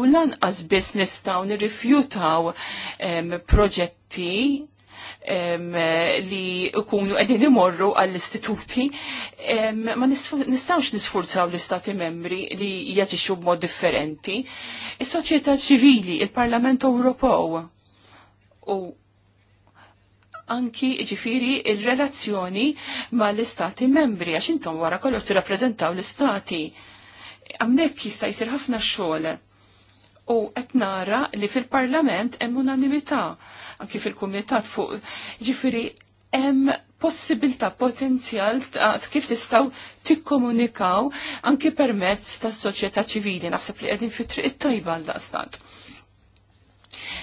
U lanqas biss nistgħu nirrifjutaw ehm, proġetti li ikunu qegħdin imorru għall-istituti, ma nistgħux nisfurzaw l-istati membri li jaġixxu b'mod differenti. Is-soċjetà ċivili, il-Parlament Ewropew u anki ġifiri il-relazzjoni ma l-istati membri, għax intom wara kollox tirrappreżentaw l-istati. Għamnek jista' jsir ħafna xogħol u qed nara li fil-Parlament hemm unanimità anki fil-Kumitat fuq ġifiri hemm possibilità potenzjal ta' kif tistgħu tikkomunikaw anki permezz tas-soċjetà ċivili naħseb li qegħdin fi triq it-tajba għal daqstant.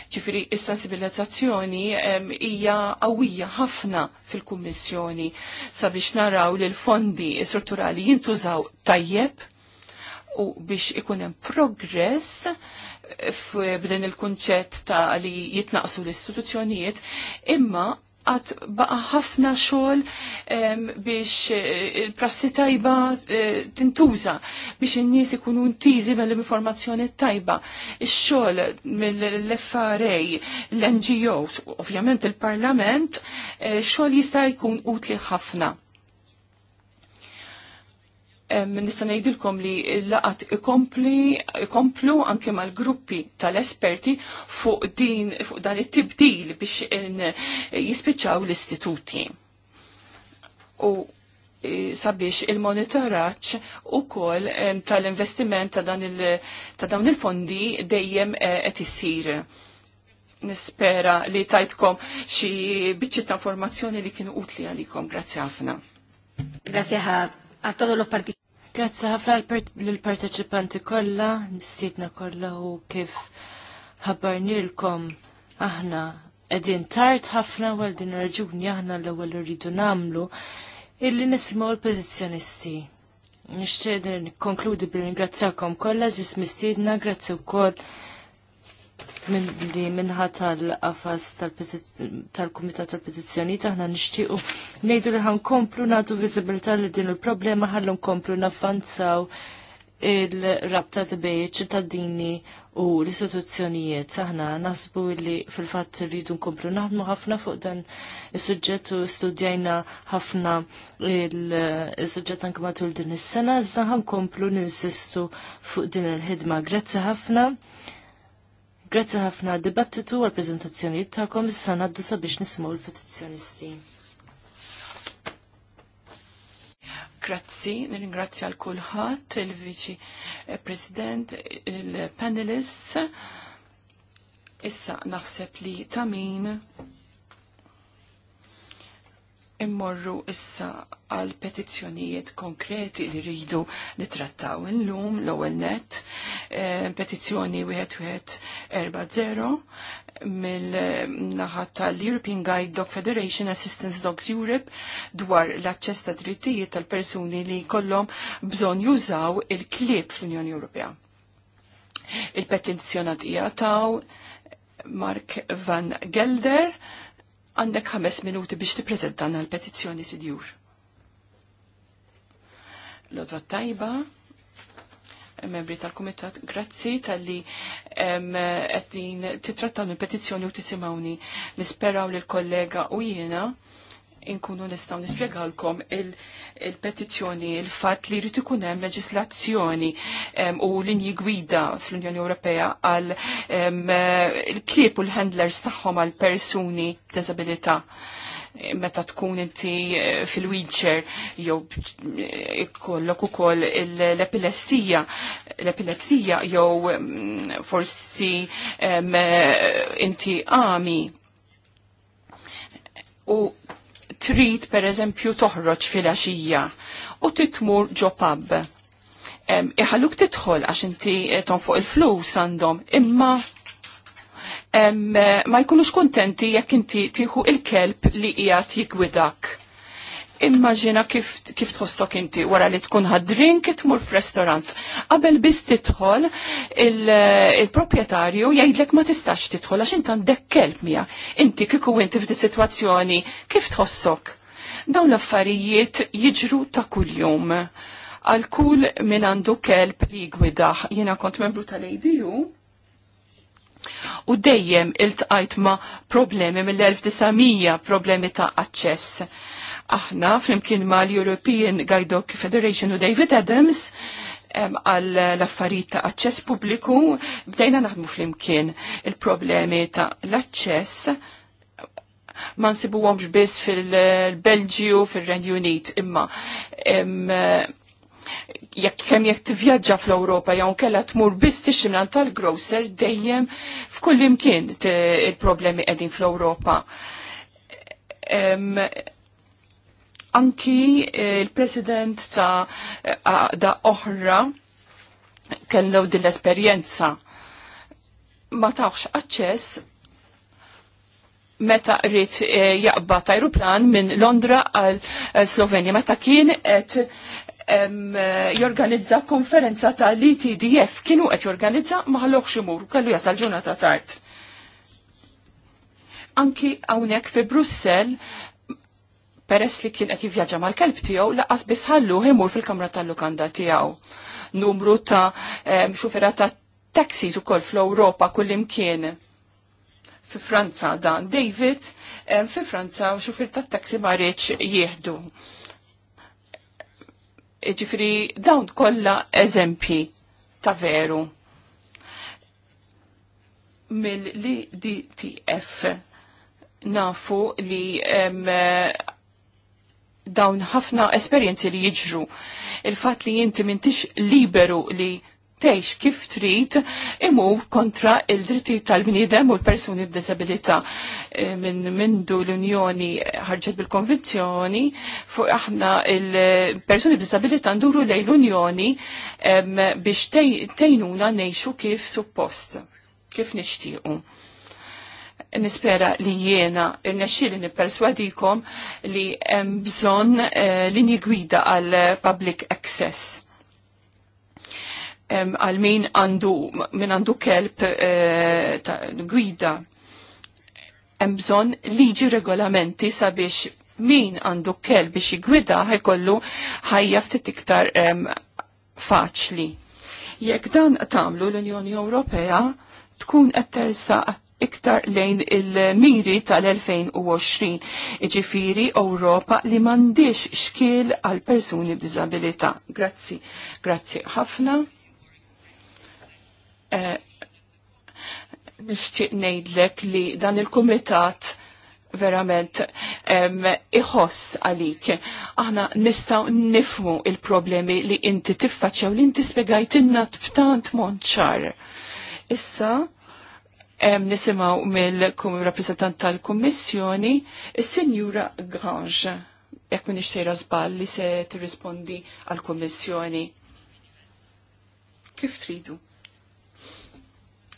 Ġifiri, is-sensibilizzazzjoni hija qawwija ħafna fil-Kummissjoni sabiex naraw li l-fondi strutturali jintużaw tajjeb u biex ikun hemm progress b'din il-kunċett ta' li jitnaqsu l-istituzzjonijiet, imma għat baqa ħafna xogħol ehm, biex eh, il-prassi tajba eh, tintuża biex in-nies ikunu ntiżi mill-informazzjoni tajba. Ix-xogħol mill-FRA, l-NGOs, ovvjament il-Parlament, eh, xogħol jista' jkun utli ħafna nista' ngħidilkom li laqat ikomplu anke mal-gruppi tal-esperti fuq din fuq dan it-tibdil biex jispiċċaw l-istituti. U e, sabiex il-monitoraċ u kol tal-investiment ta' dawn il-fondi dejjem e, qed issir. Nispera li tajtkom xi biċċi ta' informazzjoni li kienu utli għalikom. Grazzi ħafna. Grazzi ħafna a todos los partidos. Grazzi ħafna l-parteċipanti kollha, mistiedna kollha u kif ħabbarnilkom aħna qegħdin tard ħafna għal din raġuni aħna l-ewwel rridu nagħmlu illi nisimgħu l-pożizzjonisti. Nixtieq nikkonkludi bil ingrazzakom kollha żis mistiedna, grazzi wkoll li minħa tal-qafas tal-Kumitat tal-Petizzjoni taħna nixtiequ ngħidu li ħankomplu nagħtu viżibilità li din il-problema ħallu nkomplu naffanzaw il-rabta bej ċittadini u l-istituzzjonijiet. Aħna nasbu li fil-fatt rridu nkomplu naħdmu ħafna fuq dan is-suġġett u studjajna ħafna il-suġġett anke matul din is-sena, iżda ħankomplu ninsistu fuq din il-ħidma. Grazzi ħafna. Grazzi ħafna dibattitu għal prezentazzjoni ta'kom issa ngħaddu sabiex nismu l-petizzjonisti. Grazzi, nirringrazzja għal kulħadd, il-Viċi eh, President, il-panelists. Issa naħseb li ta' min immorru issa għal petizzjonijiet konkreti li rridu nitrattaw illum l-ewwel net eh, petizzjoni wieħed wieħed erba' zero mill-naħa tal-European Guide Dog Federation Assistance Dogs Europe dwar l-aċċess ta' drittijiet tal-persuni li kollhom bżonn jużaw il-klieb fl-Unjoni Ewropea. Il-petizzjonat jgħataw Mark Van Gelder, għandek ħames minuti biex tippreżentana l-petizzjoni sidjur. Lodva tajba, membri tal-Kumitat, grazzi tal-li għettin titrattaw il-petizzjoni u tisimawni. Nisperaw li l-kollega u jiena inkunu nistaw nispiegalkom il-petizjoni, il il-fat li rrit ikun hemm leġislazzjoni um, u linji gwida fl-Unjoni Ewropea għal um, il-klieb u l-handlers tagħhom għal persuni b'disabilità meta tkun inti eh, fil-wheelchair jew ikollok ukoll l-epilessija l-epilessija jew forsi eh, inti għami u trid pereżempju toħroġ filgħaxija u titmur ġo pub. Iħalluk titħol għax inti eh, fuq il-flus għandhom, imma ma jkunux kontenti jekk inti tieħu il-kelb li qiegħed jikwidak immaġina kif, kif tħossok inti wara li tkun ħadrin kif tmur f'restorant. Qabel biss tidħol il-proprjetarju il jgħidlek ma tistax tidħol għax inti għandek kelb mija. Inti kieku inti f'di sitwazzjoni kif tħossok? Dawn l-affarijiet jiġru ta' kuljum għal kull min għandu kelb li gwidaħ. Jiena kont membru tal-ADU U dejjem iltqajt ma' problemi mill-1900, problemi ta' aċċess Aħna flimkien mal-European Guide Dog Federation u David Adams għal l-affarijiet ta' aċċess pubbliku bdejna naħdmu flimkien il-problemi ta' l-aċċess ma nsibuhomx biss fil-Belġju fil-Renju Unit imma jekk kemm jekk tivvjaġġa fl-Ewropa jew kellha tmur biss tiximlan tal-grocer dejjem f'kull imkien il-problemi qegħdin fl-Ewropa Anki eh, il-president ta' eh, da' oħra kellu din l-esperjenza ma tafx aċċess meta rrit eh, jaqbad ajruplan minn Londra għal Slovenja. Meta kien qed jorganizza konferenza ta' l-ITDF kienu qed jorganizza maħlok ximur, kellu jasal ġurnata tard. Anki hawnhekk fi Brussell peress li kien qed jivvjaġġa mal-kelb tiegħu laqas biss ħallu imur fil-kamra tal-lukanda tiegħu. Numru ta' xufera ta' taxis ukoll fl-Ewropa kullimkien fi Franza dan David fi Franza xufir ta' taxi ma reċ jieħdu. Ġifri dawn kollha eżempji ta' veru mill-DTF nafu li dawn ħafna esperjenzi li jiġru. Il-fat li jinti mintix liberu li teħx kif trid imur kontra il-dritti tal-bniedem u l-persuni b'disabilità. E, minn mindu l-Unjoni ħarġet bil-konvenzjoni fuq aħna il-persuni b'disabilità nduru lej l-Unjoni biex tejnuna nejxu kif suppost, kif nixtiequ nispera li jiena irnexxieli nipperswadikom li hemm bżonn eh, linji gwida għal public access għal min għandu min għandu kelb eh, gwida hemm bżonn liġi regolamenti sabiex min għandu kelb biex jigwida ħajkollu ħajja ftit iktar faċli. Jekk dan tamlu l-Unjoni Ewropea tkun qed tersaq iktar lejn il-miri tal-2020, iġifiri Ewropa li mandiex xkiel għal persuni b'dizabilita. Grazzi, grazzi ħafna. Eh, Nishtiq nejdlek li dan il-komitat verament um, iħoss għalik. Aħna nistaw nifmu il-problemi li inti tiffaċċew li inti innat b'tant monċar. Issa, nisimaw mill-rappresentant tal-Kommissjoni, il-Senjura Grange, jekk minix ixtejra zbal li se tirrispondi għal-Kommissjoni. Kif tridu?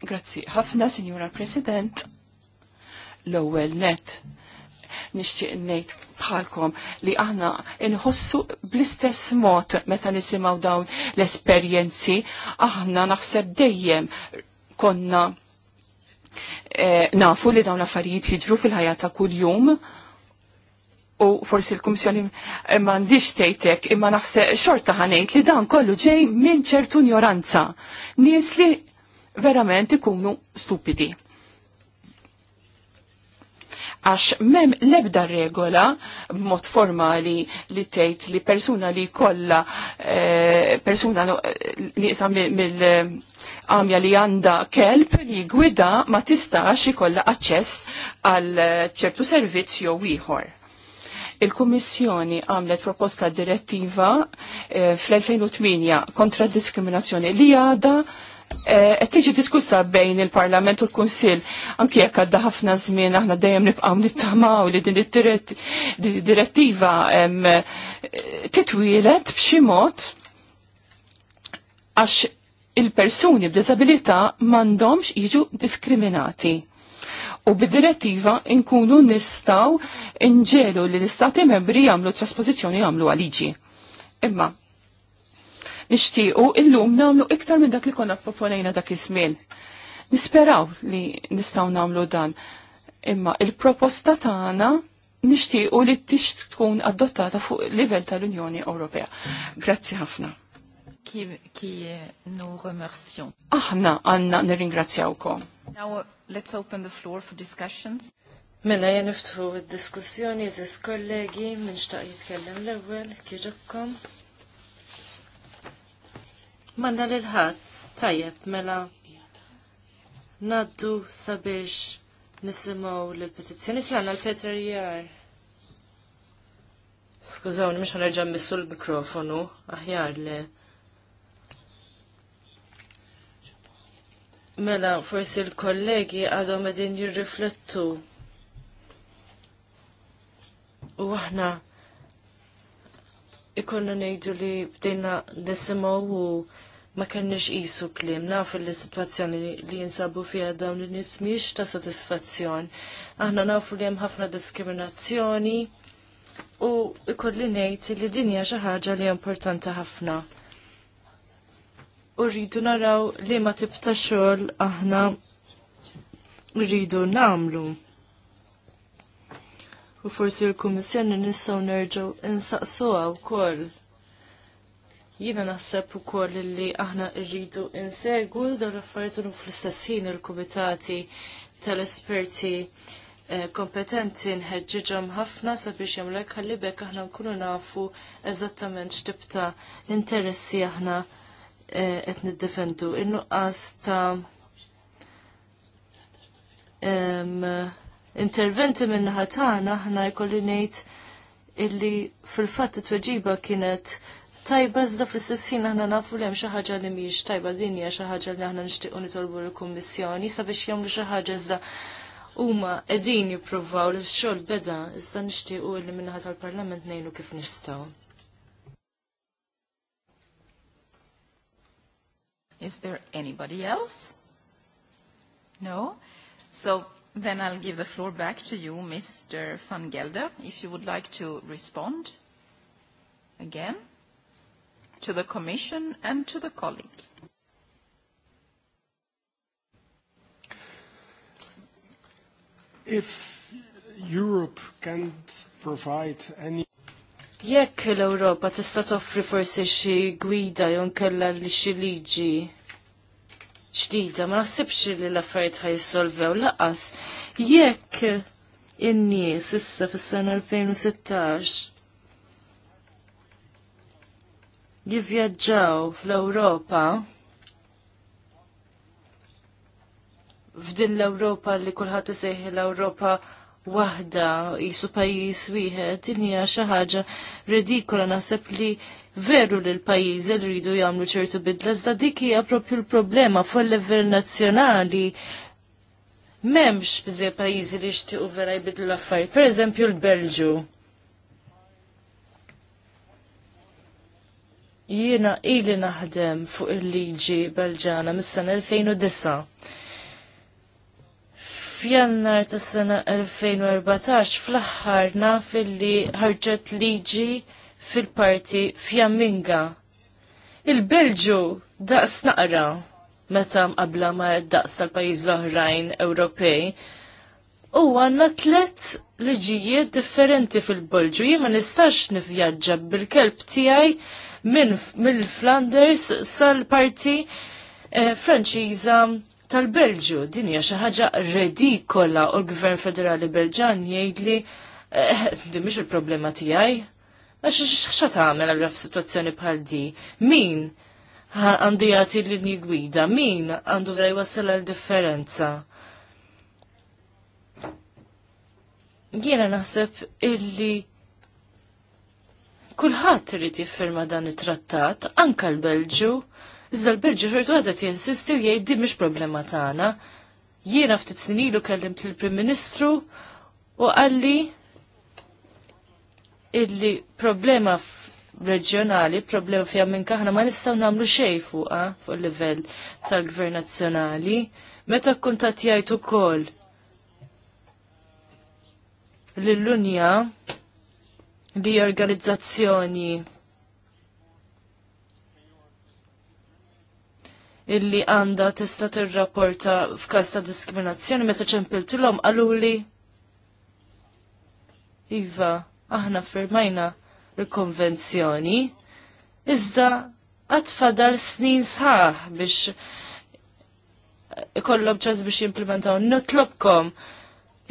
Grazzi. Ħafna, Senjura President, l-ewwel net nixtieq ngħid bħalkom li aħna inħossu bl-istess mod meta nisimgħu dawn l-esperjenzi aħna naħseb dejjem konna Eh, nafu li dawn affarijiet jiġru fil-ħajja ta' kuljum u forsi l-Kummissjoni eh, m'għandix tejtek imma naħseb xorta ħanejt li dan kollu ġej minn ċertu ignoranza. Nies li verament ikunu stupidi għax mem lebda regola b'mod formali li tgħid li persuna li kollha eh, persuna li isam mill-għamja li għandha kelb li gwida ma tistax ikollha aċċess għal ċertu servizz jew ieħor il-Kummissjoni għamlet proposta direttiva eh, fl-2008 kontra diskriminazzjoni li għada Eh, qed tiġi diskussa bejn il-Parlament u l-Kunsill anki jekk għadda ħafna żmien aħna dejjem nibqgħu nittamaw li din id-direttiva titwielet b'xi mod għax il-persuni b'diżabilità m'għandhomx jiġu diskriminati. U bid-direttiva nkunu nistaw nġelu li l-istati membri jagħmlu trasposizzjoni jagħmlu għal Imma nixtiequ illum nagħmlu iktar minn dak li konna proponejna dak iż-żmien. Nisperaw li nistgħu nagħmlu dan. Imma il-proposta tagħna nixtiequ li tix tkun adottata fuq livell tal-Unjoni Ewropea. Grazzi ħafna. Ki, nu Aħna għanna nirringrazzjawkom. Now let's open the floor for discussions. Mela niftħu id-diskussjoni, żis kollegi, minn xtaq jitkellem l-ewel, kieġokkom. Manna l-ħat, tajjeb, mela naddu sabiex nisimaw l-petizjoni. Slana l peter Jar. Skużawni, mux ħanerġa missu l-mikrofonu, aħjar li. Mela, forsi l-kollegi għadhom qegħdin jirriflettu. U aħna ikonna nejdu li bdejna nisimaw u ma kenniex qisu klim, Naf il situazzjoni li jinsabu fija dawn li nismix ta' sodisfazzjon. Aħna nafu li hemm ħafna diskriminazzjoni u ikolli ngħid li din hija xi ħaġa li importanti ħafna. U rridu naraw li ma tib xogħol aħna rridu nagħmlu u forsi l-Kummissjoni nistgħu nerġgħu insaqsuha wkoll. Jiena naħseb ukoll li aħna rridu insegwu dawn l-affarijiet fl-istess ħin il-kumitati tal-esperti eh, kompetenti nħeġġiġhom ħafna sabiex hekk ħalli bekk aħna nkunu nafu eżattament x'tibta interessi aħna eh, qed niddefendu. In-nuqqas ta' interventi minn tagħna aħna jkolli ngħid illi fil-fatt it-tweġiba kienet tajba iżda fl-istess ħin aħna nafu li hemm xi ħaġa li mhijiex tajba din hija xi ħaġa li aħna nixtiequ nitolbu l-Kummissjoni sabiex jagħmlu xi ħaġa iżda huma qegħdin jippruvaw li x-xogħol beda iżda nixtiequ li minnaħa tal-Parlament ngħidu kif nistgħu. Is there anybody else? No? So Then I'll give the floor back to you, Mr. van Gelder, if you would like to respond again to the Commission and to the colleague. If Europe can't provide any Jekk l-Ewropa tista' toffri forsi xi gwida jew inkella li xi liġi ġdida, ma naħsibx li l-affarijiet ħajsolvew laqas jekk in-nies issa fis-sena 2016 jivvjaġġaw fl-Ewropa f'din l-Ewropa li kulħadd isejħi l-Ewropa waħda jisu pajjiż wieħed din hija xi ħaġa ridikola naħseb li veru li l-pajjiżi li rridu jagħmlu ċertu bidla iżda dik hija proprju l-problema fuq livell nazzjonali m'hemmx biżej pajjiżi li xtiequ vera jbidlu l-affarijiet. Pereżempju l-Belġu. Jiena ili naħdem fuq il-liġi Belġana mis-sena 2009 f'jannar tas sena 2014 fl-aħħar naf illi ħarġet liġi fil-parti fjamminga. Il-Belġu daqs naqra meta mqabla ma daqs tal-pajjiż l-oħrajn Ewropej. U għanna tlet liġijiet differenti fil-Belġu. Jien ma nistax nivvjaġġa bil-kelb tiegħi minn mill-Flanders sal-parti eh, Franċiża tal-Belġu. Din hija xi ħaġa redikola u l-Gvern Federali Belġan jgħidli eh, mhix il-problema tiegħi Għax xaxa tagħmel allura f'sitwazzjoni bħal di? Min għandu jagħti l-linji gwida? Min għandu vrej wassal għal differenza? Jiena naħseb illi kulħadd irid jiffirma dan it-trattat, anka l-Belġu. Iżda l-Belġu xortu għadet jinsisti u jgħid di mhix problema tagħna. Jiena ftit snilu kellimt lill prim Ministru u għalli illi problema reġjonali, problema fija minn kaħna ma nistgħu nagħmlu xejn fuqha fuq il-livell tal-Gvern Nazzjonali. Meta kuntat jgħid ukoll lill-Unja li organizzazzjoni illi għanda tista tirrapporta f'każ ta' diskriminazzjoni meta ċempiltilhom qalu li Iva, aħna firmajna l konvenzjoni iżda għatfadal snin sħaħ biex ikollom ċas biex jimplementaw. Notlobkom,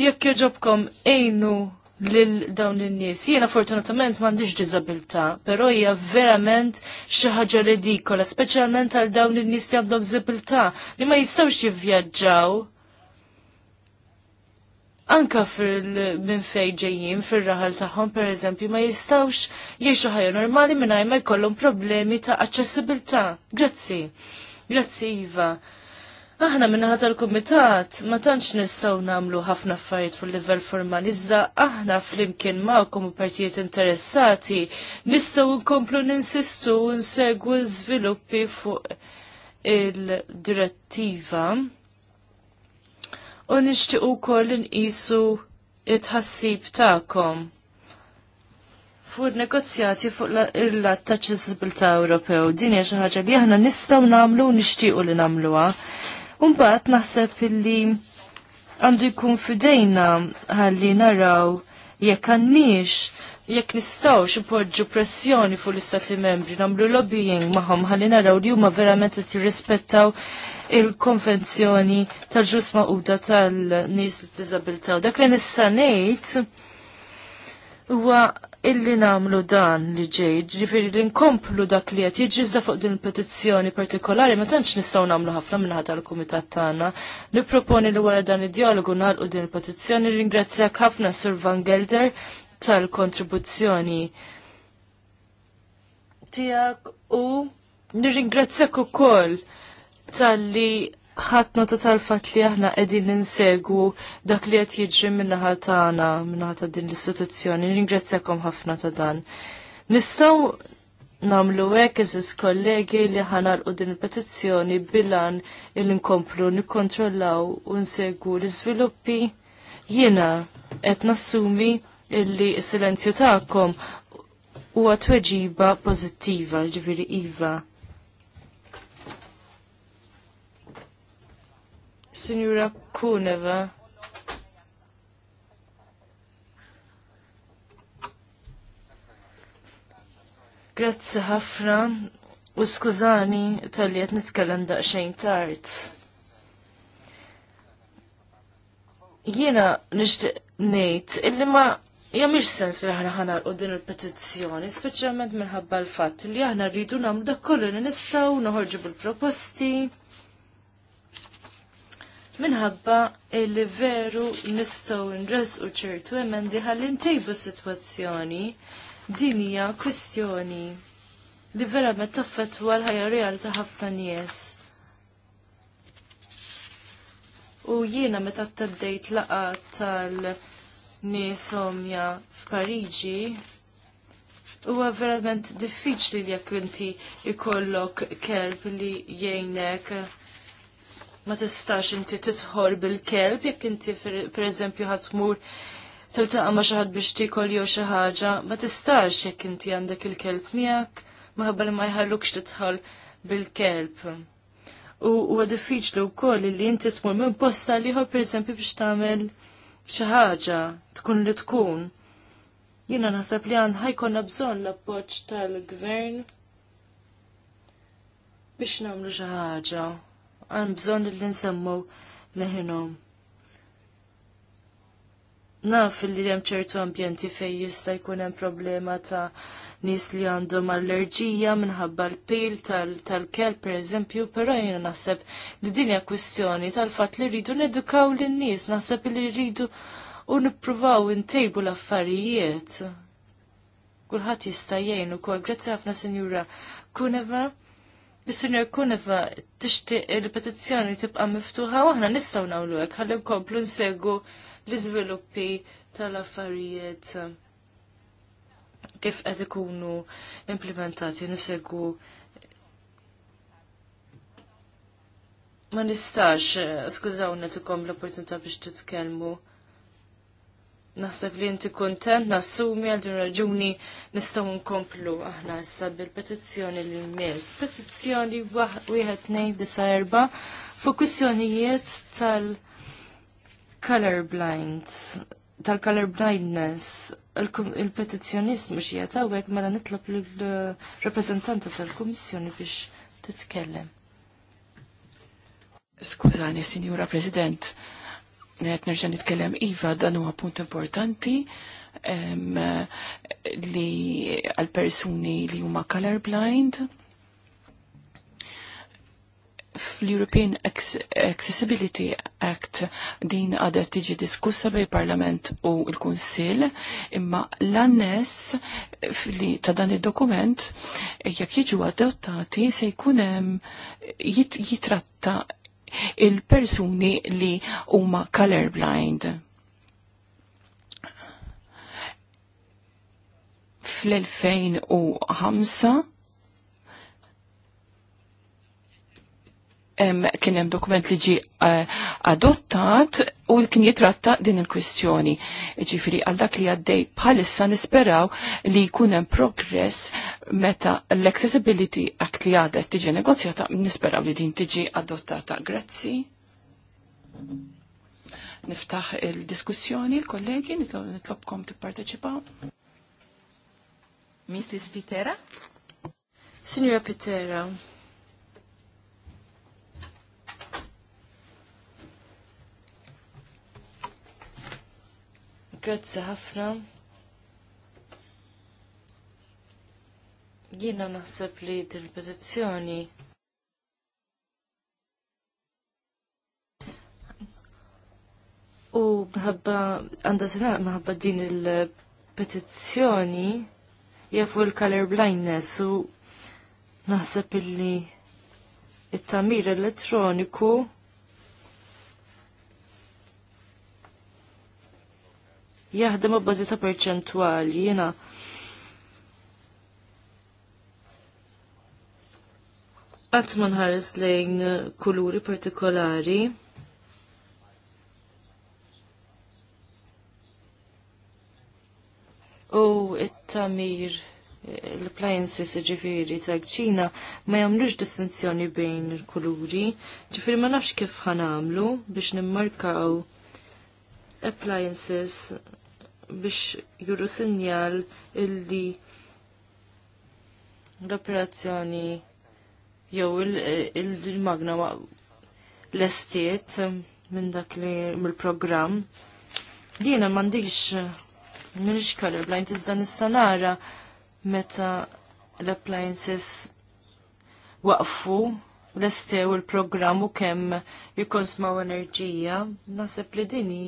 jekk joġobkom ejnu lil dawn in-nies. Jiena fortunatament m'għandix diżabilità, però hija verament xi ħaġa redikola, speċjalment għal dawn in-nies li għandhom diżabilità li ma jistgħux jivvjaġġaw anka fil-minn fej ġejjin fil-raħal tagħhom pereżempju ma jistawx jgħixu ħajja normali mingħajr ma jkollhom problemi ta' accessibilta. Grazzi. Grazzi Iva. Aħna minnaħa tal-Kumitat ma tantx nistgħu nagħmlu ħafna affarijiet fuq livell formali, iżda aħna flimkien magħkom u partijiet interessati nistgħu nkomplu ninsistu u nsegwu l-żviluppi fuq il-direttiva u nixtiequ wkoll inqisu it-ħassib tagħkom Fur negozjati fuq il-lat ta' ċisibilta Ewropew. Din hija xi ħaġa li aħna nistgħu nagħmlu u nixtiequ li nagħmluha. Mbagħad naħseb illi għandu jkun fidejna ħalli naraw jekk għandniex jekk nistaw xipoġġu pressjoni fuq l-istati membri namlu lobbying maħom ħalli naraw li huma verament qed jirrispettaw il-konvenzjoni tal-ġus maquda tal-nis l-disabilità. Dak li nissa ngħid huwa illi namlu dan li ġej, ġifiri li nkomplu dak li qed jiġiżda fuq din il-petizzjoni partikolari, ma tantx nistgħu nagħmlu ħafna minnaħa tal-kumitat tagħna. Nipproponi li wara dan id-dialogu nagħlqu din il-petizzjoni ringrazzjak ħafna Sir Van Gelder tal-kontribuzzjoni tiegħek u nirringrazzjak ukoll tal-li ħat nota tal-fat li aħna qegħdin ninsegu dak li qed jiġri minnaħa tagħna minnaħa ta' din l-istituzzjoni. Ningrazzjakom ħafna ta' dan. Nistgħu nagħmlu hekk eżis kollegi li u din il-petizzjoni bilan il nkomplu nikkontrollaw u nsegu l-iżviluppi jiena qed nassumi illi s-silenzju tagħkom huwa tweġiba pożittiva, ġviri iva Signora Kuneva. Grazzi ħafna u skużani tal-li qed nitkellem daqsxejn tard. Jiena nixtieq ngħid illi ma jagħmilx sens li aħna ħanalqu din il-petizzjoni, speċjalment minħabba l-fatt li aħna rridu nagħmlu dak kollu li nistgħu noħorġu bil-proposti minħabba li veru nistgħu nresqu ċertu emendi ħalli ntejbu sitwazzjoni din hija kwistjoni li verament taffettwa l-ħajja real ta' ħafna nies. U jiena meta taddejt laqa tal-nies omja f'Pariġi, huwa verament diffiċli li jekk inti ikollok kelb li jgħinek ma tistax inti titħor bil-kelb jekk inti pereżempju ħadd tmur tiltaqa' ma' xi ħadd biex tikol jew xi ħaġa, ma tistax jekk inti għandek il-kelb miegħek ħabba li ma jħallukx titħol bil-kelb. U huwa diffiċli wkoll li inti tmur minn posta liħor pereżempju biex tagħmel xi ħaġa tkun li tkun. Jiena naħseb li għan ħajkonna bżonn l-appoġġ tal-gvern biex nagħmlu xi ħaġa għan bżon li nsemmu leħinom. Naf li hemm ċertu ambjenti fej jista' jkun hemm problema ta' nis li għandhom allerġija minħabba l-pil tal-kel per eżempju, però jiena naħseb li din hija kwistjoni tal-fatt li rridu nedukaw lin-nies, naħseb li rridu u nippruvaw intejbu l-affarijiet kulħadd jista' jgħin ukoll. Grazzi ħafna Sinjura Kuneva. Is-Sinjor Kuneva tixtieq il-petizzjoni tibqa' miftuħa u aħna nistgħu nagħmlu hekk ħalli nkomplu nsegu l-iżviluppi tal-affarijiet kif qed ikunu implementati nisegu ma nistax eh, skużawna tikom l-opportunità biex titkellmu. Naħseb li inti kontent, nassumi għal din raġuni nistgħu nkomplu aħna issa bil-petizzjoni li mis. Petizzjoni wieħed ngħid disa erba' fuq kwistjonijiet tal-colorblind, tal-colorblindness. Il-petizzjonist mhux qiegħed mela nitlob lill-rappreżentanta tal-Kummissjoni biex titkellem. Skużani, Sinjura President, Għet nerġa nitkellem Iva, dan huwa punt importanti um, li għal-persuni li huma colorblind. Fl-European Accessibility Act din għadet tiġi diskussa bej parlament u l-Kunsil imma l-annes ta' dan il-dokument jekk jiġu adottati se jkunem jit jitratta il-persuni li huma colorblind. fl-2005 kien hemm dokument li ġi eh, adottat u li kien jitratta din il-kwistjoni. Ġifiri, għal dak li għaddej bħalissa nisperaw li jkun hemm progress meta l-Accessibility Act li għadet tiġi negozjata, nisperaw li din tiġi adottata. Grazzi. Niftaħ il-diskussjoni, il-kollegi, nitlobkom tipparteċipaw. Mrs. Pitera? Signora Pitera, Grazzi ħafna. Jiena naħseb li dil-petizzjoni u mħabba għandha sena mħabba din il-petizzjoni jafu l-color blindness u naħseb illi it-tamir elettroniku jaħdem b'bażi ta' perċentwali jiena. Qatt ma nħares lejn kuluri partikolari. U it-tamir l-appliances ġifiri ta' ċina ma jamlux distinzjoni bejn il-kuluri, ġifiri ma nafx kif ħanamlu biex nimmarkaw appliances biex juru sinjal illi l-operazzjoni jew il-magna l-estiet minn dak li mill-programm. Jiena m'għandix m'iniex colorblind dan is sanara meta l-appliances waqfu l-estew il-programm u kemm jikonsmaw enerġija, nasib li dini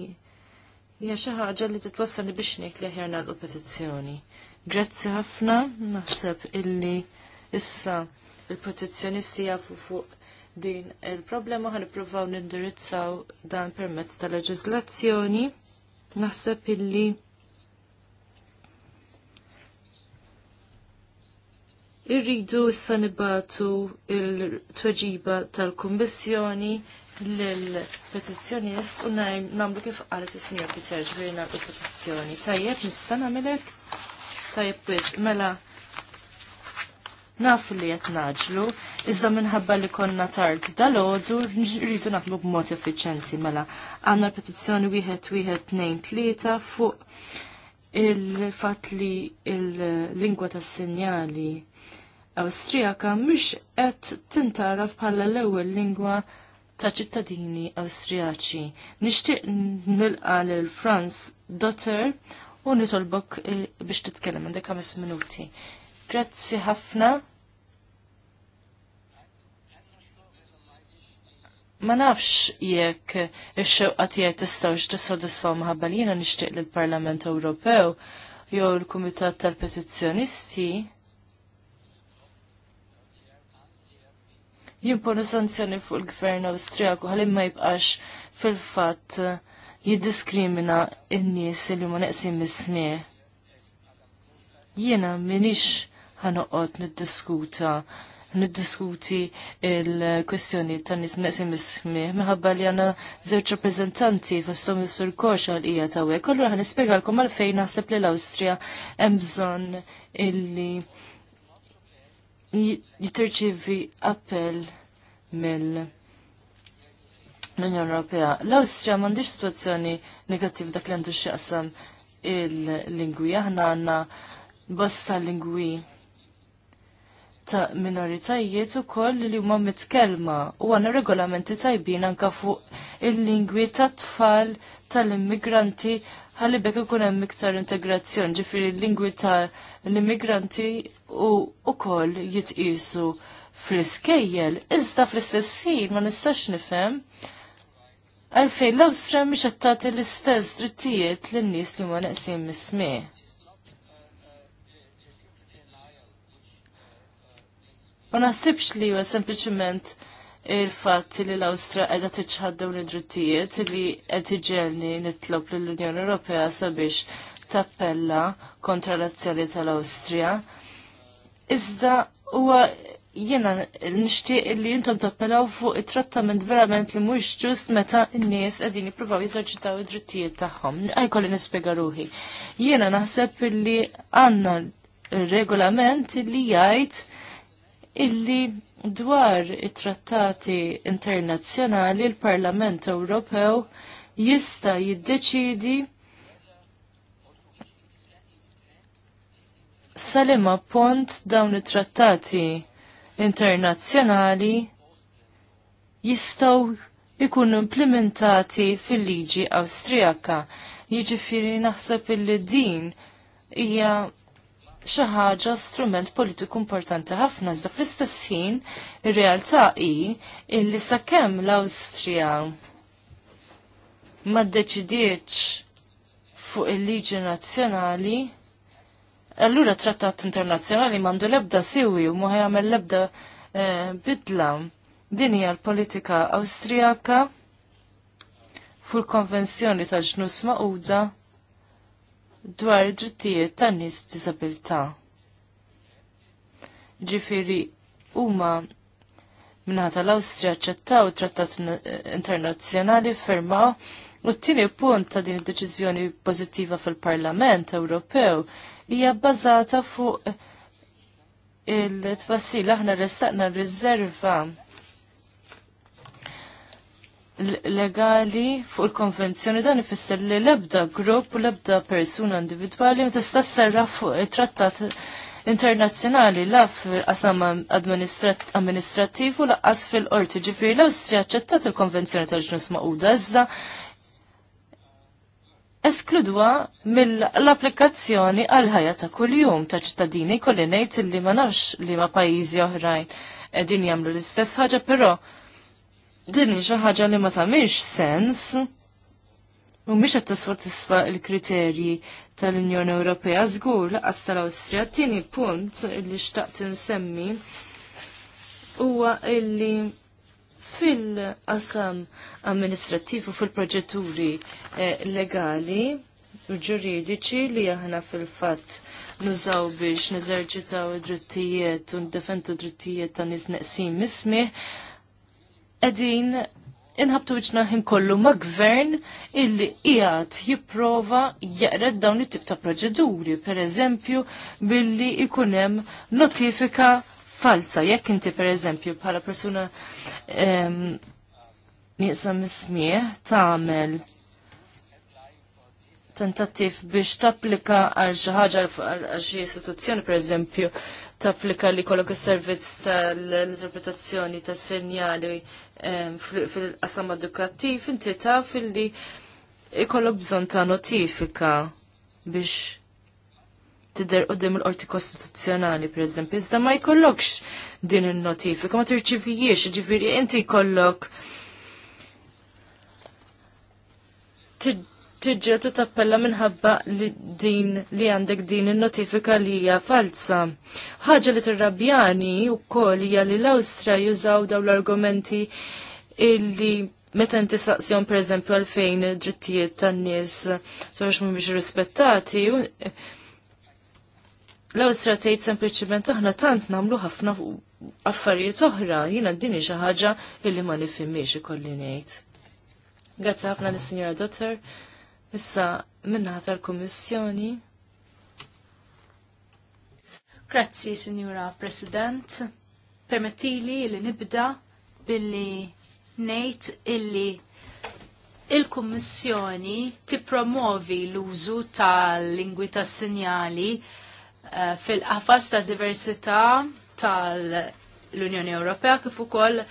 Ja xi ħaġa li titwassalni biex ngħid li ħjarna l petizzjoni. Grazzi ħafna, naħseb illi issa il-petizzjonisti jafu fuq din il-problema ħan ippruvaw nindirizzaw dan permezz tal leġizlazzjoni Naħseb illi irridu issa nibatu il-tweġiba tal-Kummissjoni l-petizzjonist u namlu kif għalet il-Sinjor Peter ġviri l petizzjoni. Tajjeb, nista namilek? Tajjeb, wiz, mela naf li jett naġlu, iżda minħabba li konna tard dal-ħodu, rridu b b'mod effiċenti mela. Għanna petizzjoni wieħed wieħed 2 tlieta fuq il-fat li il-lingwa tas sinjali Awstrijaka mhix qed tintara f'palla l-ewwel lingwa ta' ċittadini Awstrijaċi. Nixtieq nilqa lil Franz Dotter u nitolbok eh, biex titkellem għandek 5 minuti. Grazzi ħafna. ma nafx jekk ix-xewqa tiegħek tistgħux tissodisfaw maħabba li jiena nixtieq lill-Parlament Ewropew jew l-Kumitat tal-Petizzjonisti jimponu sanzjoni fuq il-gvern Austriaku ħalli ma jibqax fil-fatt eh, jiddiskrimina n-nies li ma neqsin mis-snieħ. Jiena minix ħanoqgħod niddiskuta niddiskuti il-kwestjoni ta' nisneqsi mismi, meħabba li għana zewċ rappresentanti fostom jussur koċa l-ija ta' għek. Kollu għan ispiegalkom għalfejn naħseb li l-Austria emżon illi jitterċivi appell mill l-Unjoni Ewropea. L-Awstrija m'għandix situazzjoni negattiv dak li għandu x'jaqsam il-lingwi. Aħna għandna bosta lingwi ta' minoritajiet u koll li huma mitkelma u għanna regolamenti tajbin anka fuq il-lingwi ta' tfal tal-immigranti ħalli bekk ikun hemm iktar integrazzjoni, ġifieri l-lingwi ta' l immigranti u wkoll jitqisu fl-iskejjel, iżda fl-istess ħin ma nistax nifhem għalfejn l-Awstra mhix qed tagħti l-istess drittijiet lin-nies li huma neqsin mis Ma naħsibx li huwa sempliċement il fat li l-Awstra qiegħda tiċħad dawn id-drittijiet li qed iġelni nitlob lill-Unjoni Ewropea sabiex tappella kontra l-azzjoni tal-Awstrija. Iżda huwa jiena nixtieq li intom tappellaw fuq it-trattament verament li mhux ġust meta n-nies qegħdin jippruvaw jeżerċitaw id-drittijiet tagħhom. Għajkolli nispjega ruħi. Jiena naħseb li għandna regolament li jgħid illi dwar it-trattati internazzjonali l-Parlament Ewropew jista' jiddeċidi salima pont dawn it-trattati internazzjonali jistgħu jkunu implementati fil-liġi Awstrijaka. Jiġifieri naħseb illi din hija xi ħaġa strument politiku importanti ħafna iżda fl-istess ħin ir-realtà hi illi sakemm l-Awstrija ma ddeċidietx fuq il-liġi nazzjonali, allura trattat internazzjonali m'għandu l-ebda siwi u ma jagħmel l-ebda eh, bidla. Din hija l-politika Awstrijaka fuq konvenzjoni tal-ġnus Mauda dwar id-drittijiet tan-nies b'disabilità. Ġifieri huma minħata l-Awstrija ċettaw trattat internazzjonali ffirmaw u t-tieni punt ta' din id-deċiżjoni pożittiva fil-Parlament Ewropew hija bbażata fuq il-tfassil aħna ressaqna r-riserva legali fuq il-konvenzjoni dan ifisser li l-ebda grupp u l-ebda persuna individwali ma tista' serra fuq it-trattat internazzjonali la f'qasam amministrattiv u laqqas fil-qorti ġifieri l-Awstrija ċettat il-konvenzjoni tal-ġnus maquda iżda eskludwa mill-applikazzjoni għal ħajja ta' kuljum ta' ċittadini kolli ngħid li ma nafx li ma pajjiżi oħrajn qegħdin jagħmlu l-istess ħaġa però din xi ħaġa li ma tagħmilx sens u mhix qed tisfortisfa l-kriterji tal-Unjoni Ewropea żgur laqas tal-Awstrija. Tieni punt li xtaqt insemmi huwa illi fil-qasam amministrativ u fil-proġetturi eh, legali u ġuridiċi li aħna fil-fatt nużaw biex neżerġitaw id-drittijiet u ndefentu drittijiet ta' nisneqsim mismih edin inħabtu iċna ħin kollu ma' gvern illi ijat jiprova jaqred dawn it-tip ta' proċeduri, per eżempju, billi ikunem notifika falsa, jekk inti per eżempju bħala persuna nisa ta' tagħmel tentattiv biex tapplika għal xi ħaġa għal xi istituzzjoni per eżempju tapplika li kollok is-servizz tal-interpretazzjoni tas senjali fil-qasam edukattiv, inti taf li ikollok bżonn ta' notifika biex tidher qudiem il-qorti kostituzzjonali, eżempju, iżda ma jkollokx din il-notifika, ma tirċivijiex, ġifieri inti jkollok tiġġed tappella minħabba li din li għandek din il-notifika li hija falsa. Ħaġa li tirrabjani wkoll hija li l-Awstra jużaw dawn l-argumenti illi meta inti saqsjon per eżempju għalfejn drittijiet tan-nies sorx mhumiex rispettati, eh, l-Awstra tgħid sempliċiment aħna tant nagħmlu ħafna affarijiet oħra, jiena din xi ħaġa illi ma nifhimiex ikolli ngħid. Grazzi ħafna lis-Sinjora Dotter. Issa minna l kummissjoni Grazzi, Signora President. Permettili li nibda billi nejt illi il-Kummissjoni tippromovi l-użu tal-lingwi tas-sinjali uh, fil-qafas ta' diversità tal-Unjoni Ewropea kif ukoll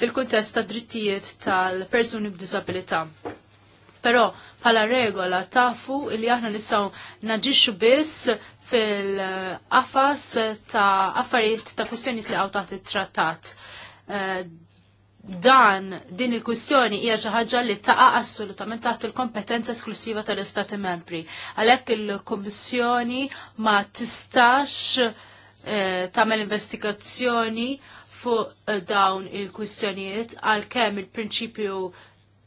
fil-kuntest ta' drittijiet tal-persuni b'disabilità. Però bħala regola tafu li aħna nistgħu naġixxu biss fil-qafas ta' affarijiet ta' kwistjoni li għaw taħt il trattat eh, Dan din il-kwistjoni hija xi ħaġa li taqa' assolutament taħt il-kompetenza esklusiva tal-Istati Membri. Għalhekk il-Kummissjoni ma tistax eh, tagħmel investigazzjoni fuq eh, dawn il-kwistjonijiet għalkemm il-prinċipju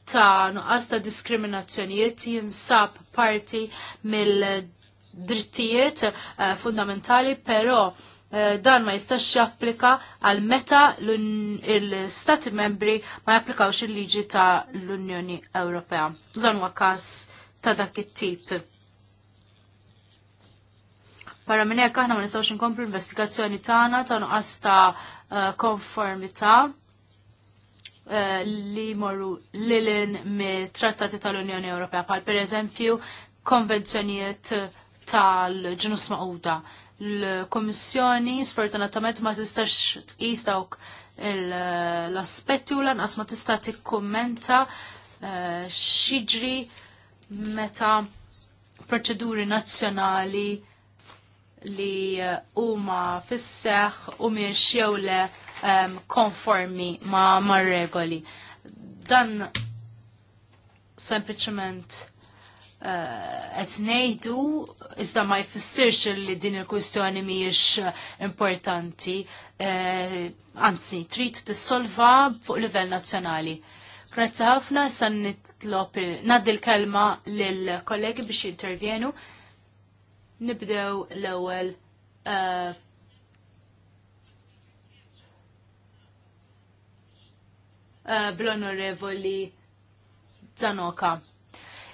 ta' nuqqas ta' diskriminazzjonijiet jinsab parti mill-drittijiet eh, fundamentali, pero eh, dan ma jistax japplika għal meta l-Stati membri ma japplikawx il-liġi ta' l-Unjoni Ewropea. Dan huwa kas ta' dak it-tip. Barra minn hekk aħna ma nistgħux inkomplu investigazzjoni tagħna ta' nuqqas ta' eh, konformità Eh, li morru lilin me trattati tal-Unjoni Ewropea, pal per eżempju konvenzjonijiet tal ġinus maquda. L-Komissjoni sfortunatament ma tistax tqis dawk l-aspetti u lanqas ma tista' tikkummenta eh, xiġri meta proċeduri nazzjonali li eh, huma fisseħ u miex jew le um, konformi ma, ma regoli. Dan sempliciment qed uh, ngħidu iżda ma jfissirx li din il-kwistjoni mhijiex importanti, uh, anzi trid tissolva fuq livell nazzjonali. Grazzi ħafna san nitlob naddi l-kelma lil kollegi biex jintervjenu. Nibdew l-ewwel uh, Eh, bl-onorevoli Zanoka.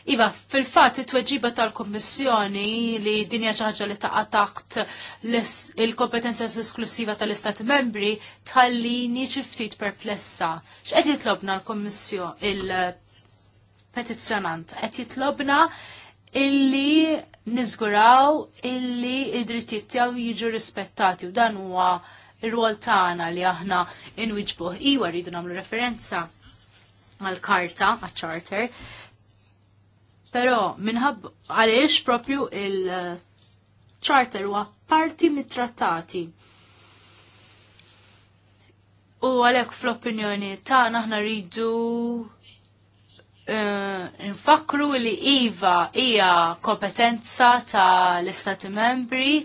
Iva, fil-fat, it-tweġiba tal-Kommissjoni li dinja ġaġa li ta' attakt il-kompetenza esklusiva tal-Istati membri tal-lini ċiftit perplessa. X'qed jitlobna l-Kommissjoni, il-petizzjonant, qed jitlobna illi nizguraw illi id-drittijiet tiegħu jiġu rispettati u dan huwa ir-rwol tagħna li aħna inwiġbuh iwa rridu nagħmlu referenza għal-karta, għal-charter, pero minħab għaliex propju il-charter huwa parti mit-trattati. U għalek fl-opinjoni ta' naħna rridu Uh, nfakru li IVA hija kompetenza ta' l-Istati membri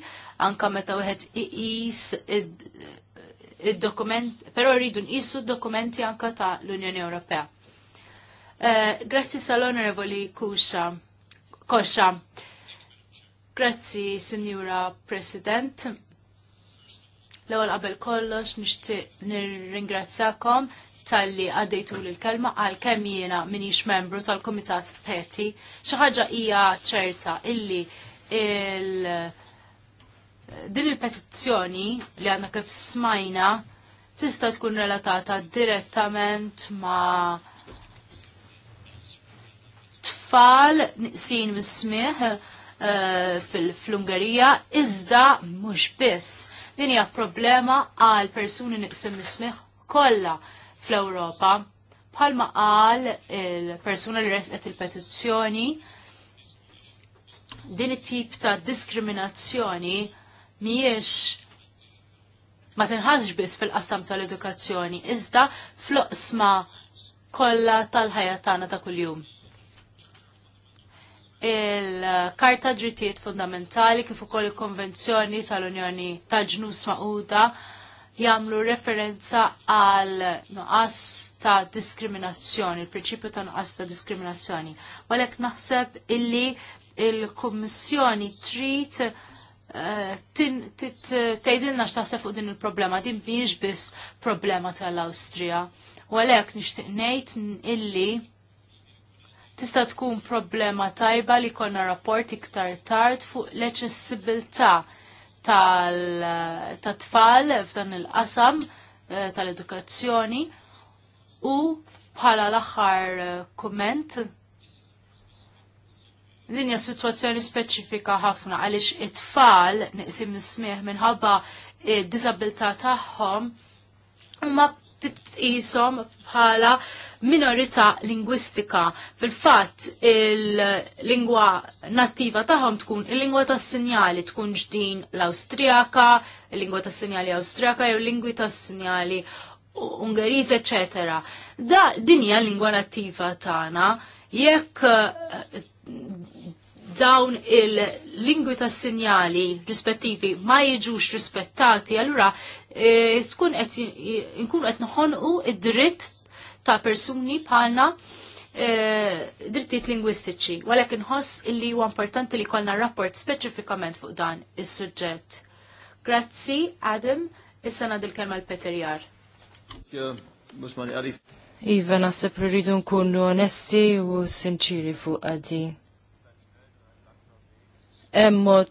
anka meta wieħed iqis id-dokument, però rridu nqisu d-dokumenti anka ta' l-Unjoni Ewropea. Eh, grazzi sal-Onorevoli Kuxa, Kosha. Grazzi, Signora President. L-ewwel qabel kollox nixtieq nirringrazzjakom tal-li għaddejtu l-kelma għal kemm jiena minix membru tal-Komitat Peti, xi ħaġa hija ċerta illi il- din il-petizzjoni li għandna kif smajna tista' tkun relatata direttament ma' tfal niqsin mismiħ eh, fil-Ungerija iżda mhux biss. Din hija problema għal persuni niqsim mismiħ kollha fl-Ewropa. Palma qal il-persuna li resqet il-petizzjoni din it-tip ta' diskriminazzjoni miex ma tinħasx biss fil-qassam tal-edukazzjoni, iżda fl-qsma kollha tal-ħajja tagħna ta' kuljum. Il-Karta Drittijiet Fundamentali kif ukoll il-Konvenzjoni tal-Unjoni tal-Ġnus Maquda jagħmlu referenza għal nuqqas ta' diskriminazzjoni, il-prinċipju ta' nuqqas ta' diskriminazzjoni. Walek naħseb illi il-Kummissjoni trid tgħidilna x'taħseb fuq din il-problema, din biex biss problema tal-Awstrija. U għalhekk nixtieq ngħid illi tista' tkun problema tajba li konna rapport iktar tard fuq l-eċessibilità tal-tfal f'dan il-qasam eh, tal-edukazzjoni u bħala l-aħħar eh, komment Linja situazzjoni speċifika ħafna għaliex it-tfal niqsim nismieħ minħabba id-disabilità tagħhom huma titqishom bħala minorità lingwistika. Fil-fatt il-lingwa nattiva tagħhom tkun il-lingwa tas-sinjali tkun ġdin l-Awstrijaka, il-lingwa tas-sinjali Awstrijaka jew lingwi tas-sinjali Ungeriż, eċetera. Da din hija lingwa nattiva tagħna jekk eh, dawn il-lingwi tas sinjali rispettivi ma jiġux rispettati, allura e, tkun qed nkun qed noħonqu id-dritt ta' persuni bħalna e, drittijiet lingwistiċi. Walek inħoss illi huwa importanti li kollna rapport speċifikament fuq dan is-suġġett. Grazzi, Adam, issa nad il-kelma l-Peter Jar. Iva, nasib rridu nkunu onesti u sinċiri fuq għaddi hemm mod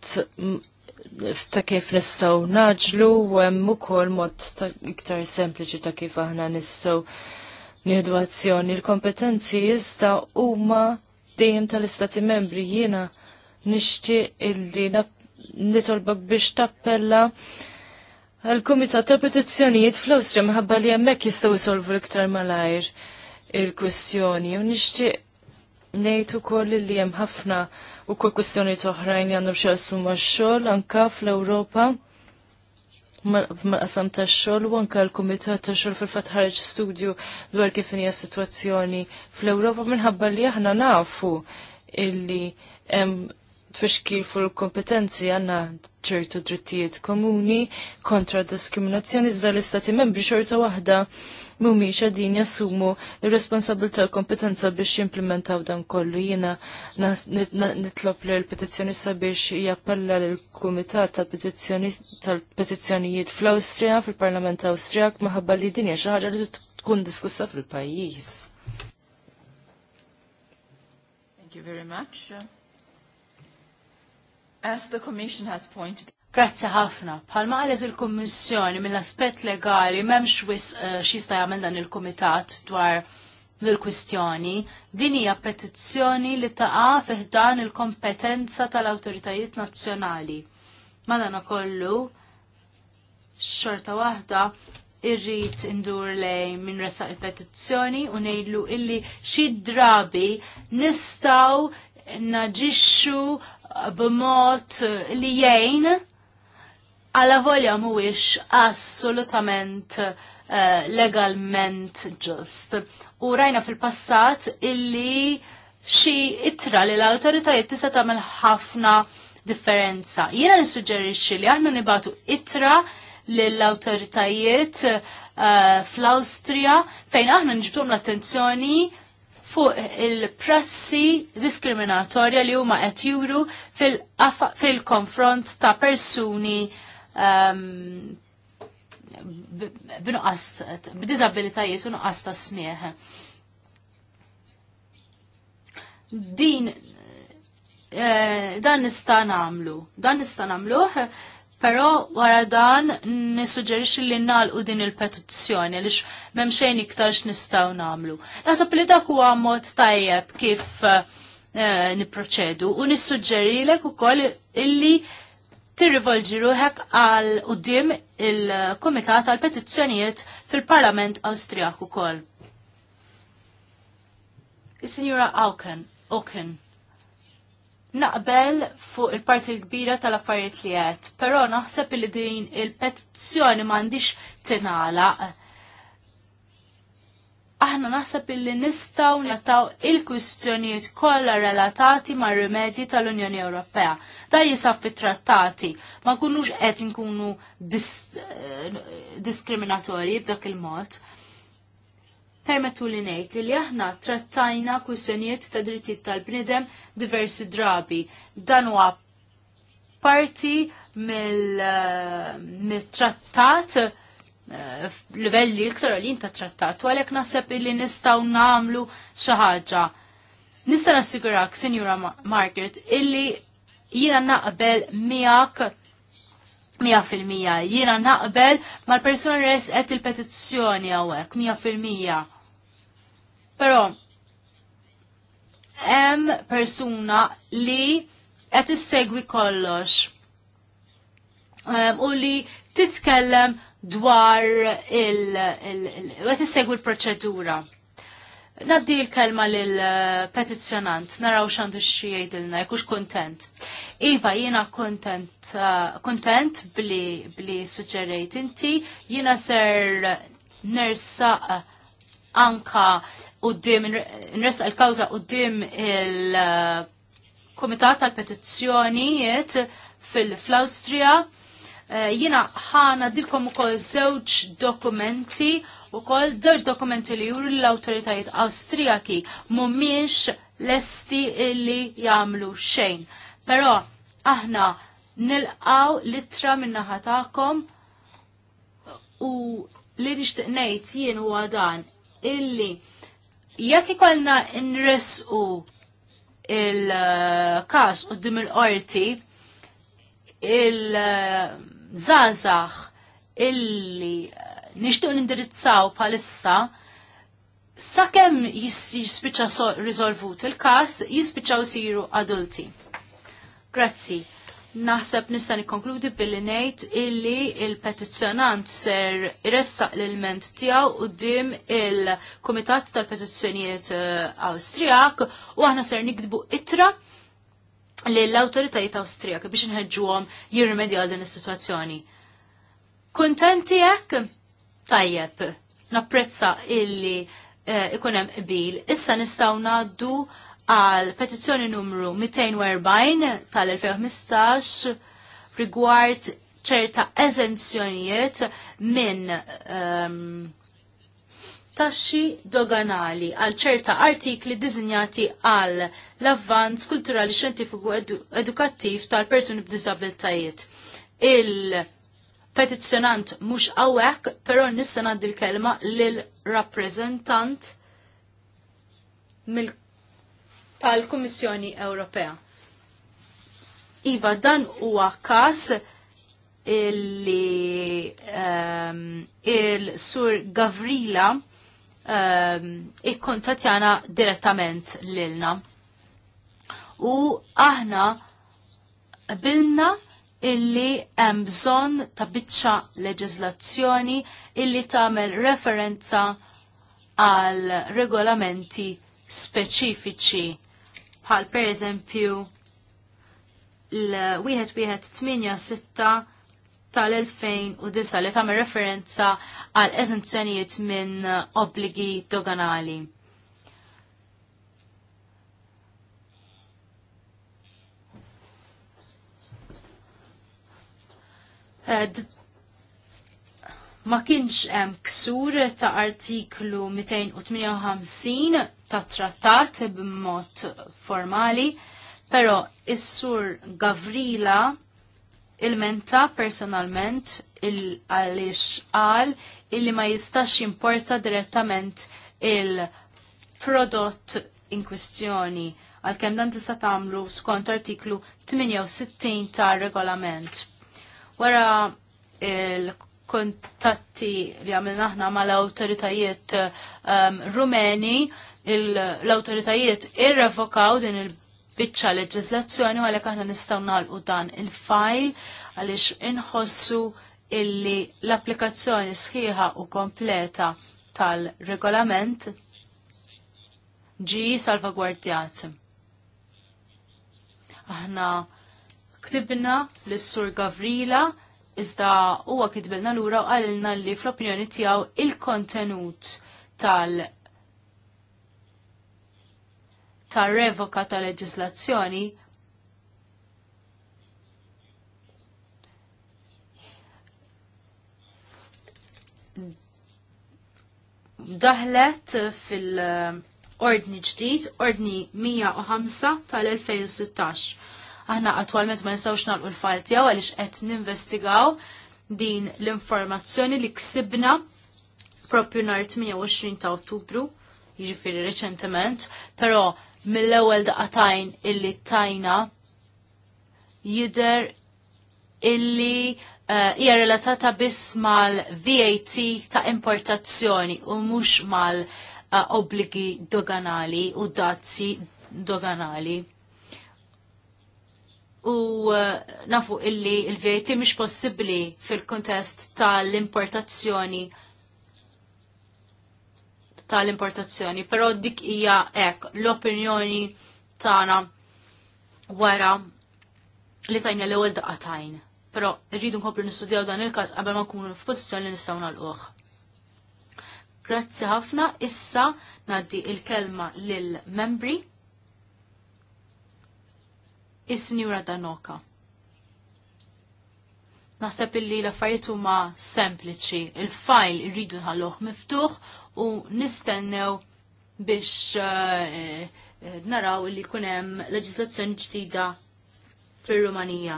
ta' kif nistgħu naġlu u hemm ukoll mod iktar sempliċi ta' kif aħna nistgħu nieħdu azzjoni. Il-kompetenzi iżda huma dejjem tal-istati membri jiena nixtieq illi nitolba biex tappella għal-Kumitat ta' Petizzjonijiet fl-Awstrija minħabba li hemmhekk jistgħu jsolvu l-iktar malajr il-kwestjoni u nixtieq ngħid ukoll li hemm ħafna kol kwistjonijiet oħrajn li għandhom x'jaqsmu max-xogħol anke fl-Ewropa mal-qasam tax-xogħol u anke l-Kumitat tax-xogħol fil fatħarġ studju dwar kif hija s-sitwazzjoni fl-Ewropa minħabba li aħna nafu illi hemm tfixkil fuq il-kompetenzi għanna ċertu drittijiet komuni kontra diskriminazzjoni iżda l-istati membri xorta waħda mumi xadin jassumu il-responsabilta kompetenza biex jimplementaw dan kollu. Jina nitlop li l-petizjoni sabiex jappella l-Kumitat tal-Petizjonijiet fl-Austria, fil-Parlament Austriak, maħabba li dinja xaħġa li tkun diskussa fil-pajjiż. Thank you very much. As the Commission has pointed Grazzi ħafna. Palma għalet il-Kommissjoni mill-aspet legali memx wis eh, xista jagħmel dan il-Kumitat dwar l-kwistjoni, din hija petizzjoni li taqa' fiħdan il-kompetenza tal-awtoritajiet nazzjonali. Madana kollu, xorta waħda, irrit indur lej minn resa il-petizzjoni u nejlu illi xi drabi nistaw naġixxu b'mod li jgħin għala volja mhuwiex assolutament uh, legalment ġust. U rajna fil-passat illi xi itra li l-awtoritajiet tista' tagħmel ħafna differenza. Jiena nissuġġerixxi li aħna nibatu itra lill-awtoritajiet uh, eh, fl-Awstrija fejn aħna nġibtuhom l-attenzjoni fuq il-prassi diskriminatorja li huma qed juru fil-konfront ta' persuni um, b'nuqqas b'diżabilitajiet u nuqqas ta' smieħ. Din eh, dan nista' nagħmlu. Dan nista' nagħmluh Pero wara dan nissuġġerixxi li u din il-petizzjoni għaliex m'hemm xejn iktarx nistgħu nagħmlu. Naħseb li dak huwa mod tajjeb kif eh, nipproċedu, niproċedu u nissuġġerilek ukoll illi tirrivolġi ruħek għal qudiem il-Kumitat għal Petizzjonijiet fil-Parlament Awstrijak ukoll. Is-Sinjura Auken, Auken naqbel fuq il-parti kbira tal-affarijiet li qed, però naħseb li din il-petizzjoni m'għandix tingħalaq. Aħna naħseb li nistgħu nataw il-kwistjonijiet kollha relatati mar rimedji tal-Unjoni Ewropea. Da jisab fit-trattati, ma kunux qed inkunu dis eh, diskriminatorji b'dak il-mod. Permetu li nejt li aħna trattajna kwistjonijiet ta' drittijiet tal-bnidem diversi drabi. Dan huwa parti mill-trattat eh, eh, livelli iktar għalin ta' trattat, u għalek nasab illi nistaw namlu xaħġa. Nista' nassigurak, Signora Margaret, illi jina naqbel miak mija fil-mija, jina naqbel mal-persona res resqet il-petizzjoni għawek, mija fil-mija. Però hemm persuna li qed issegwi kollox um, u li titkellem dwar il, il, il, il l-proċedura. Naddi l-kelma l-petizjonant, eh, naraw xandu xiejdilna, jekux kontent. Iva, jina kontent, eh, kontent bli, bli suġġerejt inti, jina ser nersaq eh, anka uddim, nresa l-kawża uddim il-Kumitat tal-Petizzjonijiet fil-Awstrija. Eh, Jiena ħana dilkom ukoll żewġ dokumenti koll zewġ dokumenti li juru l-awtoritajiet Awstrijaki mhumiex lesti illi jagħmlu xejn. Però aħna nilqaw litra minna ħatakom u li nishtiqnejt ngħid jien huwa dan illi jekk ikollna nresqu il-kas u dim il-qorti il-żazax illi nixtuq nindirizzaw palissa sakemm so, risolvut il-kas jispiċċaw siru adulti. Grazzi. Naħseb nista' nikkonkludi billi ngħid illi il-petizzjonant ser iressaq l-ilment tiegħu quddiem il-Kumitat tal-Petizzjonijiet eh, Awstrijak u aħna ser nikdbu itra lill-awtoritajiet Awstrijak biex nħeġġuhom jirrimedjaw din is-sitwazzjoni. Kuntenti hekk? Tajjeb, napprezza illi eh, ikun hemm qbil. Issa nistgħu ngħaddu għal petizzjoni numru 240 tal-2015 rigward ċerta eżenzjonijiet minn um, taxxi doganali għal ċerta artikli dizinjati għal l-avvanz kulturali xjentifiku edu edukattiv tal-persuni b'diżabilitajiet. Il-petizzjonant mhux hawnhekk, però nista' ngħaddi l-kelma lil rappreżentant mill tal-Kummissjoni Ewropea. Iva, dan huwa kas illi um, il-sur Gavrila um, ehm, ikkontatjana direttament lilna. U aħna bilna illi hemm bżonn ta' biċċa leġiżlazzjoni illi tagħmel referenza għal regolamenti speċifiċi bħal per eżempju l-1186 tal-2009 li tagħmel referenza għal eżenzjonijiet minn obbligi doganali. Uh, ma kienx hemm ksur ta' artiklu 258 ta' trattat b'mod formali, però is-sur Gavrila il-menta personalment il-għalix għal illi ma jistax importa direttament il-prodott in kwistjoni għal-kem dan tista' tagħmlu skont artiklu 68 tar regolament Wara il kontatti li għamilna ma mal-awtoritajiet um, rumeni, l-awtoritajiet irrevokaw din il-bicċa leġislazzjoni u għalek aħna nistaw nalqu dan il-fajl għalix inħossu illi l-applikazzjoni sħiħa u kompleta tal-regolament ġi salvagwardjat. Aħna ktibna l-Sur Gavrila Iżda huwa kitbilna lura u għalna li fl-opinjoni tiegħu il-kontenut tal- tar revoka ta' leġislazzjoni daħlet fil- ordni ġdid, ordni 105 tal-2016. Aħna attualment ma nistgħux nagħlqu l file tiegħu għaliex qed ninvestigaw din l-informazzjoni li ksibna propju nhar 28 ta' Ottubru, jiġifieri reċentement, però mill-ewwel daqatajn illi tajna jidher illi eh, hija uh, relatata biss mal-VAT ta' importazzjoni u mhux mal- uh, obbligi doganali u dazzi doganali u uh, nafu illi il-VAT mhix possibbli fil-kontest tal-importazzjoni tal-importazzjoni, però dik hija hekk l-opinjoni tagħna wara li tajna l-ewwel daqatajn. Però rridu nkomplu nistudjaw dan il-każ qabel ma f f'pożizzjoni li nistgħu nagħlquh. Grazzi ħafna, issa naddi il-kelma lil membri is-Sinjura Danoka. Naħseb illi l-affarijiet huma sempliċi. Il-fajl irridu nħalluh miftuħ u nistennew biex uh, naraw li kunem leġislazzjoni ġdida fir-Rumanija.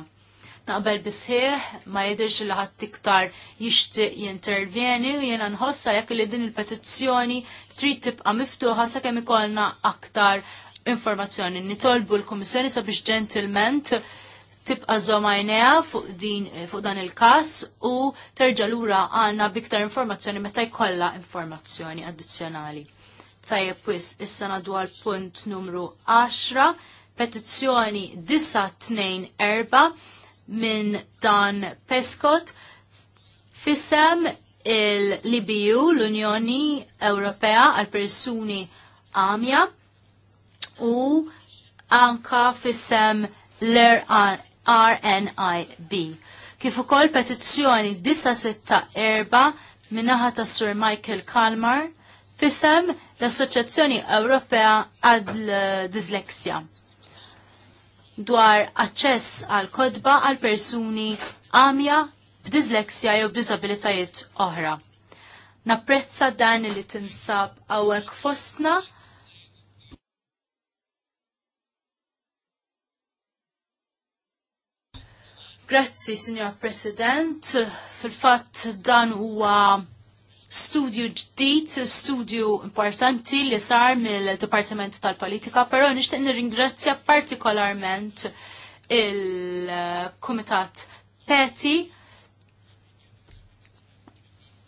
Naqbel bisħieħ ma jidirx li ħadd iktar jixtieq jintervjeni u jiena nħossa jekk li din il-petizzjoni trid tibqa' miftuħa sakemm ikollna aktar informazzjoni. Nitolbu l-Komissjoni sabiex ġentilment tibqa' żomajnea fuq din fuq dan il-każ u terġa' lura għandna biktar informazzjoni meta jkollha informazzjoni addizzjonali. Tajjeb wis issa nadwar għal punt numru 10, petizzjoni 924 minn dan Peskot fissem il-LBU, l-Unjoni Ewropea għal persuni għamja, u anka fissem l-RNIB. Kif ukoll petizzjoni 964 minnaħa ta' Sur Michael Kalmar fissem l-Assoċjazzjoni Ewropea għad-Disleksja dwar aċċess għal kodba għal persuni għamja b'dizleksja jew b'dizabilitajiet oħra. Napprezza dan li tinsab għawek fostna Grazzi, Signor President. Fil-fatt dan huwa studju ġdid, studju importanti li sar mill-Departiment tal-Politika, però nixtieq nirringrazzja partikolarment il-Kumitat Peti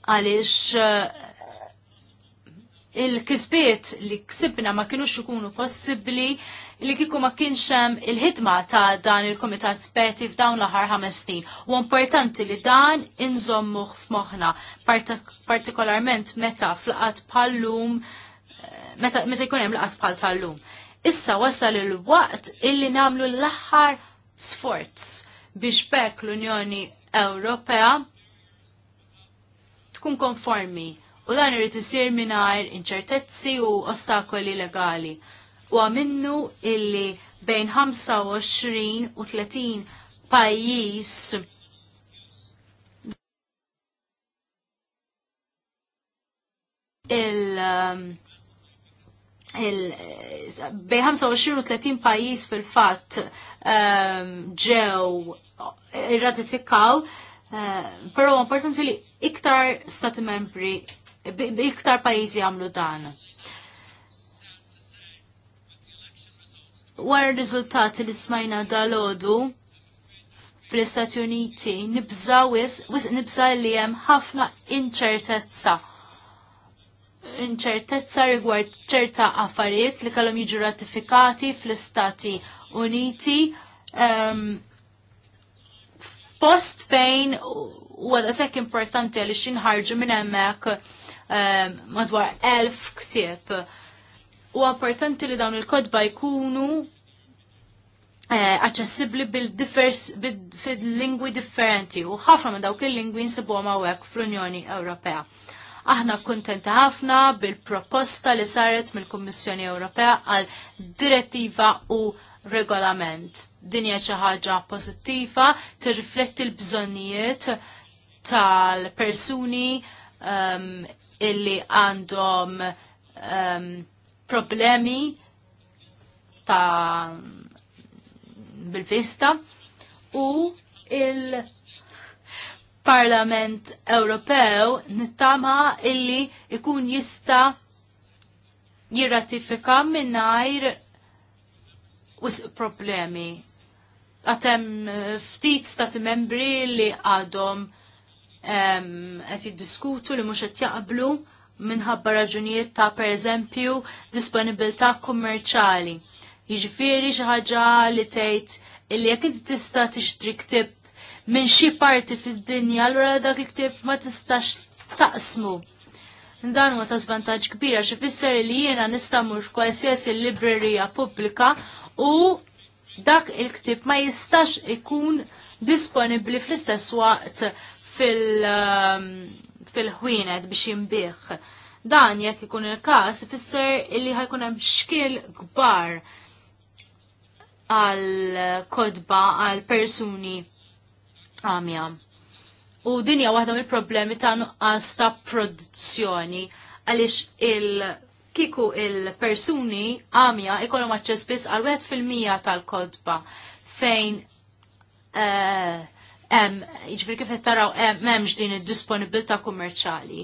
għaliex il-kisbiet li ksibna ma kienux ikunu possibbli li kiku ma kienx hemm il-ħidma ta' dan il-Komitat Speti f'dawn l-aħħar ħames snin. U importanti li dan inżommuh f'moħħna, partikolarment meta fl-qat pallum, eh, meta meta jkun hemm qat bħal tal-lum. Issa wasal il-waqt illi namlu l-aħħar sforz biex bekk l-Unjoni Ewropea tkun konformi u dan irid isir mingħajr inċertezzi u ostakoli legali. U għaminnu illi bejn 25 u 30 pajjiż il um, il bej 25 u 30 pajjiż fil-fatt um, ġew irratifikaw, uh, però importanti li iktar stati membri iktar pajjiżi għamlu dan. Wara r-riżultati li smajna dal-ħodu fl-Istati Uniti nibżaw nibża li hemm ħafna inċertezza inċertezza rigward ċerta affarijiet li kellhom jiġu ratifikati fl-Istati Uniti um, post fejn u għadha sekk importanti għalli xinħarġu minn emmek Ehm, madwar elf ktieb. U importanti li dawn il-kodba jkunu eh, aċċessibbli bil-lingwi differenti u ħafna minn dawk il-lingwi nsibuhom hawnhekk fl-Unjoni Ewropea. Aħna kuntenti ħafna bil-proposta li saret mill-Kummissjoni Ewropea għal direttiva u regolament. Din hija xi ħaġa pożittiva tirrifletti l-bżonnijiet tal-persuni ehm, illi għandhom um, problemi ta' bil-vista u il-Parlament Ewropew nittama illi ikun jista jirratifika minnajr problemi għatem ftit stati membri li għadhom qed jiddiskutu li mhux qed jaqblu minħabba raġunijiet ta' pereżempju disponibilità kummerċali. Jiġifieri xi ħaġa li tgħid illi jekk inti tista' tixtri ktib minn xi parti fid-dinja, allura dak il ktib ma tistax taqsmu. Dan huwa ta' żvantaġġ kbira xi fisser li jiena nista' mur f'kwalsiasi librerija pubblika u dak il-ktib ma jistax ikun disponibbli fl-istess waqt Um, fil-ħwienet biex jimbieħ. Dan jekk ikun il-każ fisser illi ħajkun hemm xkil kbar għal kodba għal persuni għamja. U dinja waħda mill problemi ta' nuqqas ta' produzzjoni għaliex il kiku il-persuni għamja ikonu aċċess biss għal wieħed fil-mija tal-kodba fejn uh, jiġifieri kif taraw m'hemmx din id-disponibilità kummerċjali.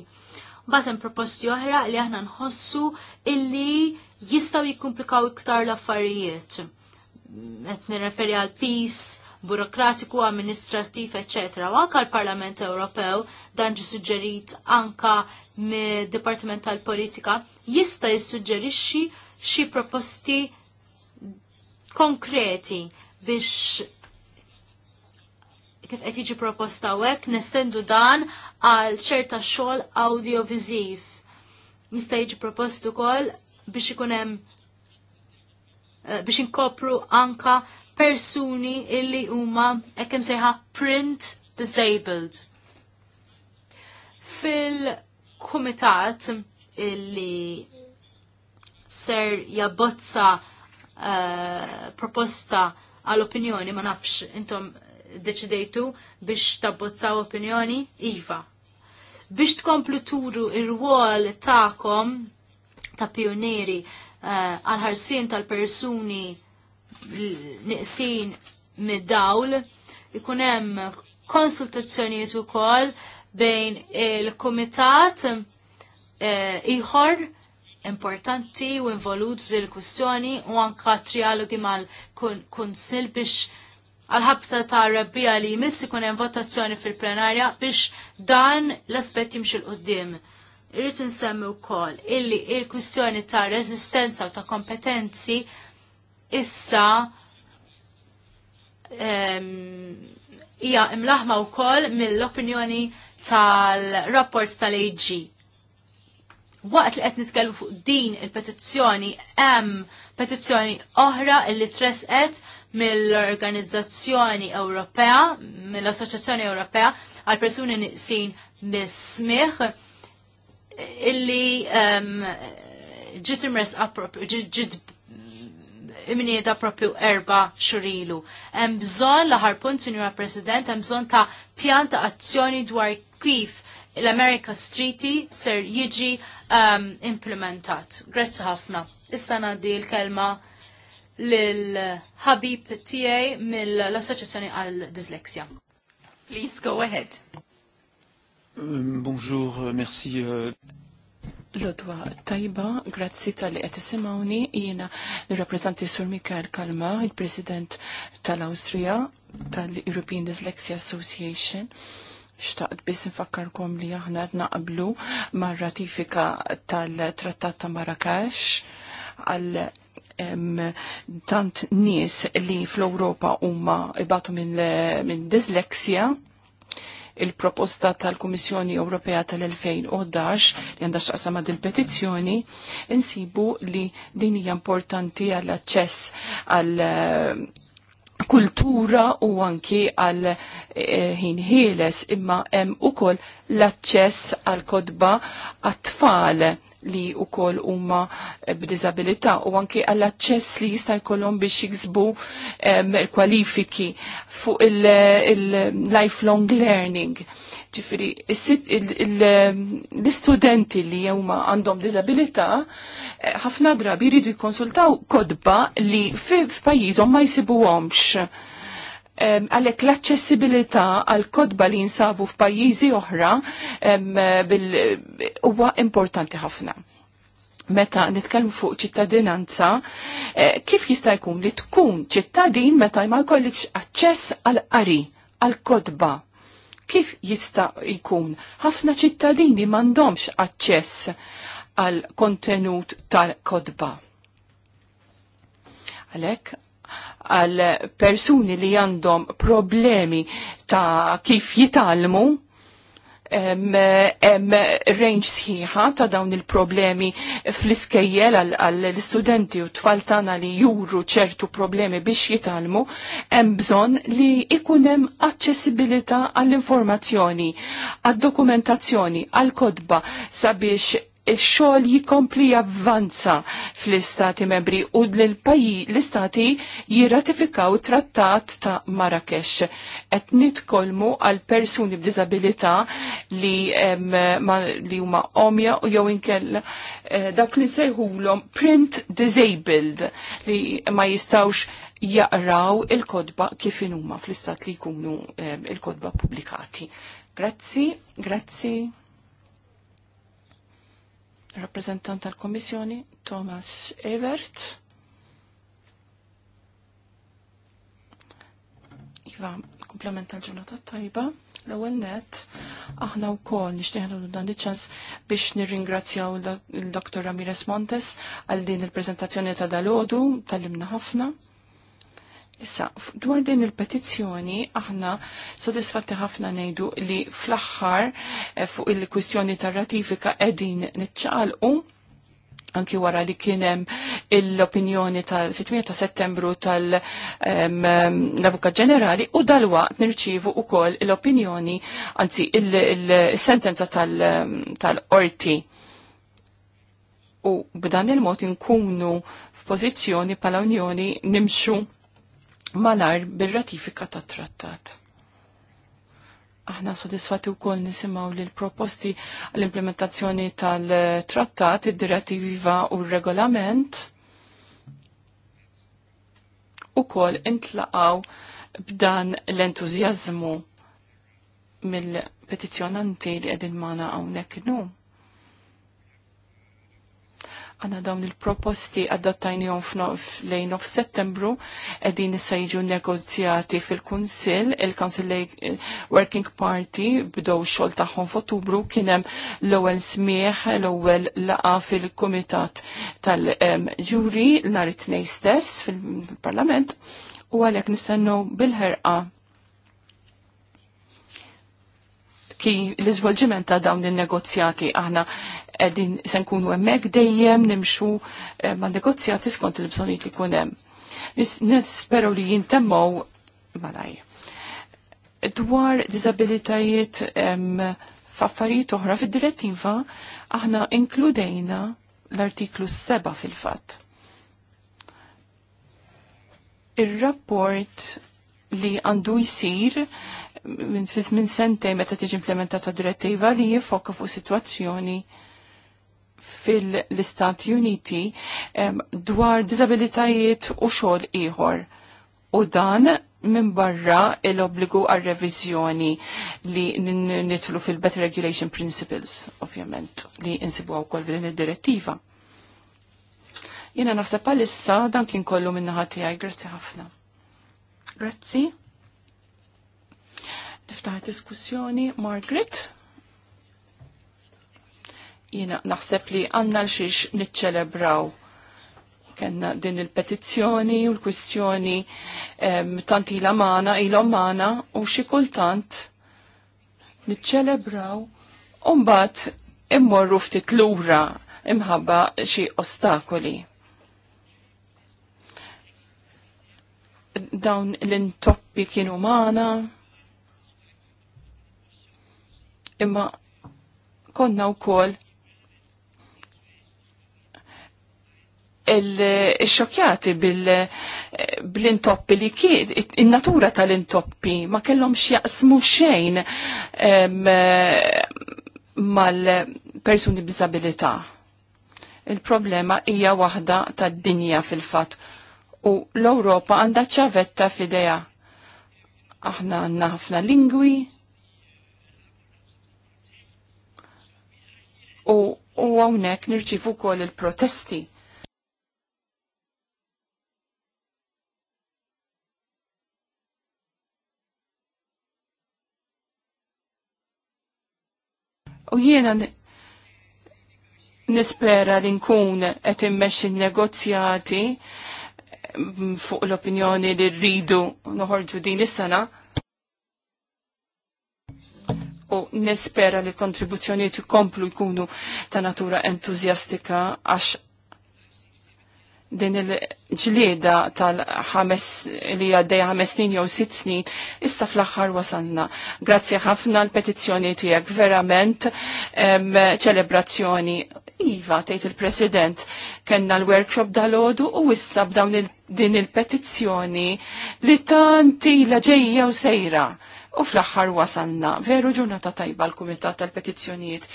Mbagħad hemm proposti oħra li aħna nħossu illi jistgħu jikkumplikaw iktar l-affarijiet. Qed nirreferi għal peace, burokratiku, amministrativ, ecc. U anka l-Parlament Ewropew, dan ġi suġġerit anka mid-Dipartiment tal-Politika, jista jissuġġerixxi xi proposti konkreti biex kif qed jiġi proposta hekk nestendu dan għal ċerta xogħol audiovisiv. Jista' jiġi propost ukoll biex ikun hemm eh, biex inkopru anka persuni illi huma hekk hemm sejħa print disabled. Fil-kumitat illi ser jabbozza uh, proposta għal-opinjoni ma nafx intom deċidejtu biex tabbozzaw opinjoni? Iva. Biex tkomplu turu il wol ta'kom ta' pionieri eh, għal-ħarsin uh, tal-persuni niqsin mid-dawl, ikunem konsultazzjoniet u kol bejn il-komitat eh, iħor importanti u involut f'dil kustjoni u anka trialogi mal-konsil biex għal-ħabta ta' rabbija li jmiss ikun hemm votazzjoni fil-plenarja biex dan l-aspett jimxi l-qoddim. Irrid insemmi wkoll illi il-kwistjoni ta' reżistenza u ta' kompetenzi issa hija imlaħma wkoll mill-opinjoni tal-rapport tal-AG. Waqt li qed nitkellmu fuq din il-petizzjoni hemm petizzjoni oħra illi tresqet mill-Organizzazzjoni Ewropea, mill-Assoċjazzjoni Ewropea għal persuni niqsin bis illi ġiet imres ġiet imnieda propju erba xurilu. Hemm bżonn l-aħar punt, Sinjura President, hemm bżonn ta' pjan ta' azzjoni dwar kif l-America Streeti ser jiġi um, implementat. Grazzi ħafna. Issa ngħaddi l-kelma l-ħabib TA mill-Assoċjazzjoni għal Disleksja. Please go ahead. Euh, bonjour, euh, merci. Euh. Lodwa tajba, grazzi tal-li qed isimgħuni jiena nirrappreżenti Sur Mikael Kalma, il-President tal-Awstrija tal-European Dyslexia Association. Xtaqt biss nfakkarkom li aħna qed naqblu mar-ratifika tal-Trattat ta' Marrakesh għal tant nies li fl-Ewropa huma ibatu minn min disleksja il-proposta tal-Kummissjoni Ewropea tal-2011 li għandha x'qasam għad il-petizzjoni, insibu li din hija importanti għall aċċess għal kultura u anki għal eh, ħin ħieles imma hemm ukoll l-aċċess għal kodba għat-tfal li wkoll huma eh, b'diżabilità u anki għall aċċess li jista' jkollhom biex jiksbu eh, kwalifiki fuq il-lifelong learning ġifiri, l-istudenti li huma għandhom disabilità, eh, ħafna drabi jridu jikonsultaw kodba li f'pajjiżhom ma jsibuhomx. Għalek l accessibilita għal kodba li jinsabu f'pajjiżi oħra huwa importanti ħafna meta nitkellmu fuq ċittadinanza, eh, kif jista' jkun li tkun ċittadin meta ma jkollix aċċess għal qari, għal kodba Kif jista' jkun? Ħafna ċittadini m'għandhomx aċċess għal kontenut tal-kodba. Għalhekk għal persuni li għandhom problemi ta' kif jitalmu, hemm range sħiħa ta' dawn il-problemi fl-iskejjel għall-istudenti u tfal tagħna li juru ċertu problemi biex jitalmu, hemm bżonn li ikun hemm aċċessibilità għall-informazzjoni, għad-dokumentazzjoni, għall-kodba sabiex il-xol jikompli javvanza fl-istati membri u l-istati jirratifikaw trattat ta' Marrakesh. Et nitkolmu għal persuni b'dizabilità li, li huma omja u jew inkella eh, dak li sejħulhom print disabled li ma jistawx jaqraw il-kodba kif huma fl-istat li jkunu il-kodba pubblikati. Grazzi, grazzi rappresentant tal-Komissjoni, Thomas Evert. Iva, komplement tal-ġurnata tajba. L-ewwel net, aħna wkoll nixtieħlu dan iċ-ċans biex nirringrazzjaw il-Dr. Ramirez Montes għal din il-preżentazzjoni ta' dalodu, tal limna ħafna. Issa, dwar din il-petizzjoni, aħna sodisfatti ħafna nejdu li fl-axħar eh, fuq il-kwistjoni tar ratifika edin nitċalqu anki wara li kienem l-opinjoni tal-8 ta' settembru tal-Avukat Ġenerali u dal-waqt nirċivu u koll l-opinjoni, anzi il-sentenza tal-orti. U b'dan il-mod inkunu f'pożizzjoni pala Unjoni nimxu malar bil-ratifika ta' trattat. Aħna sodisfati u koll nisimaw li l-proposti għall-implementazzjoni tal-trattat, id-direttiva u r-regolament u koll intlaqaw b'dan l-entuzjazmu mill-petizjonanti li għedin mana għawnek num għanna dawn il-proposti għaddottajnijom lejn of settembru għedin issa jiġu negozjati fil-Kunsil, il-Council eh, Working Party bdow xol taħħon f'Ottubru kienem l-ewwel smieħ, l-ewwel laqa fil-Kumitat tal-Ġuri nhar it-tnej stess fil-Parlament u għalhekk nistennu bil-ħerqa kif l-iżvolġiment ta' dawn in-negozjati aħna qegħdin se nkunu hemmhekk dejjem nimxu eh, ma' negozjati skont il-bżonijiet li jkun hemm. Nispero li jintemmow malaj. Dwar disabilitajiet f'affarijiet oħra fid-direttiva aħna inkludejna l-artiklu 7 fil-fatt. Ir-rapport li għandu jisir minn minn sentej meta tiġi implementata direttiva li jifokka fuq situazzjoni fil-Istati Uniti dwar disabilitajiet u xogħol ieħor. U dan minn barra l-obbligu għal reviżjoni li nitlu fil-Better Regulation Principles, ovvjament, li insibu għaw kol din id-direttiva. Jena naħseb għal-issa dan kien kollu minna ħati għaj, grazzi ħafna. Grazzi. Niftaħ diskussjoni, Margaret. Jina naħseb li għanna l-xiex nitċelebraw kena din il-petizzjoni u l-kwistjoni tant ila mana, ilom mana u xi kultant niċċelebraw umbat immorru ftit lura imħabba xi ostakoli. Dawn l-intoppi kienu mana, imma konna u kol il-xokjati bil-intoppi li kien, il-natura tal-intoppi ma kellom xjaqsmu xejn mal-persuni bizabilita. Il-problema hija waħda tad-dinja fil-fatt u l-Ewropa għandha ċavetta fideja. Aħna għandna ħafna lingwi, u għawnek nirċivu kol il-protesti. U jiena nispera li nkun qed immexxi negozjati mm, fuq l-opinjoni li rridu noħorġu din is-sena u nespera li kontribuzzjoniet jkomplu jkunu ta' natura entuzjastika għax din il-ġlieda tal-ħames li għaddej ħames snin jew sitt snin, issa fl aħħar wasanna. Grazzi ħafna l-petizzjoni tiegħek verament ċelebrazzjoni. Iva, tgħid il-President, kellna l-workshop dal-ħodu u issa b'dawn din il-petizzjoni li tant la ġejja u sejra u fl-axħar wasalna. Veru ġurnata tajba l-Kumitat tal-Petizzjonijiet.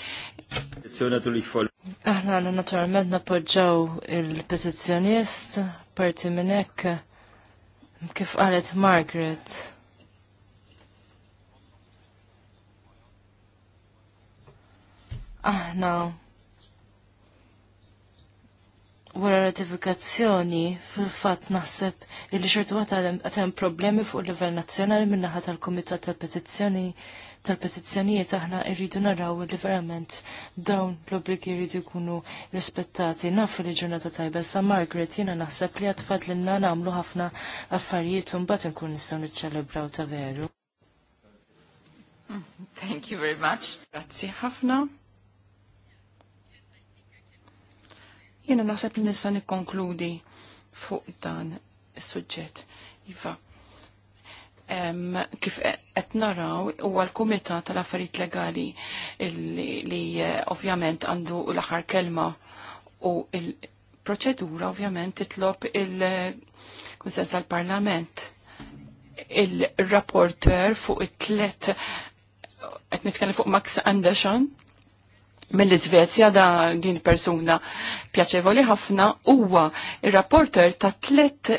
Aħna għanna naturalment napoġġaw il-petizzjonist, parti minn hekk, kif qalet Margaret. Aħna. Ah, no wara ratifikazzjoni fil-fatt naħseb illi xortu għat hemm problemi fuq il-livell nazzjonali min-naħa tal-Kumitat tal-Petizzjoni tal-petizzjonijiet aħna irridu naraw li verament dawn l-obbligi jridu jkunu rispettati. Naf li ġurnata tajba sa Margaret jiena naħseb li għatfad li nagħmlu ħafna affarijiet u mbagħad nkun nistgħu niċċelebraw ta' veru. Mm, thank you very much. Grazzi ħafna. Jena naħseb li nista' nikkonkludi fuq dan il suġġett Iva, um, kif qed naraw huwa l-Kumitat tal-Affarijiet Legali li eh, ovvjament għandu l-aħħar kelma u il-proċedura ovvjament titlob il-Kunsens tal-Parlament il-rapporter fuq it-tlet qed nitkellem fuq Max Anderson mill-Svezja da din persuna pjaċevoli ħafna huwa il rapporter ta' tlet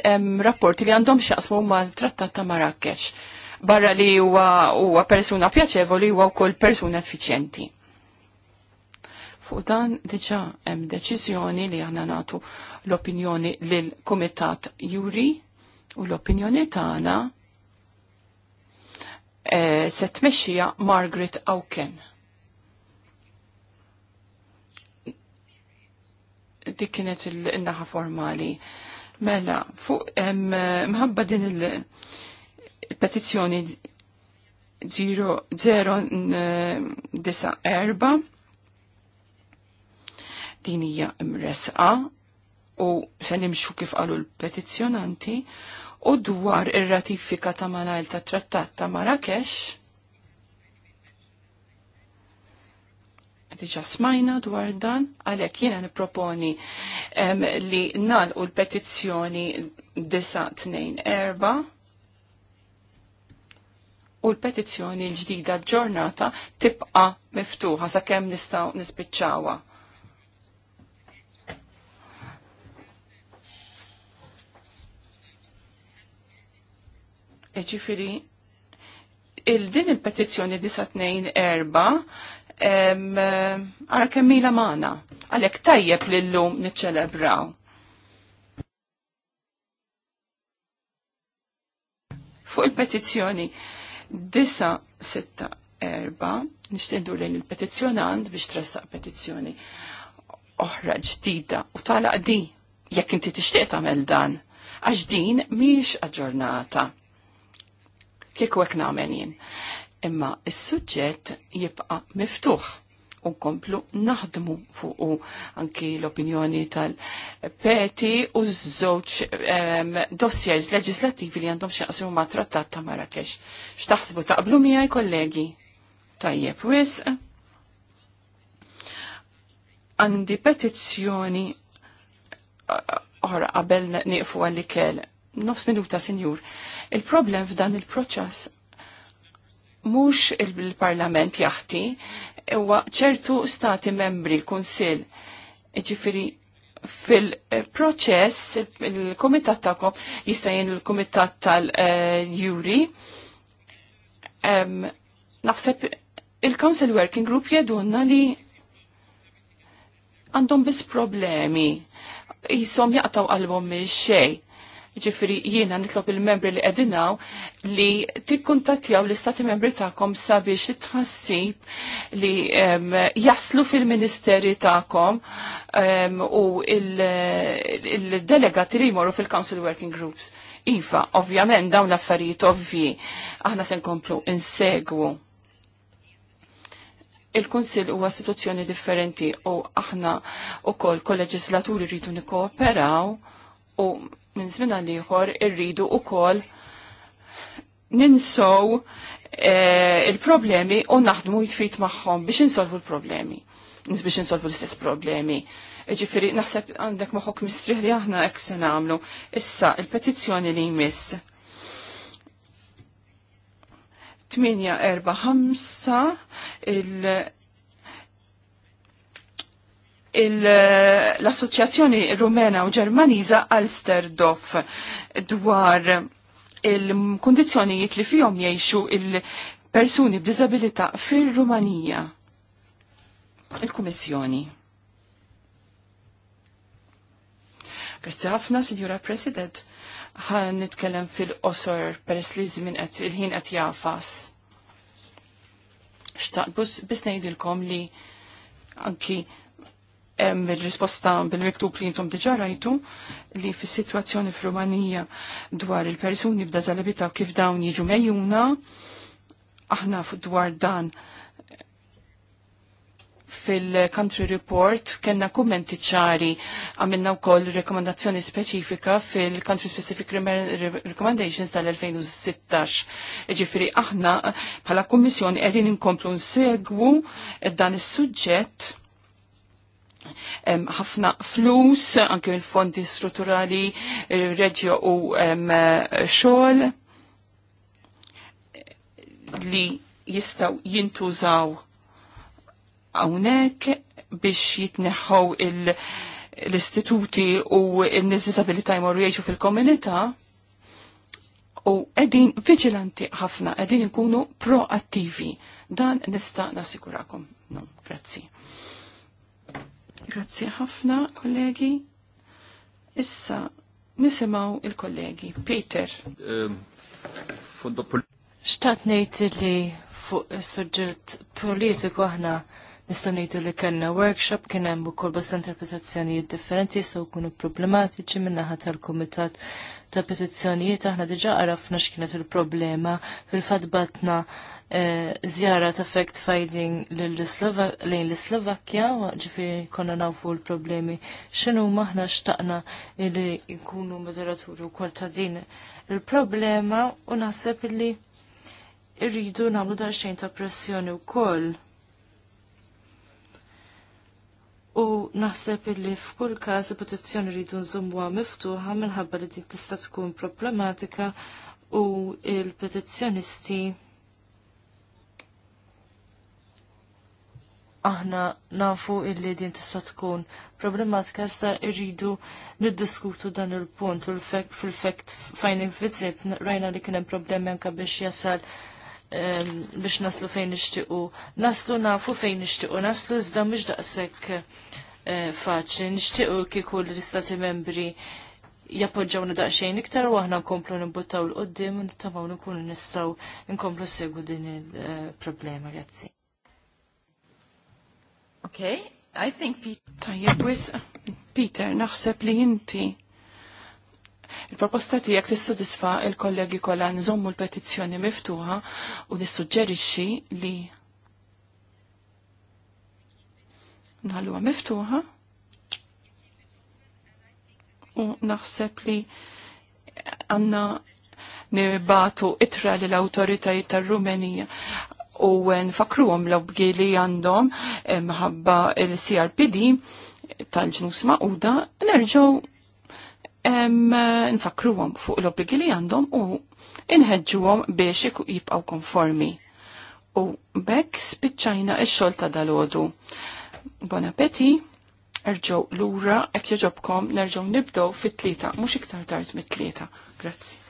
rapporti li għandhom xaqsmu mal-Trattat ta' Marrakesh. Barra li huwa huwa persuna pjaċevoli huwa wkoll persuna effiċjenti. Fuq dan diġà hemm deċiżjoni li aħna nagħtu l-opinjoni lil Kumitat Juri u l-opinjoni tagħna e, se tmexxija Margaret Auken. dik kienet il-naħa formali. Mela, fuq mħabba din il-petizjoni 094 din hija imresqa u se nimxu kif qalu l-petizzjonanti u dwar ir-ratifika ta' malajl ta' trattat ta' Marrakesh diġa smajna dwar dan, għalek jena niproponi um, li u l-petizzjoni 924 u l-petizzjoni l-ġdida ġornata tibqa miftuħa sa' kem nistaw nispiċċawa. Ġifiri, il-din il-petizzjoni 924 għara kemmila maħna, għalek tajjeb li l-lum niċċelebraw. Fuq il-petizjoni, disa sitta erba, nishtendu lejn il-petizjonant biex tressaq petizjoni oħra ġdida u tala di jekk inti tixtieq tagħmel dan għax din mhix aġġornata. Kieku hekk nagħmel jien imma is-suġġett jibqa' miftuħ u komplu naħdmu fuq anki l-opinjoni tal-peti u żewġ um, dossiers legislativi li għandhom xaqsimu ma' trattat ta' Marrakesh. X'taħsibu taqblu miegħi kollegi? Tajjeb wisq. Għandi petizzjoni eh, oħra qabel nieqfu għalli kell. Nofs minuta, sinjur. Il-problem f'dan il-proċess mhux il-Parlament jaħti, huwa ċertu stati membri l-Kunsill. ġifiri fil-proċess il-Kumitat tagħkom jista' il-Kumitat tal-Juri. Naħseb il-Council Working Group jedunna li għandhom biss problemi jisom jaqtaw qalbhom minn xej. Ġifiri jiena nitlob il-membri li edinaw li tikkuntattjaw l-istati membri ta'kom sabiex tħassib li um, jaslu fil-ministeri ta'kom um, u il-delegati il li jmorru fil-Council Working Groups. Iva, ovvjament dawn l-affarijiet ovvji, aħna se nkomplu insegwu il-Konsil huwa istituzzjoni differenti u aħna u kol kol leġislaturi rridu nikkooperaw u minn żmien għal ieħor irridu wkoll ninsow eh, il-problemi u naħdmu jitfit magħhom biex insolvu l-problemi. Nis biex insolvu l-istess problemi. Ġifiri, naħseb għandek moħok mistriħ li aħna ek se namlu. Issa, il-petizzjoni li jmiss. 845 il- l-Assoċjazzjoni Rumena u Ġermaniża Alsterdof dwar il-kondizjonijiet li fihom jgħixu il-persuni b'diżabilità fir-Rumanija. Il-Kummissjoni. Grazzi ħafna, Signora President. Ħan nitkellem fil-qosor peress li żmien qed il-ħin qed jafas. Xtaqt biss ngħidilkom li anki hemm il-risposta bil-miktub li jintom diġa rajtu li fis situazzjoni f'Rumanija dwar il-persuni zalabita kif dawn jiġu mejjuna, aħna dwar dan fil-country report kena kummenti ċari għamilna u koll rekomendazzjoni specifika fil-country specific recommendations tal-2016. Iġifiri aħna bħala Kummissjoni għedin inkomplu nsegwu dan is-suġġett ħafna flus, anke il-fondi strutturali, reġio u xogħol li jistaw jintużaw hawnhekk biex jitneħħu l-istituti u n-nies disabilità jmorru jgħixu fil-komunità u qegħdin vigilanti ħafna, qegħdin nkunu proattivi. Dan nista' nassigurakom. No, grazie. Grazzi ħafna, kollegi. Issa, nisimaw il-kollegi. Peter. Ehm, Xtaqt nejt li fuq suġġilt politiku aħna nistgħu ngħidu li kellna workshop kien hemm ukoll bosta interpretazzjonijiet differenti so kunu problematiċi min-naħa tal-kumitat ta' petizzjonijiet aħna diġà għarafna x'kienet il-problema fil fadbatna Eh, zjara ta' fact finding lejn l-Slovakkja, ġifiri konna nafu l-problemi. Xinu maħna xtaqna li nkunu moderaturi u kol ta' din il-problema u naħseb li irridu namlu darxejn ta' pressjoni u kol. U naħseb li f'kull każ il-petizzjoni rridu nżommuha miftuħa minħabba li din tista' tkun problematika u il-petizzjonisti aħna nafu illi din tista' tkun problematika issa irridu niddiskutu dan il-punt u fil fekt finding visit rajna li kien hemm problemi anke biex jasal biex naslu fejn nixtiequ. Naslu nafu fejn nixtiequ, naslu iżda mhux daqshekk eh, faċli, nixtiequ kieku l-istati membri jappoġġawna daqsxejn iktar u aħna nkomplu nimbuttaw l-qoddim u nittamaw nkunu nistgħu nkomplu segwu din il-problema. Eh, Grazzi. Okay, I think Peter. Peter, naħseb li inti Il-proposta tijak tistudisfa il-kollegi kolla nżommu l-petizzjoni miftuħa u nissuġġerixxi li nħalluha miftuħa u naħseb li għanna nibatu itra l-autoritajiet tar-Rumenija u nfakruhom l-obgi li għandhom eh, mħabba il-CRPD tal-ġnus maquda nerġgħu nfakruhom fuq l-obbligi li għandhom u inħeġġuhom biex jibqgħu konformi. U bekk spiċċajna x-xogħol ta' dalodu. Bon appeti, erġgħu lura hekk joġobkom nerġgħu nibdew fit-tlieta, mhux iktar tard mit-tlieta. Grazzi.